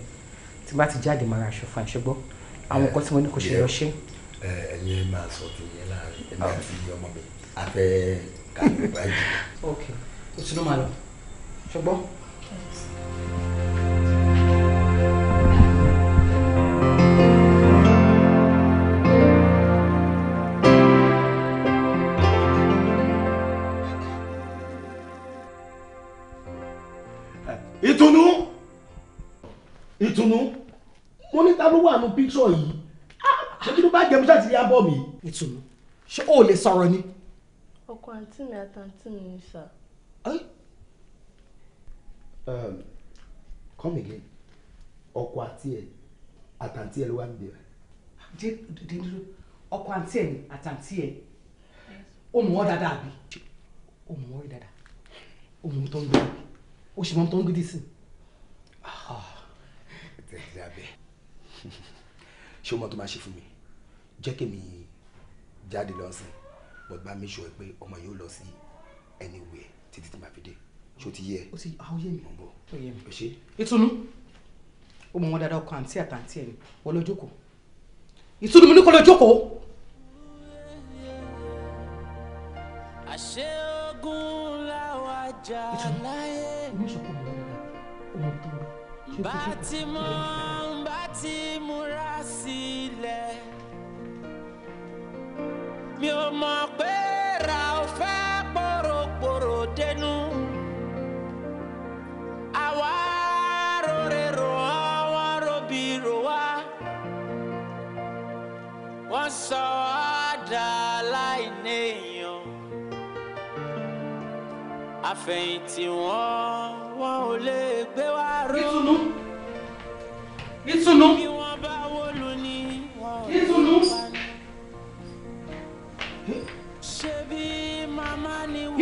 B: tí bá ti jáde máa aṣọ fún ẹ ṣùgbọ́n àwọn nǹkan tí mo ní kò ṣe lọ ṣe. ẹ ẹ ẹ ẹ máa sọ ti yẹ láàrin ẹ máa fi ọmọ mi àfẹ
F: ok o tún máa lọ ṣùgbọ́n.
B: ìtùnú ìtùnú mo ní ta ló wà nù píṣọ yìí ah, ṣé kí ló bá jẹ mo ṣáà ti rí abọ́ mi. ìtùnú ṣé o ò lè sọ̀rọ̀ ni
H: ọkọ àǹtí mi àtàǹtí mi ni sà.
B: Um, come again ọkọ àti ẹ àtàǹtí ẹ ló wà níbẹ̀. jẹ́ dídúró ọkọ àǹtí ẹ ni àtàǹtí ẹ ó mú ọ dáadáa bí ó mú ọ rí dáadáa ó mú tó ń gbé ó sì mọ tó ń gidi sí ah, ṣé o mọ̀ tó máa ṣe fún mi jẹ́ kí mi jáde lọ́sìn but bá mi sọ pé ọmọ yóò lọ sí anywhere títí tí màá fi dé ṣó ti yé ẹ. ó ti àwọn yé mi ó
F: yé mi ó ṣe. ìtùnú ó mọ wọn dáadáa ọkọ àǹtí àtàǹtí ẹ ni wọ́n lọ jókòó ìtùnú mi ní kó lọ jókòó.
B: àṣẹ ogun làwọn àjà láyé. ìtùnú mi ní sọ pé mo ń bá mi ò mọ̀ pé ra ò fẹ́ pòròpòrò dẹnu àwa rore rò ọ́ robi rò wá wọ́n sọ ọ́ láìní èèyàn àfẹ̀yìntì wọn wọn ò lè gbé wá ró. nítorí nítorí.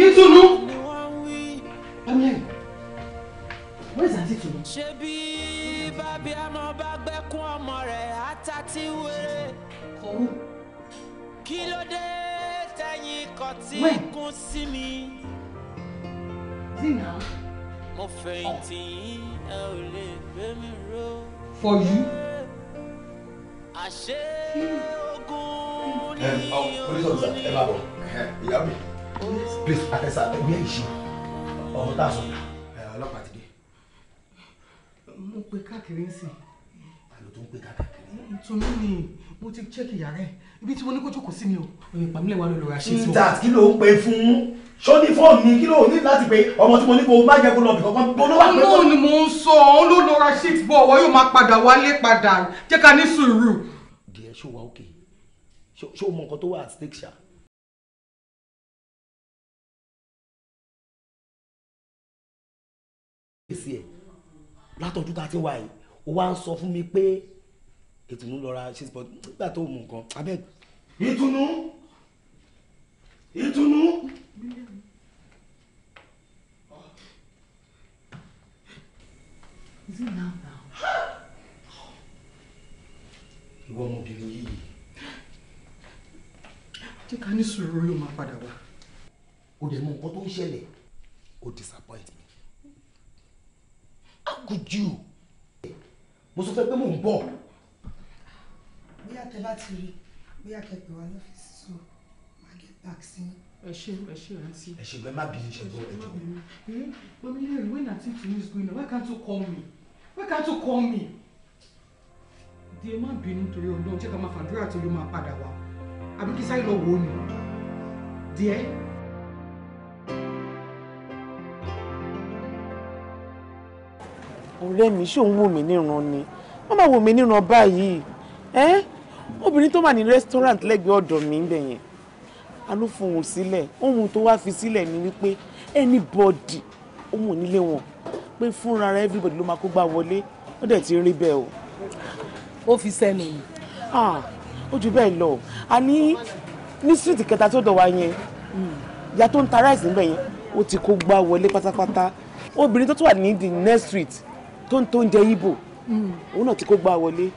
B: Itunu! Pamela, where is Auntie Itunu? Ṣebí bàbí àmọ́ bá gbẹ́kún ọmọ rẹ̀ àtàtì wèrè. Kọ̀wé. Kí ló dé tẹ̀yìn kan tí kún sí mi? Zina. Mo fẹ̀yìntì yín, ẹ ò lè gbé mi ró. For you. Àṣé ogun ni ogun ni. Ẹ ọ, polisi ọ̀sán, ẹ bá bọ̀, ìyá mi please àtẹ̀sà ẹgbẹ́ ìṣe ọ̀hún tá a sọ ọlọ́pàá ti dé. mo pe káàkiri ń sìn. àlọ́ tó ń pe káàkiri. nítorí ni mo ti chẹ́kì yàrá ẹ̀ ibi tí mo ní kó jókòó sí ni o. òye pàmílẹ̀ wa ló
F: lọ ra ṣe sí o. nta kí
B: ló ń pè fún sọ́ni fọ́ọ̀mù mi kí ló ní láti pe ọmọ tí mo ní kó má jẹ́ kó lọ bì kankan bó ló wà pé. ọmọ ni mo ń sọ òun ló lọ ra sheet bọ ọwọ yóò máa padà wálé padà jẹ́ ká ní sùúrù. díẹ̀ ṣó wa òkè ṣó mọ nǹkan tó wà at stake ṣáà fèsì ẹ̀ látọ̀dún tá a ti wà yìí ó wá ń sọ fún mi pé ìtùnú lọ́ra ṣe ti bọ̀ nígbà tó mú nǹkan abẹ́ ìtùnú ìtùnú. Is it now now? Ìwọ ọmọbìnrin yìí. Jẹ́ ká ní sùúrù ló máa padà wá. O dẹ̀ mọ nǹkan tó ń ṣẹlẹ̀. O disappoint me how could you. mo sọ fẹ́ pé mò ń bọ̀.
A: bóyá tẹ bá ti rí bóyá kẹ pè wá lọ́fíìsì so máa get back sí mi. ẹ ṣe ẹ ṣe rántí.
B: ẹ ṣe gbẹ má bínú ṣe gbọ́ ẹjọ́.
A: gbọ́mi lè rí when nothing to news
B: going on why can't you call me why can't you call me. di ẹ má bínú torí ọdún ṣé ká máa fàdúrà torí ó máa padà wá àbí kí sáyé lọ wò ó nù. díẹ̀. ọ̀rẹ́ mi ṣé òun wò mí níran ni wọ́n máa wò mí níran báyìí ẹ́ obìnrin tó wà ní restaurant lẹ́gbẹ̀ẹ́ ọ̀dọ̀ mi ń bẹ̀ yẹn a ló fohùn sílẹ̀ ohun tó wá fi sílẹ̀ ni wípé anybody ohun nílé wọn pé fúnra ara everybody ló máa kó gbá wọlé ó dẹ̀ ti rí bẹ́ẹ̀ o. ó fi sẹ́nu. ó ju bẹ́ẹ̀ lọ a ní ní street kẹta tó dọ̀ wá yẹn ìyá tó ń ta rice níbẹ̀ yẹn ó ti kó gbá wọlé pátápátá obìnrin tó tún wà ní the next street tó ń tó ń jẹ ibo òun náà ti kó gbá wọlé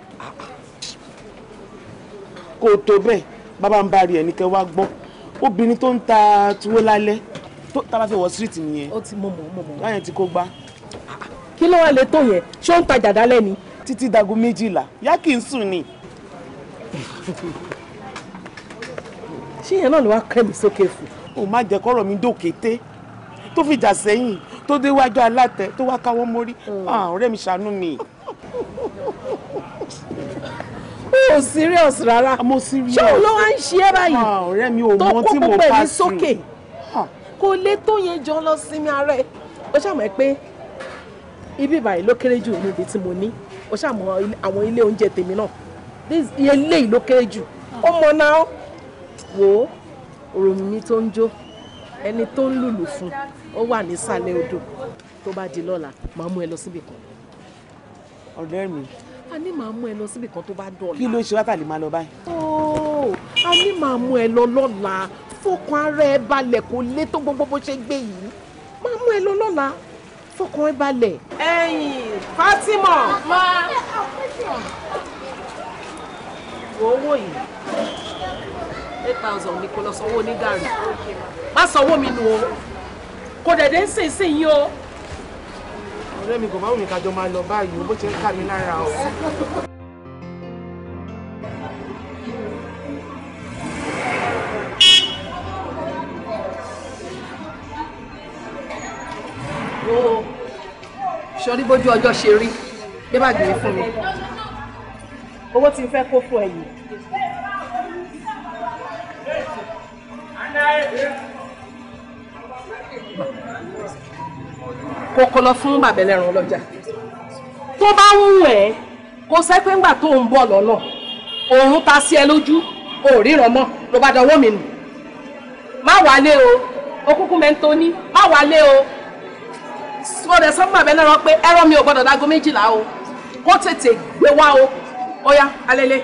B: kó o tó bẹ́ẹ̀ bàbá ń bá rí wá gbọ́ obìnrin tó ń ta tuwó lálẹ́ tó tábà fẹ́ wọ síríìtì nìyẹn ó ti mọ̀ mọ̀ mọ̀ mọ̀ láyẹn ti kó gbá. kí ló wá lè tó yẹn ṣó ń tajà dálẹ́ ni. títí dago méjìlá yá kì í sùn ni. ṣé yẹn náà ló wá kẹ́ mi sókè fún. o má jẹ́ kọ́rọ̀ mi dòkété tó fi jà sẹ́yìn tó dé wájú alátẹ tó wá káwọ́ mórí mm. ah, ọ̀rẹ́ mi ṣàánú mi. o serious rárá ah, mo serious ṣé o ló wá ń ṣe é báyìí ah, ọ̀rẹ́ mi ò mọ tí mo bá sí
F: kò lè tó yẹn jọ lọ sinmi ara ẹ ó ṣàmọ̀ pé ibi ìbàyìí ló kéré jù níbi tí mo ní ó ṣàmọ̀ àwọn ilé oúnjẹ tèmi náà eléyìí ló kéré jù ó mọ náà wò ó òròmí tó ń jó ẹni tó ń lùlù fún un ó wà nísàlẹ̀ odò tó bá di lọ́la màá mú ẹ lọ síbì kan. ọ̀rẹ́ mi.
B: a ní màá mú ẹ lọ síbì kan tó bá dọ̀la. kí ló ṣe wá tàlẹ́ máa lọ báyìí. ooo a ní màá mú ẹ lọ lọ́la fọkàn ara ẹ balẹ̀ kó lé tó gbogbo bó ṣe gbé yìí màá mú ẹ lọ lọ́la fọkàn ẹ balẹ̀.
F: ẹ̀yin Fatima máa wo owó yìí eight thousand ni kò lọ sanwó onígàrí
B: má sanwó mi nù o kò dẹ̀dẹ̀ ń sìn sí yín o. ọ̀rẹ́ mi kò bá wù mí kájọ máa lọ báyìí o bó ti ń kà mí lára o.
F: sọrí bójú ọjọ́ ṣe rí bí bá gbé fún mi owó tí n fẹ́ kó fún ẹ̀yìn.
B: kọ́kọ́ lọ fún bàbá ẹlẹ́ran
F: ọlọ́jà tó bá ń wù ẹ́ kó sẹ́ pé ńgbà tó ń bọ̀ lọ́nà òun ta sí ẹ lójú ò ríran mọ́ ló bá dọwọ́ mi nù má wálé o okúnkún mẹ́ńtó ní má wálé o mo dẹ̀ sọ fún bàbá ẹlẹ́ran pé ẹran mi ò gbọ́dọ̀ dágó méjìlá o kó tètè gbé wá o ó yá alẹ́lẹ́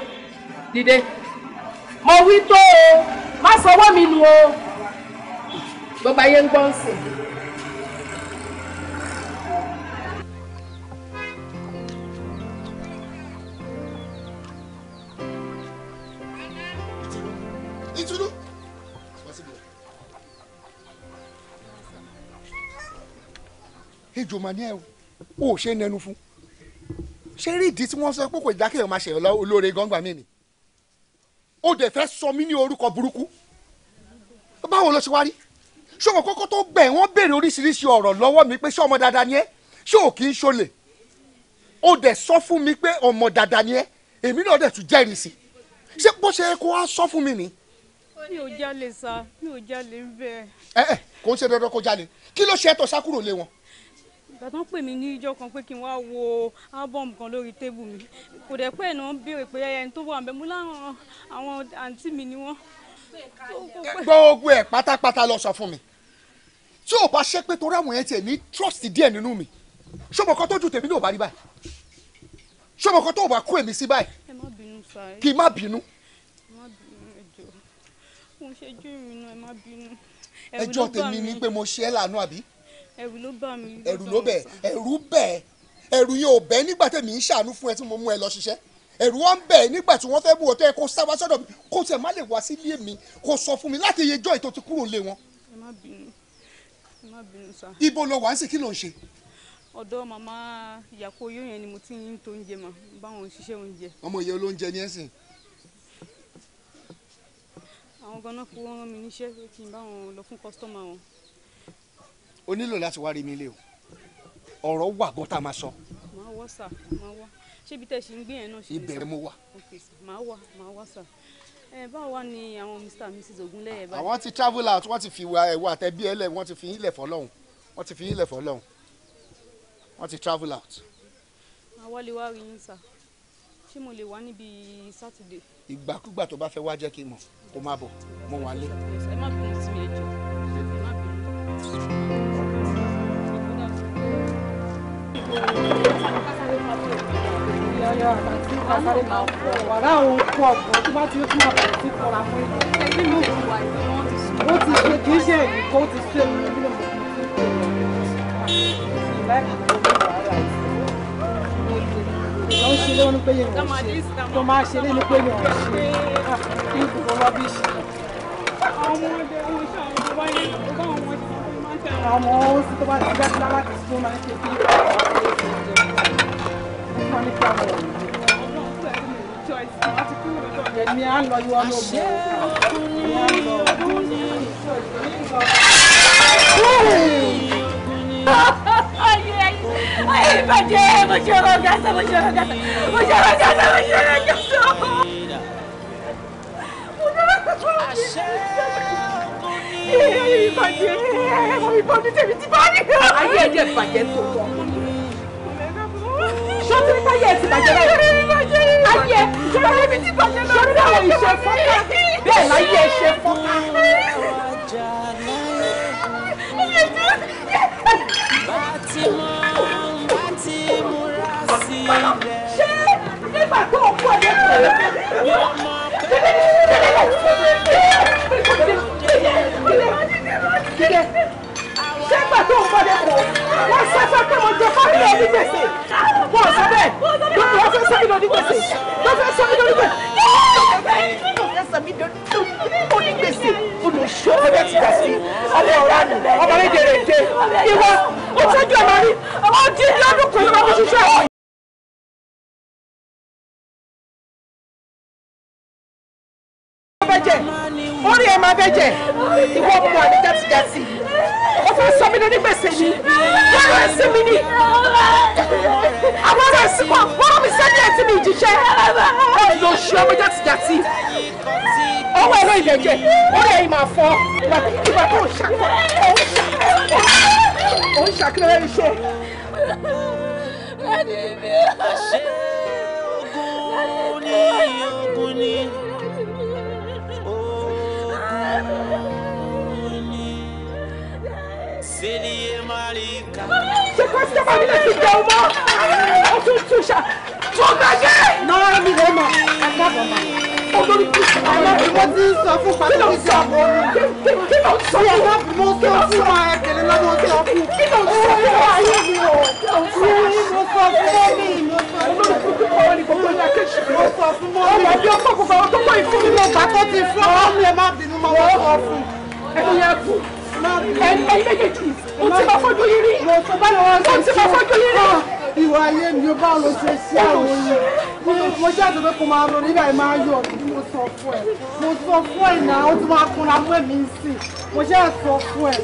B: dìde mo wí tó o má sọ ọwọ́ mi nù o gbogbo ayé ń gbọ́ ń sìn. Ìtùnú. ejò mà ní ẹ o ò ṣe nẹnu fún ṣé rí ìdí tí wọ́n sọ pé kò dákẹ́yọ̀ máa ṣèyàn olóore gọ́ngbà mí ni ó dẹ̀ fẹ́ sọ mí ní orúkọ burúkú báwo ló ṣe wá rí ṣọmọ kọ́kọ́ tó gbẹ̀ wọ́n béèrè oríṣiríṣi ọ̀rọ̀ lọ́wọ́ mi pé ṣé ọmọ dáadáa ni ẹ́ ṣé ò kì í ṣolè ó dẹ̀ sọ fún mi pé ọmọ dáadáa ni ẹ́ èmi náà dẹ̀ tún jẹ́rìí sí ṣé bó ṣe kó wá sọ fún mi nìyí
D: mi ò jalè sa mi ò jalè ń ẹ
B: ẹ kò ń ṣe dandan kó jalè kí ló ṣe é tó sá kúrò lé wọn.
D: ìgbà tó ń pè mí ní ìjọ kan pé kí n wá wo ábọ̀mù kan lórí tébù mi kò dẹ̀ pé ẹ̀nà ń béèrè pé ẹni tó wà ń bẹ mú láwọn àwọn àǹtí mi ni wọ́n. gbogbo ẹ pátápátá
B: lọ sọ fún mi tí ò bá ṣe pé torí àwọn yẹn tiẹ̀ ní trust díẹ̀ nínú mi ṣọmọ kan tó ju tèmi ní ò bá rí báyìí ṣọmọ kan tó ò bá kó èmi sí báyìí kì í má bínú
D: ṣojú mi náà ẹ má bínú. ẹjọ́ tèmi ni pé mo
B: ṣe é lànà àbí.
D: ẹ̀rù ló bà mí. ẹ̀rù ló bẹ̀
B: ẹ̀rù bẹ̀ ẹ̀rù yẹn ò bẹ́ nígbà tèmi ń ṣàánú fún ẹ tí mo mú ẹ lọ ṣiṣẹ́ ẹ̀rù wọn bẹ̀ nígbà tí wọ́n fẹ́ bú ọtọ́ ẹ kó sá wá sọ́dọ̀ mi kó tẹ̀ má lè wá sílé mi kó sọ fún mi láti iye jọ́ ètò ti kúrò lé wọn.
D: ẹ má bínú ẹ má bínú sá. ibo ló
B: wá ń sìn kí ló ń ṣe
D: ọ̀dọ̀ màmá ìyàkó yóò yẹn ni mo ti ń to oúnjẹ mà báwọn òṣìṣẹ́ oúnjẹ.
B: ọmọ ìyá olóúnjẹ ni ẹ sìn
D: àwọn ganan fún wọn rán mi níṣẹ́ pé kí n bá wọn lọ fún kọ́sítọ́mà wọn.
B: o nílò láti wá rí mi lé o ọ̀rọ̀ wà gan tá a máa sọ.
D: màá wọ sà màá wọ ṣébi tẹ ṣe ń gbé náà ṣe. ìbẹ̀rẹ̀ mo wà. ok sà màá wà màá wà sà ẹ báwo wá ni àwọn mr and mrs ogunléyè báyìí. àwọn ti
B: travel out wọ́n ti fi ẹ̀wọ̀ àtẹ̀bí ẹlẹ̀ wọ́n ti fi ilẹ̀ fọlọ́hún wọ́n ti fi ilẹ̀ fọlọ́hún wọ́n ti travel out.
D: àwa lè wá rí yín sà ṣé mo lè wá níbi sátidé
B: ìgbàkúgbà tó bá fẹ́ wá jẹ́ kí n mọ̀ kó má bọ̀ mo wà lé.
C: ẹ
E: má
G: ló ń ṣe lórí
F: pé yẹn ò ṣe tó máa ṣe lẹ́nu pé yẹn ò ṣe ah, kí ìbùkún rọ́bìṣì.
C: àwọn
B: oṣù tó bá ti bẹ́ẹ̀ tí lára ti sún máa ń ṣe bí ìbùkún
E: wọn ní kí àwọn òní. èmi á lọ yọ ọmọ òbí mi á lọ ọdún ní ìṣòro ní ìṣòro.
C: Ay, bàjẹ́, mo ṣe ọ̀rọ̀ gàṣà, mo ṣe ọ̀rọ̀ gàṣà, mo ṣe ọ̀rọ̀ gàṣà,
G: mo ṣe ọ̀rọ̀ gàṣà.
C: Ìbàjẹ́, mo fi bọ́ọ̀lù tèmi ti bá rí. Ayé ẹ̀jẹ̀ bàjẹ́ tó tọ̀. Ṣọ́tún ní báyẹ̀ ti bàjẹ́ báyìí. Ayé ẹ̀ ṣọ́tún ní ti
B: bàjẹ́ báyìí. Ṣọ́tún àwọn ìṣẹ́ fọ́nká. Bẹ́ẹ̀ láyé ẹ̀ ṣe fọ́nká.
C: Bàtìmọ́
E: pẹ̀lú ṣé nígbà tó o kú ọ̀dẹ́ kò lè ṣé gbà tó o
B: kú ọ̀dẹ́ kò wọ́n sọ́sọ́ pé mo jẹ fámìlì ọdún gbèsè wọ́n sọ bẹ́ẹ̀ lókè wọ́n fẹ́ sọ́mí lórí gbèsè wọ́n fẹ́
E: sọ́mí lórí gbèsè onígbèsè
F: olùṣọ́ ọ̀dẹ́ ti dà sí
E: ọmọ ìranù ọmọ méje rèé dé ìwọ ó tọ́jú ọmọ rí ó di lọ́dún
H: kan ló máa fi ṣiṣẹ́ àwọn máa bẹ jẹ ìwọ ọmọ àti
C: játijàti o fẹ́ sọ mí lórí gbèsè ni wọn lọ sí mi ni àwọn ará ìsìnkú wọn rán mi sẹ́ni ẹ̀tí mi ìjíṣẹ́ olóṣù ọmọ
F: játijàti ọwọ́ ẹ̀rọ ìlẹ̀jẹ̀ orí ẹ̀yìn máa fọ́ ìgbà tó
E: ń ṣàkóso òun ṣàkóso òun ṣàkóso
G: ẹni mi. àṣẹ ogun ni ogun ni. Seliye Malika. Ṣé kò sí ọba nílẹ̀ ti jẹun
C: mọ́? Ọtún tún ṣá.
G: Tún gbàgbé. Náà mi lè mọ̀, ẹ̀ka bọ̀
C: mọ̀.
E: Olórí kù sí ọmọ mi. Mo ti sọ fún Pàṣẹ. Kí ló ń sọ? Kí ló ń sọ? Kí ló ń sọ? Mo sọ fún wa ẹ̀kẹ́lẹ́ lọ́dún ọ̀sẹ̀ ọ̀kú. Kí ló ń sọ? Kí ló ń sọ? Kí ló ń sọ? Mo sọ fún mọ́mí.
B: Olórí kù sí ọmọ mi. Gbogbo ní akéṣì. Mo sọ fún mọ́mí. Ọmọ bí ọkọ̀ gbogbo àwọn
C: tó pọ̀ ìfún mi. Mo bá tó ti fún ọmọ
B: mi. Ẹ má bínú mọ́ wọ́n sọ fún.
C: Ẹ
B: ẹ̀yin méjèèjì mo ti máa fojú ìwà ayé mi ò bá lọ ṣe sí àwọn yìí mo ṣe àtúntò kó máa ronú ibà máa yọ ọdún mo sọ fún ẹ mo sọ fún ẹ náà ó ti máa kunra mọ́ mi sí mo ṣe
G: àtúntò fún ẹ.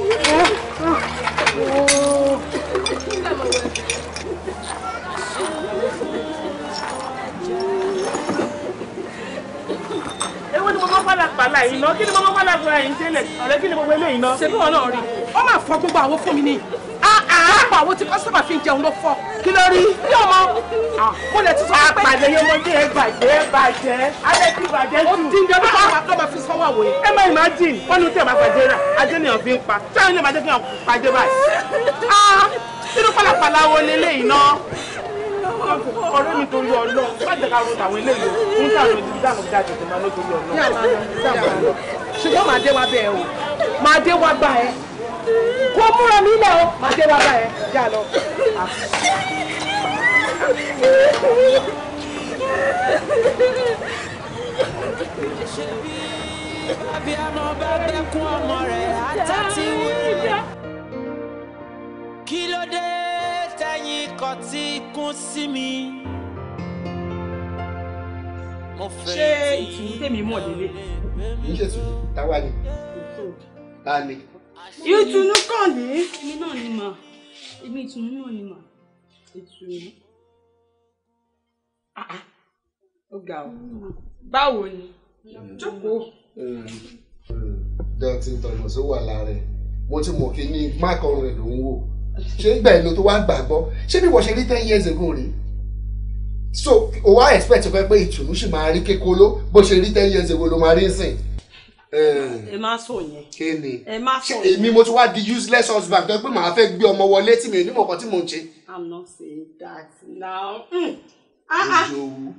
B: wàhálà yìí ná kí ni gbogbo wàhálà fúnra yìí ń kí ni gbogbo eléyìí ná. ṣé bí wọn náà rí wọn máa fọ gbogbo àwọn fún mi ni pápá ah, ah. àwọn tí kọ́sọ́mà fi ń jẹun ló fọ. kí ló rí. bí ọmọ ah, mo lè tún sọ pé. àpàdé yẹn mo ẹ bàjẹ́ bàjẹ́ alẹ́ tí bàjẹ́ jù. ó ti ń jẹ bí máa fi sanwó àwòye. ẹ má imagine wọn ní tí ẹ máa fàjẹ́ rà ajé nìyàn fi pa tí wọn pàjẹ́ ọ̀rẹ́ mi torí ọlọ́ pàtàkì àwọn àwọn eléyìí ń tà lọ ibi táwọn ọjà máa lọ ọlọ́. ṣùgbọ́n màá dé wá bẹ́ẹ̀ o màá dé wá
A: gbà ẹ́ kó múra mi lẹ̀ o màá dé wá gbà ẹ́ yà lọ.
B: ṣebí abiyamọ nǹkan tí kún sí mi. ṣé ìtùnú tèmi mọ̀ lélẹ̀. kì í ṣe tùnú táwa ni ta ni.
F: ìtùnú kàn ní. èmi náà ni mà èmi ìtùnú náà ni mà ìtùnú. Ah, ah. ó ga ọ báwo ni
B: mm. jókòó. Mm. Mm. dọ́tí tọ̀nà sówà lára ẹ̀ mo ti mọ̀ kí ní mákọ̀ọ́rin lòún wò ṣé ń gbà ẹ lọ tó wá ń gbàgbọ́ ṣé bí wọ́n ṣe rí ten years ago rèé so o wá expect fẹ́ pé ìtùnú sì máa rí kékoló bó ṣe rí ten years ago ló máa rí sìn. Eh, ẹ má sọ yẹn kí ni ẹ má sọ èmi mo ti wá di useless husband tó pé màá fẹ́ gbé ọmọ wọlé tí mi ò ní mọ̀ kan tí mò ń ṣe.
A: i'm not saying
F: that now. Hmm.
A: Ah, ah. ojowu.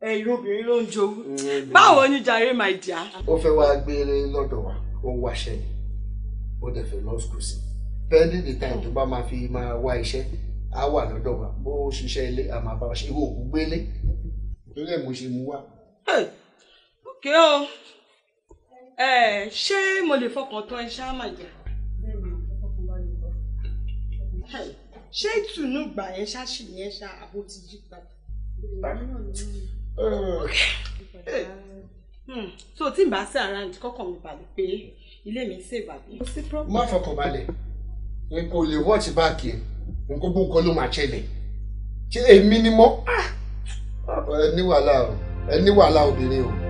A: ẹ̀yin obìnrin ló ń jowú.
B: Mm, báwo
F: ni jàre my dear.
B: ó fẹ́ wá gbére lọ́dọ̀ wa ó ń wáṣẹ́ ni ó dẹ̀ fẹ́ lọ́ọ́ sùkúl sí i pending the time hmm. tó bá máa fi máa wá iṣẹ́ á wà lọ́dọ̀ wa bó ṣiṣẹ́ ilé a máa ṣe ìwọ òkú gbélé torí ẹ̀ mo ṣe mú wá.
F: òkè o ṣé mo lè fọkàn tán ẹ ṣáá ṣé ìtùnú gbà yẹn
A: ṣáṣì yẹn ṣá àbò ti yí padà.
F: Hmm. so tí n bá sí around kọ́kàn mi balẹ̀ pé ilé mi ṣèbàbí. má
B: fọkàn balẹ̀ ní kò lè wọ́ọ̀tì báàkì ẹ̀ nǹkan bó nǹkan ló máa ṣẹlẹ̀ ṣé èmi ni mo ah! ẹ ní wàhálà o ẹ ní wàhálà obìnrin o.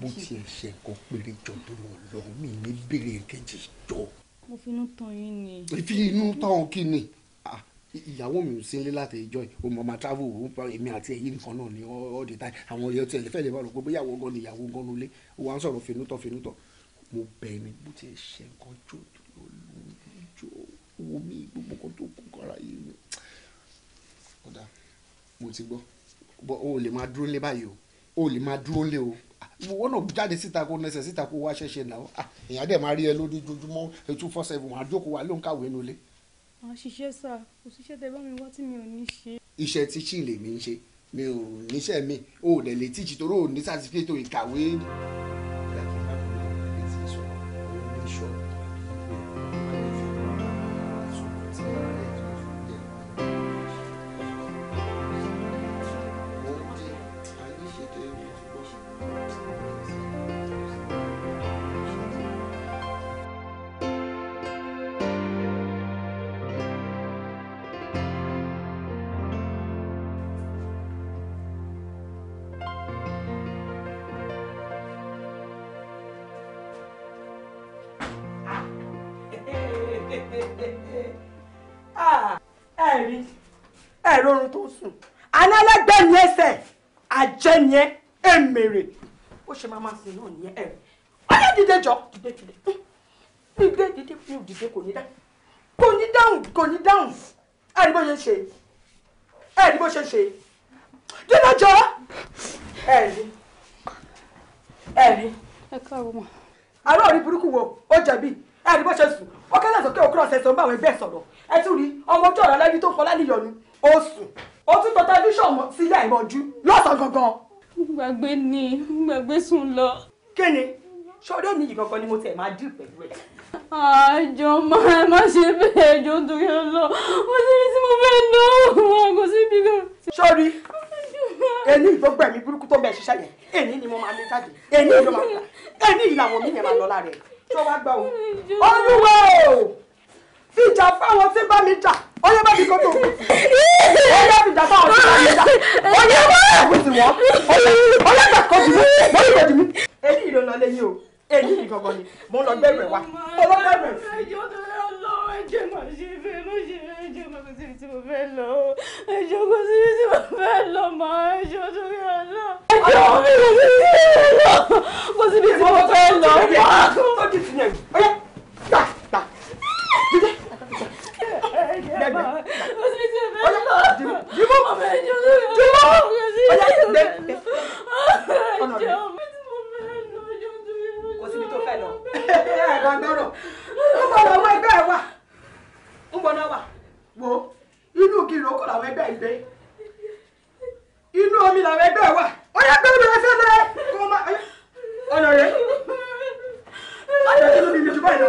B: bó tiẹ̀ ṣe kan péré jọ tó lọ lọ mí ní bèrè kejì jọ.
D: mo fi inú tán yín ni. ìfi inú
B: tán kí ni ìyàwó mi ò sí nílé láti ìjọ yìí o mọ ma travel o èmi àti ẹ̀yin nìkan náà ni all the time àwọn ọ̀rẹ́ ọtí ẹ̀lẹ́fẹ̀lẹ́ bá rò pé bóyá àwọn gan ni ìyàwó gan nulẹ̀ o wa sọ̀rọ̀ fínútọ̀ fínútọ̀ mo bẹ̀ ẹ́ bó ti ṣe nǹkan jó olùjọ wo mi gbogbo kan tó kú kọ́ra yìí ni. ọ̀dà mo ti gbọ́ o lè máa dúró lé báyìí o o lè máa dúró lé o wọ́n náà jáde síta kó nẹsẹ̀ síta kó wá ṣẹ̀ṣẹ̀ náà èèyàn dẹ̀ máa rí ẹ lórí ojoojúmọ́ two four seven wọn àjókòó wa ló ń kàwé nulẹ̀.
F: màá ṣiṣẹ́ sá kò síṣẹ́ tẹ bá mi wá tí mi ò ní ṣe.
B: iṣẹ́ tíṣì lèmi ń ṣe mi ò níṣẹ́ mi ò dẹ̀ lè tíṣì torí ò ní sátífíkẹ́tò ìkàwé.
F: máa ṣe náà nìyẹn ẹ
A: ọyẹ dìde jọ
F: dìde dìde dìde dìde mi ò dìde kò ní dá kò ní dáhùn kò ní dáhùn ẹ ní bó ṣe ṣe ẹ ní bó ṣe ṣe dìde jọ ẹ ní ẹ ní. ẹ káàárọ̀ mọ. àárọ̀ orí burúkú wo ó jẹ̀bi ẹ ní bó ṣe sùn ó kẹ́lẹ́ sọ pé òkúrọ̀ ṣẹ̀ṣẹ̀ ń bá àwọn ẹgbẹ́ sọ̀rọ̀ ẹ tún rí ọmọ ojú ọ̀rọ̀ lẹ́ni tó fọlá níyọnu ó sùn ó tún tọ́ tẹlifíṣọ̀n sílẹ̀ ìmọ̀jú lọ́sàn-án gangan gbàgbé ni gbàgbé sùn lọ. kéne ṣọdọ mi yìí gangan ni mo tẹ máa dì pẹ̀lú ẹ.
C: àjọ máa má ṣe bẹ́ẹ̀ jọ torí ọ lọ
B: mo
F: síbi tí mo fẹ́ lọ wọn kò síbi kan. sọ́ọ́rí ẹni ìgbọ́gbà mi burúkú tó bẹ́ẹ̀ ṣiṣẹ́ yẹn
B: ẹni ni mo máa lé jáde
F: ẹni ìlú máa ń gbà ẹni ìlànà mi yẹn máa lọ lára ẹ tó wá gbà ó olúwa
A: o fìjà fáwọn tí bá mi jà
F: ọyẹ bá mi kó tó ọyẹ fìjà fáwọn tí bá mi jà ọyẹ bá mi kó tó wọn ọyẹ ọyẹ bá kó tó wọn bọ́lú kó tó èyí ìrònà lẹ́yìn o èyí ìgangan ni mo lọ gbẹrù ẹ mo lọ gbẹrù ẹ. ẹjọ́ kó síbi
D: tí mo fẹ́ lọ ẹjọ́ kó síbi tí mo fẹ́ lọ mọ ẹjọ́ tó lọ lọ.
F: ẹjọ́ kó síbi tí mo fẹ́ lọ kó síbi tí mo fẹ́ lọ.
G: gbẹgbẹ ọlọ
F: jùmọ jùmọ jùmọ ọlọ gbẹgbẹ ọlọ rẹ kò síbi tó fẹ́ lọ ẹ gbàgbọrọ ń
C: bọ̀
B: lọ́wọ́
F: ẹgbẹ́ ẹ wà ń bọ̀ náà wà
A: wo inú kìlọ̀ kọ̀ làwọn ẹgbẹ́ ìgbé inú omi làwọn ẹgbẹ́ wà ó yẹ pé obìnrin fẹ́ lẹ́ kó má ọ̀nà rẹ̀ má jẹ́ kó bíbi jù báyìí lọ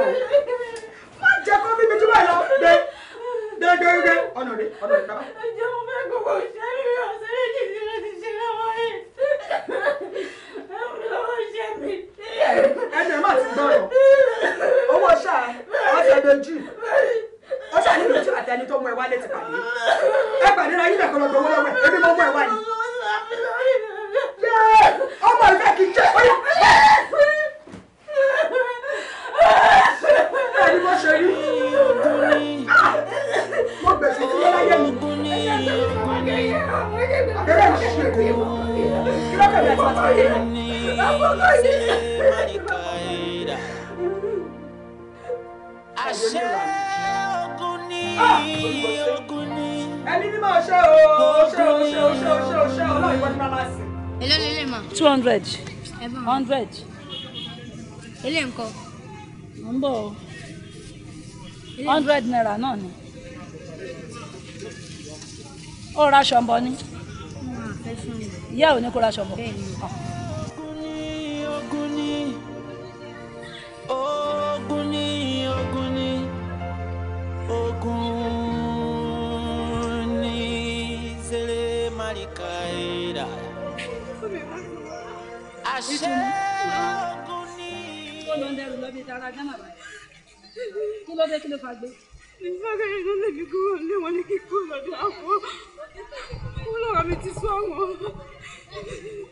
A: má jẹ́ kó bíbi jù báyìí lọ bẹ́ẹ̀
B: dẹ́gbẹ́ dẹ́gbẹ́ ọ̀nà rẹ̀ ọ̀nà rẹ̀ dábàá. ǹjẹ́ mo fẹ́ gbogbo ìṣẹ́rí
G: mi ọ̀sẹ̀ méjì tí mo ti ṣe lọ́wọ́
E: yìí lọ́wọ́ iṣẹ́ mi. ẹnu ẹ̀ má ti gbọ́rọ̀ owó ṣáà ọ̀sẹ̀ méjì ó ṣàní ìlú tí àtẹni tó
F: mú ẹ wálé ti pàdé ẹ pàdé ra yín lẹ́kọ̀ọ́ lọ́gbọ̀n wọ́lọ́wọ́ ẹ bí mo mú ẹ wá ni.
A: ọmọ ìfẹ́ kì jẹ́ ọyà
C: ẹni mo ṣe rí.
B: mo gbèsè sí yẹn láyé mi. abẹ́rẹ́ mi ṣe kí ló kẹ́ mi
G: àti àti àyè. àbúkọ yìí.
F: àṣẹ ogun ni ogun ni. ẹni ní máa ṣe o ṣe o ṣe o ṣe o ṣe o ṣe o lọ́ọ̀ ìwọ́n ní bàbá
I: sí.
D: èló lè lè mọ̀. two hundred.
I: hundred ilé nǹkan. mo ń bọ̀ o hundred naira náà ni ó e ra ṣọ̀bọ ni ìyá ò ní kó ra ṣọ̀bọ. Ah. ogun ni ogun ni ogun ni
B: ogun
A: ni ogun marika ira
C: àṣẹ ló dẹrù
F: lọ bí gánà rẹ kí ló dé kí ló fa gbé. ìfọ́kẹ́ yìí ló kúrò ní wọn ní kíkú lọ́dọ̀ àpò kó lọ́rọ̀ mi ti sọ wọn.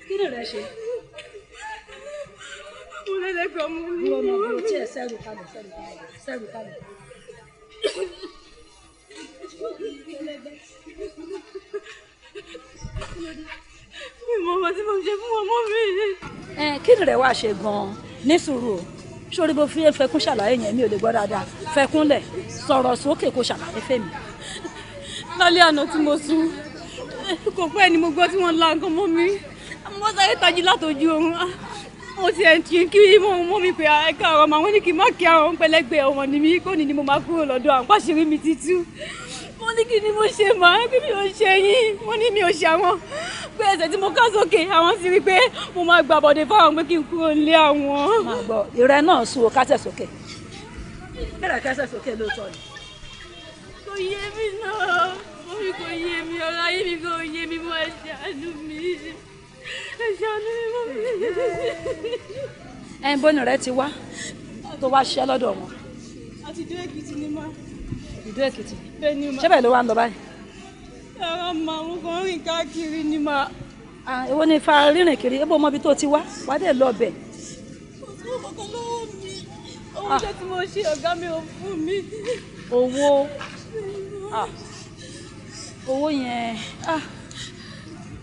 E: kí ni rẹ ṣe. mo lè lè ọmọ mi. mo mọ̀ bó tiẹ̀ sẹ́rù kalẹ̀ sẹ́rù kalẹ̀ sẹ́rù kalẹ̀.
I: mi mọ̀ ọmọ
C: tí mo ṣe fún ọmọ mi.
I: kí ni rẹ̀ wá ṣe gan-an ní sùúrù o sórí bó fi fẹkún ṣàlàyé yẹn mi ò lè gbọ́ dáadáa fẹkúnlẹ̀ sọ̀rọ̀ sókè kó ṣàlàyé fèmí.
D: lálẹ́ àná tí mo sùn kò pẹ́ ni mo gbọ́ tí wọ́n la nǹkan mọ́ mi mo sáré tají látọjú òun mo ti ẹ̀ tì kí mo mọ́ mi pé ẹ̀ka ọ̀rọ̀ màwọn ní kí n má kí àwọn pẹlẹgbẹ ọmọ ni mi kò ni mo máa kúrò lọ́dọ̀ àwọn pàṣẹ mi ti tú wọ́n ní kí ni mo ṣe màá kí ni mo ṣe yín wọ́n ní mi ò ṣe àwọn pé ẹsẹ̀ tí mo ká
I: sókè àwọn sì rí i pé mo máa gba bọ̀dé fáwọn pé kí n kúrò nílé àwọn. máa gbọ́ ìrẹ́ náà sún o kásẹ̀ sókè bẹ́ẹ̀ kásẹ̀ sókè lóòótọ́ ni.
C: kò yé mi náà orí kò yé mi ọ̀rọ̀ ayé mi kò yé mi mo ẹ ṣàánú mi ẹ
I: ṣàánú mi mo fi ẹ ń bọ́nù rẹ ti wá tó wá ṣiṣẹ́ lọ́dọ̀ wọn.
C: àtijọ́ èkìtì ni má.
I: àtijọ́ èkìtì ni ibẹ̀ ni mà. ṣé bẹ́ẹ̀ ló wá ń lọ báyìí. ẹ̀rọ màá ń kàn rìn káàkiri ni mà. èwo ni fa rírìn kiri ebo mọ ibi tó ti wá wàá dé lọ bẹ̀.
C: kò tó kọ́kọ́ lọ́wọ́ mi oúnjẹ ah. tí mo ṣe ọ̀gá mi ò fún mi. owó ah. Ah.
I: owó yẹn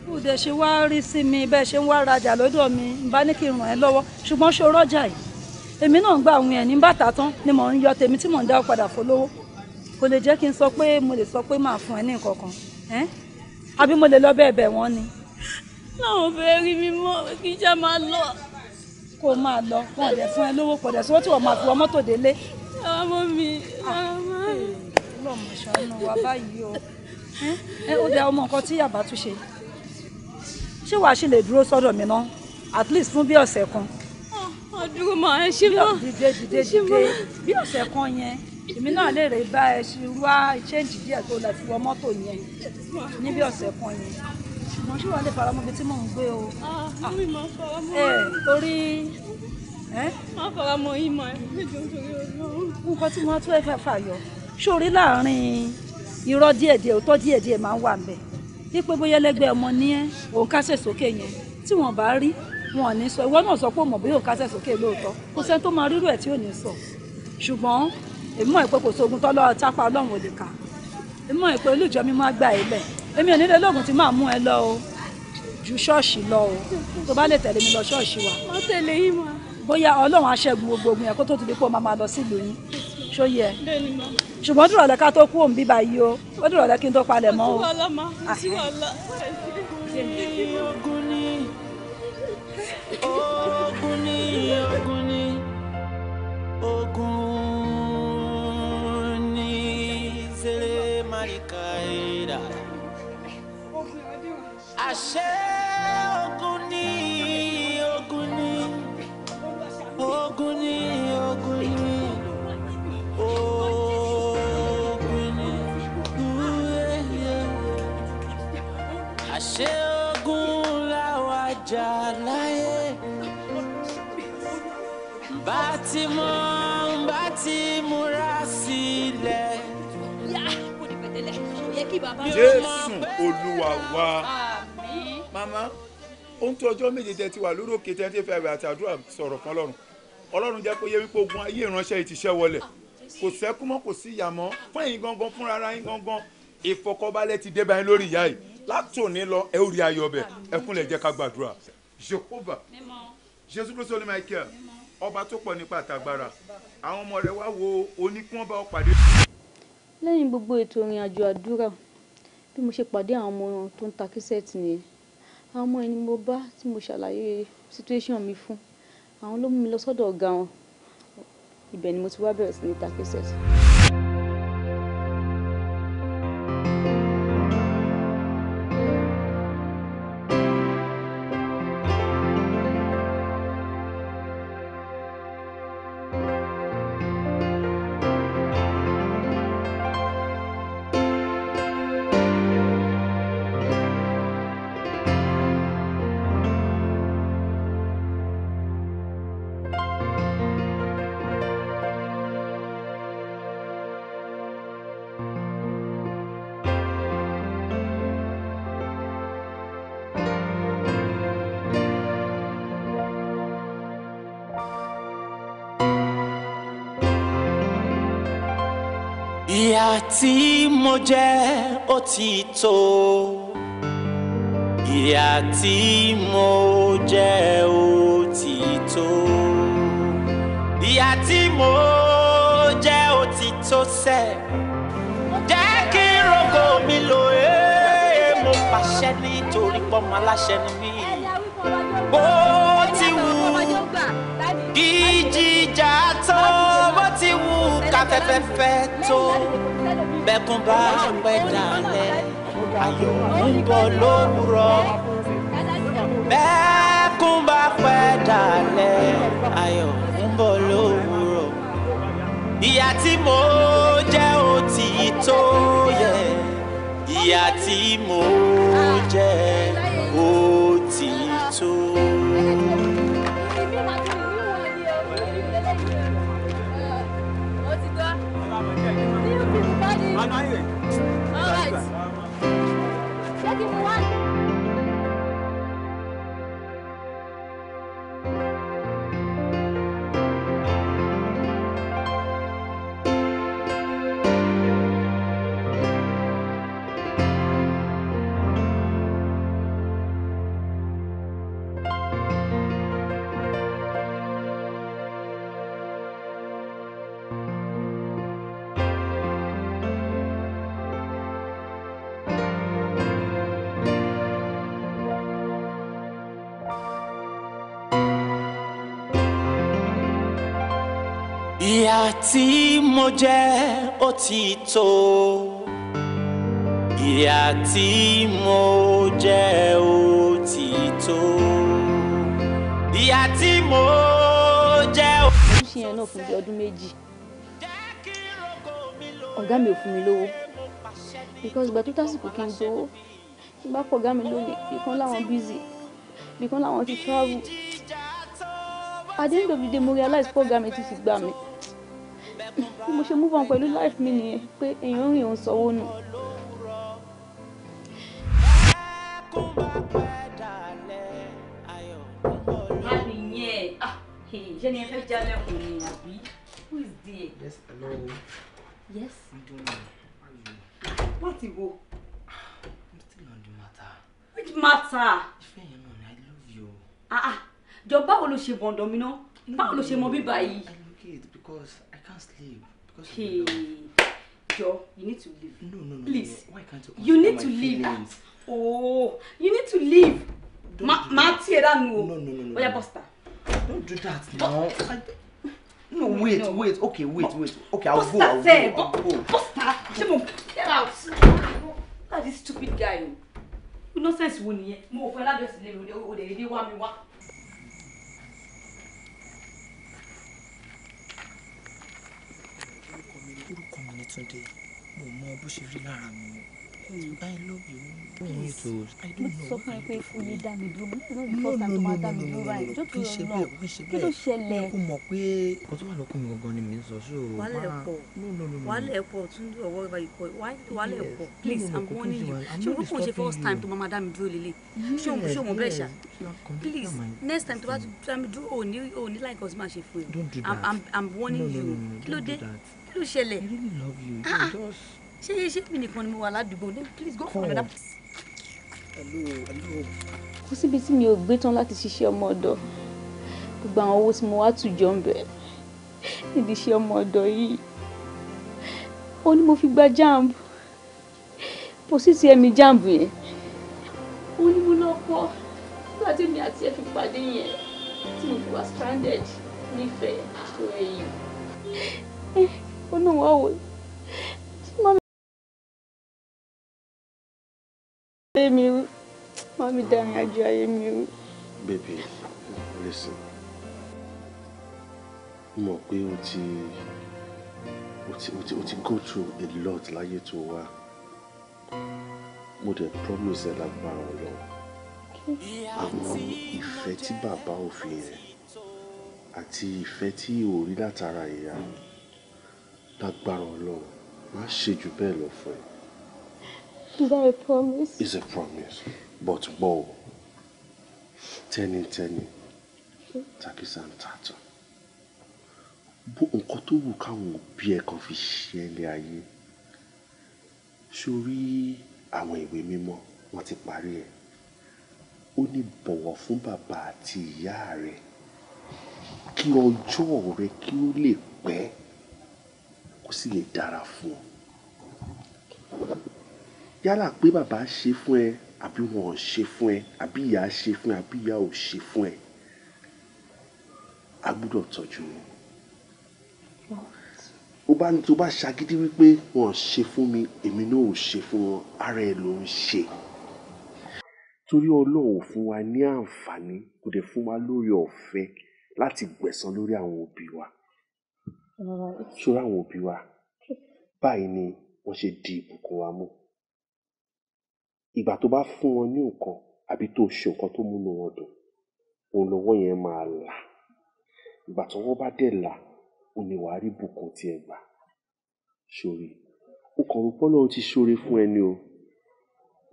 I: kò dẹ̀ ṣe wá rí sí mi bẹ́ẹ̀ ṣe ń wá rajà lọ́dọ̀ mi n bá ní kí n ràn ẹ́ lọ́wọ́ ṣùgbọ́n ṣe rọ́jà yìí èmi náà ń gba àwọn ẹ̀ ní bàtà tán ni mò ń yọ tèmi tí mò ń dá padà fọlọ́wọ́ kò lè jẹ́ kí n sọ pé mo lè sọ pé màá fún ẹ ní nǹkan kan àbí mo lè lọ bẹ́ẹ̀ bẹ́ẹ̀ wọ́n ni.
D: láwọn fẹ́ rí mi mọ́ kí iṣẹ́ máa lọ. kó o máa lọ wọn ò dẹ̀ fún ẹ
I: lówó pọ̀ dẹ̀ sọ́wọ́ tí wọ́n máa fi wọ́n mọ́tò délé.
D: ọmọ mi ah, ọmọ mi. Eh, ọlọ́mọ ṣàánú wa
I: báyìí o ẹ ó dẹ ọmọ nǹkan tí yàbá tún ṣe ṣé wàá ṣe lè dúró sọ́dọ̀ mi náà at least fún bí ọ̀sẹ̀ kan. ọdún ah, mọ ẹ ṣe mọ ẹ ṣe mọ bí ọ̀sẹ̀ kan yẹn èmi náà lè rè bá ẹ ṣe wá ṣéǹjì díẹ̀ tó lọ fi wọ mọ́tò yẹn níbi ọ̀sẹ̀ kan yẹn ṣùgbọ́n ṣé wọ́n lè fara mọ́ ibi tí mò ń gbé o. mi ah, máa fara mọ́ ẹ eh, torí. máa fara mọ́ yín mọ́ ẹ nítorí olóhùn. nǹkan tí wọ́n tún ẹ fẹ́ fà yọ sórí láàrin irọ́ díẹ̀díẹ̀ òótọ́ díẹ̀díẹ̀ máa ń wà ńbẹ̀ dípé bóyá ẹlẹgbẹ́ ọmọ ní ẹ òun kásẹ̀ sókè yẹn tí wọ́n bá rí wọn ò ní sọ ìwọ náà sọ pé òun mọ̀ bí òun kásẹ̀ sókè lóòótọ́ kò sẹ́ni tó máa rírú ẹ̀ tí ò ní sọ ṣùgbọ́n èmi mọ̀ pé kò sógun tọ́lọ́ tápá ọlọ́run ò lè kà èmi mọ̀ pé olùjọ mi máa gbà yín èmi ò nílé lóògùn tí màá mú ẹ lọ o ju ṣọ́ọ̀ṣì lọ o tó bá lè tẹ̀lé mi lọ ṣọ́ọ̀ṣì wa. mo tẹ̀lé yín mọ́. bóyá ọlọ́run aṣẹ́gun gbogbo ogun yẹn kó tó ti di pé o máa máa lọ sílùú yín ṣó yẹ. ṣùgbọ́n dùrọ̀lẹ́ ká tó kú òun bíbá yìí o ó dùrọ̀lẹ́ kí
C: ogun ni ogun ni
B: ogun. àríkàìrà. àṣẹ ogun oguni, oguni. ni ogun ni
G: ogun ni ogun ni
B: àṣẹ ogun làwọn àjà láyé bá ti mọ̀ bá ti múra sílẹ̀
I: tẹ́lẹ̀ kò yẹ kí bàbá rẹ̀ jésù olúwa wa
B: màmá ohun tó ọjọ́ méje tẹ́ ti wà lórí òkè tẹ́ ti fẹ́ àwẹ̀ àti àdúrà sọ̀rọ̀ kan lọ́rùn ọlọ́run jẹ́ kó yẹ wípé ogun ayé ìránṣẹ́ yìí ti ṣẹ́ wọlé kò sẹ́kú mọ́ kò sí ìyà mọ́ fún ẹ̀yin gangan fúnra ara yín gangan ìfọkànbalẹ̀ ti dé báyìí lórí ìyá yìí látòní lọ ẹ ó rí ayọ̀ bẹ̀ ẹ kúnlẹ̀ jẹ́ ká gbàdúrà jehova jésù kristu olú michael ọba tó pọ̀ nípa àtàgbára àwọn ọmọ rẹ̀ wá wo oníkún ọba ọ̀pàdé.
D: Lẹ́yìn gbogbo ètò ìrìnàjò àdúrà, bí mo ṣe pàdé àwọn ọmọ tó ń ta késẹ́ẹ̀tì nìyẹn. Àwọn ọmọ yẹn ni mo bá tí mo ṣàlàyé situation mi fún. Àwọn ló mú mi lọ sọ́dọ̀ ọ̀gá wọn. Ibẹ̀ ni mo ti wá bẹ̀rẹ̀ sí ní ta késẹ́ẹ̀tì.
A: tí mo jẹ ó ti tó ìyà tí
B: mo jẹ ó ti tó ìyà tí mo jẹ ó ti tó sẹ jẹ́ kí rogo mi lò é mo pàṣẹ nítorí pọ́nmọ́ aláṣẹ ni mí. afẹ́fẹ́ fẹ́ tó bẹ́kún bá pẹ́ dalẹ̀ ayọ̀ ń bọ̀ lówùrọ̀ bẹ́kún bá pẹ́ dalẹ̀ ayọ̀ ń bọ̀ lówùrọ̀ ìyà tí mo jẹ ó ti tó yẹ ìyà tí mo jẹ ó ti tó.
C: All right.
G: Get him one.
A: tí mo jẹ ó ti tó
B: ìyà tí mo jẹ ó ti tó ìyà tí mo jẹ ó ti tó. mo ṣe yẹn náà fún
D: bí ọdún méjì ọ̀gá mi ò fún mi lówó because ìgbà tó tásìkò kí n gbowó tí pọ̀ ọ̀gá mi lónìí bìkan láwọn busy bìkan láwọn ti travel at the mo realize pé ọ̀gá mi ti fi gbà mí bí mo ṣe move on pẹ̀lú life mi nìyẹn pé èèyàn rìn òun sanwó nù. Ah, yes, Yes. We don't know. How are on the matter. Which matter? Ìfẹ́ yẹn náà I love you. Ah ah, jọ báwo ló ṣe bọ̀ǹdọ̀ mi náà? Báwo ló ṣe mọ bíbá yìí? because can't sleep because hey. Joe, you need to leave. No, no, no. Please.
E: No. Why can't you? You
D: need to leave. Ah, feelings? Oh, you need to leave. Don't Ma, do that. Oh. No, no, no, no. Oya no.
E: Buster. Don't do that now. I,
D: no, wait, no. wait. Okay, wait, wait. Okay, I'll Buster go. I'll said, go. I'll go. Buster,
E: Shemo, get out.
D: That is stupid guy. Oh. Nonsense, wo nìyẹn. Mo fẹ́ ládùn ẹ̀sìn lè rò ó dé ilé wá mi
A: Túndé mo mọ bó ṣe rí lára mi I love you
B: please I
A: don't know. sọ
D: fún ẹ pé fún mi dá mi dúró mo ní ìfọ́sà tó máa dá mi dúró báyìí tó lọ kí ló ṣẹlẹ̀. kó
B: mọ̀ pé kò tó wà lọ́kùn
E: mi gangan ni mi ń sọ sí o. wàhálà pọ̀
B: wàhálà
D: pọ̀ Túndé ọwọ́ ìbá ikọ̀ pọ̀ please I'm warning you ṣé o kò ṣe first time tó máa dá mi dúró lélẹ̀ ṣé o ṣé bẹ́ẹ̀ ṣá please next time tó bá I'm warning kí ló ṣẹlẹ̀. I really
A: love you. Ah,
D: ah. ṣé ṣé mi nìkan ni mo wà ládùúgbò then please go for another. kò síbi tí mi ò gbé tán láti ṣiṣẹ́ ọmọ ọ̀dọ̀ gbogbo àwọn owó tí mo wá tù jọ ń bẹ̀ nídìí iṣẹ́ ọmọ ọ̀dọ̀ yìí ó ní mo fi gba jamb mo sì ti ẹ̀mí jamb yẹn
C: ó ní mo lọ́pọ̀ nígbà tí
F: èmi àti ẹ̀ fi pàdé yẹn tí mo fi wá stranded nífẹ̀ẹ́ àtòrẹ́yìn
D: ó náà mami
A: ayé mami dá mi àjò
B: baby listen mo mọ̀ pé o ti o ti o ti go through a lot láyé tó wá mo dẹ̀ promise ẹ lágbára ọlọ́run àwọn ìfẹ́ tí bàbá òfin rẹ̀ àti ìfẹ́ tí ò rí látara ìyá rẹ̀ lágbára ọlọ́run má ṣe jù bẹ́ẹ̀ lọ fún ẹ.
D: Is that a promise?
B: Is a promise but gbọ́ o tẹ́nitẹ́ni takisa ń tàtọ̀ bó nǹkan tó wù káwọn òbí ẹ kan fi ṣe ẹ lé ayé sórí àwọn ìwé mímọ́ wọn ti parí ẹ ó ní bọ̀wọ̀ fún bàbá àti ìyá rẹ kí ọjọ́ rẹ kí ó lè pẹ́ ó sì lè dára fún ọ yálà pé bàbá ṣe fún ẹ àbí wọn ò ṣe fún ẹ àbí ìyá ṣe fún ẹ àbí ìyá ò ṣe fún ẹ a gbúdọ̀ tọ́jú wọn ó bá ní tó bá ṣagídí wípé wọn ò ṣe fún mi èmi náà ò ṣe fún wọn ara ẹ ló ń ṣe torí ọlọ́run fún wa ní àǹfààní kò dẹ̀ fún wa lórí ọ̀fẹ́ láti gbẹ̀san lórí àwọn òbí wa ṣòro àwọn òbí wa báyìí ni wọ́n ṣe di ìbùkún wa mú ìgbà tó bá fún wọn ní nǹkan àbí tó ṣe nǹkan tó múnú wọn dùn òun lọ́wọ́ yẹn máa là ìgbà tọ́wọ́ bá dẹ̀ là òun ni wàá rí ìbùkún tiẹ̀ gbà ṣòre o kàn rò pé Ọlọ́run ti ṣoore fún ẹni o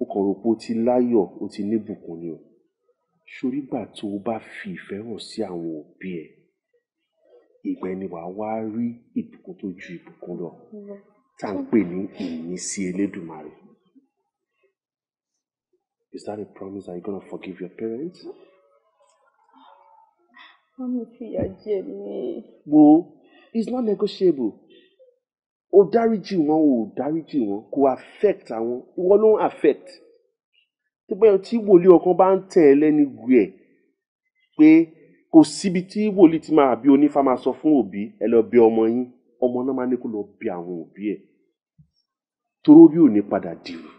B: o kàn rò pé o ti láyọ̀ o ti ní ìbùkún ni o ṣorí gbà tó o bá fi ìfẹ́ hàn sí àwọn òbí ẹ̀ ìgbà ẹni wàá wá rí ìbùkún tó ju ìbùkún lọ tá à pè ní ìmísí Elédùmarè. Is that a promise that you gonna forgive your parents?
C: Mami fìyà jẹ mí.
B: Wo it's not negotiable. O dáríjì wọn o dáríjì wọn kò affect àwọn ìwọ ló ń affect. Tí bẹ́ẹ̀ tí wòlíì ọkàn bá ń tẹ̀ ẹ́ lẹ́nu gbé ẹ̀ pé kò síbi tí wòlíì ti máa bí onífá máa sọ fún òbí ẹ lọ bí ọmọ yín ọmọ náà máa ní kó lọ bí àwọn òbí ẹ toró rí òní padà dìrù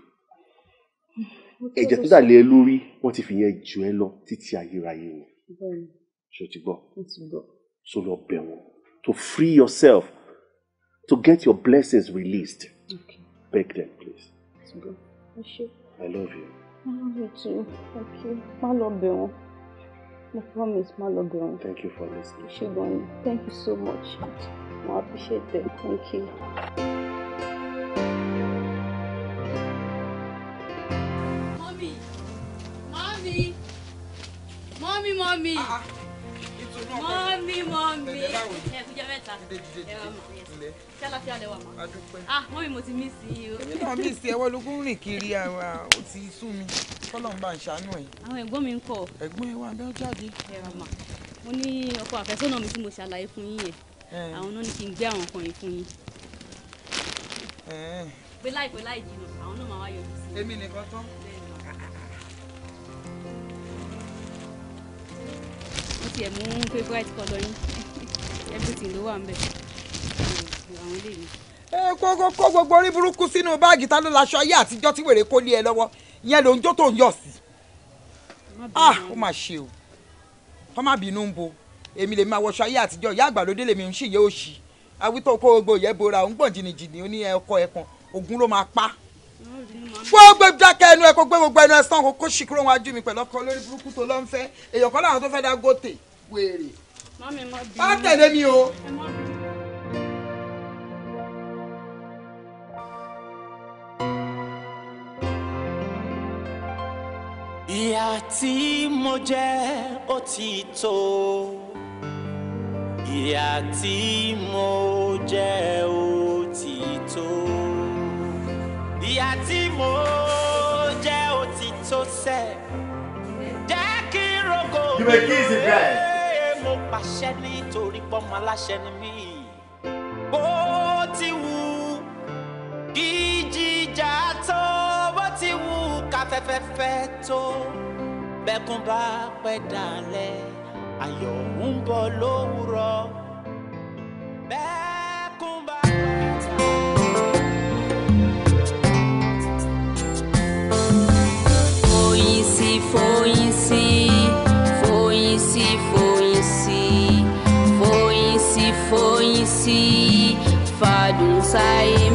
G: ẹ̀jẹ̀ tó dà ẹ lórí
B: wọ́n ti fìyẹn jù ẹ lọ títí ayérayé ni ṣé ti gbọ́ so lọ bẹ̀ wọ́n to free yourself to get your blessings released okay. beg them please. I love you.
C: I love you too. Thank you. Má lọ bẹ̀ wọ́n. I promise, is Malogun. Thank you for listening. Shigon, thank you so much. I appreciate it. Thank you.
D: Mommy! Mommy! Mommy, mommy! Uh mọ́mí mọ́mí ẹ̀kújẹ́ mẹ́ta ah mọ́mí mo ti mí sí i o. èmi náà mí sí ẹwọ́
F: ológun rìn kiri àwa ó ti sú mi kọ́lọ̀ ń bá ń ṣàánú ẹ̀. àwọn ẹ̀gbọ́n mi ń kọ́. ẹ̀gbọ́n
D: ẹ wà bí wọ́n jáde. mo ní ọkọ àfẹ́sọ́nà mi tí mo ṣàlàyé fún yín yẹn àwọn náà ní kí n gbé àwọn kan yìí fún yín. pé láìpẹ́ láì jìnnà àwọn náà máa wá yọjú sí i. èmi nìkan tán. tiẹ̀ mú favourite colour yín everything ló wà ń bẹ̀
B: àwọn ilé mi. kó gbogbo orí burúkú sínú báàgì tá ló laṣọ ayé àtijọ́ tí wèrè kó lé ẹ lọ́wọ́ ìyẹn ló ń jó tó ń yọ̀ sí. ah ó mà ṣe o kọ́ má bínú ń bo èmi lè máa wọṣọ ayé àtijọ́ ìyá àgbàlódé lèmi ń ṣìyẹ́ òṣì awítọ́ kó gbogbo ìyẹ́ bora òun gbọ̀n jìnnìjìnnì ó ní ẹ̀kọ́ ẹ̀kan ogun ló máa pa gbogbo dákẹ́ ẹnu ẹ kó gbé gbogbo ẹnu ẹ kó kó wọn ajú mi pẹ̀lú ọkọ lórí burúkú tó lọ èèyàn kan láwọn tó fẹ́ dá gòtè wèrè
D: má tẹ̀lé mi o.
A: ìyà tí mo jẹ ó ti tó ìyà tí
B: mo jẹ ó ti tó ìyà tí mo jẹ́ ó sẹ́ jẹ́ kí rogo lóye mo pàṣẹ nítorí pọ́nmọ́ aláṣẹ ni mí bó ti wù kí jíjà tó bó ti wù káfẹ́fẹ́fẹ́ tó bẹ́kún bá pẹ́
A: dalẹ̀ ayọ̀ ń bọ̀ lówùrọ̀ bẹ́ẹ̀.
D: foi em si, foi em si, foi em si, foi em si, foi em si, falham sair.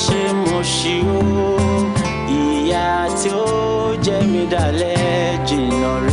B: ṣe mo ṣì ó ìyá tí ó jẹ mi dalẹ̀ jìnnà rẹ̀.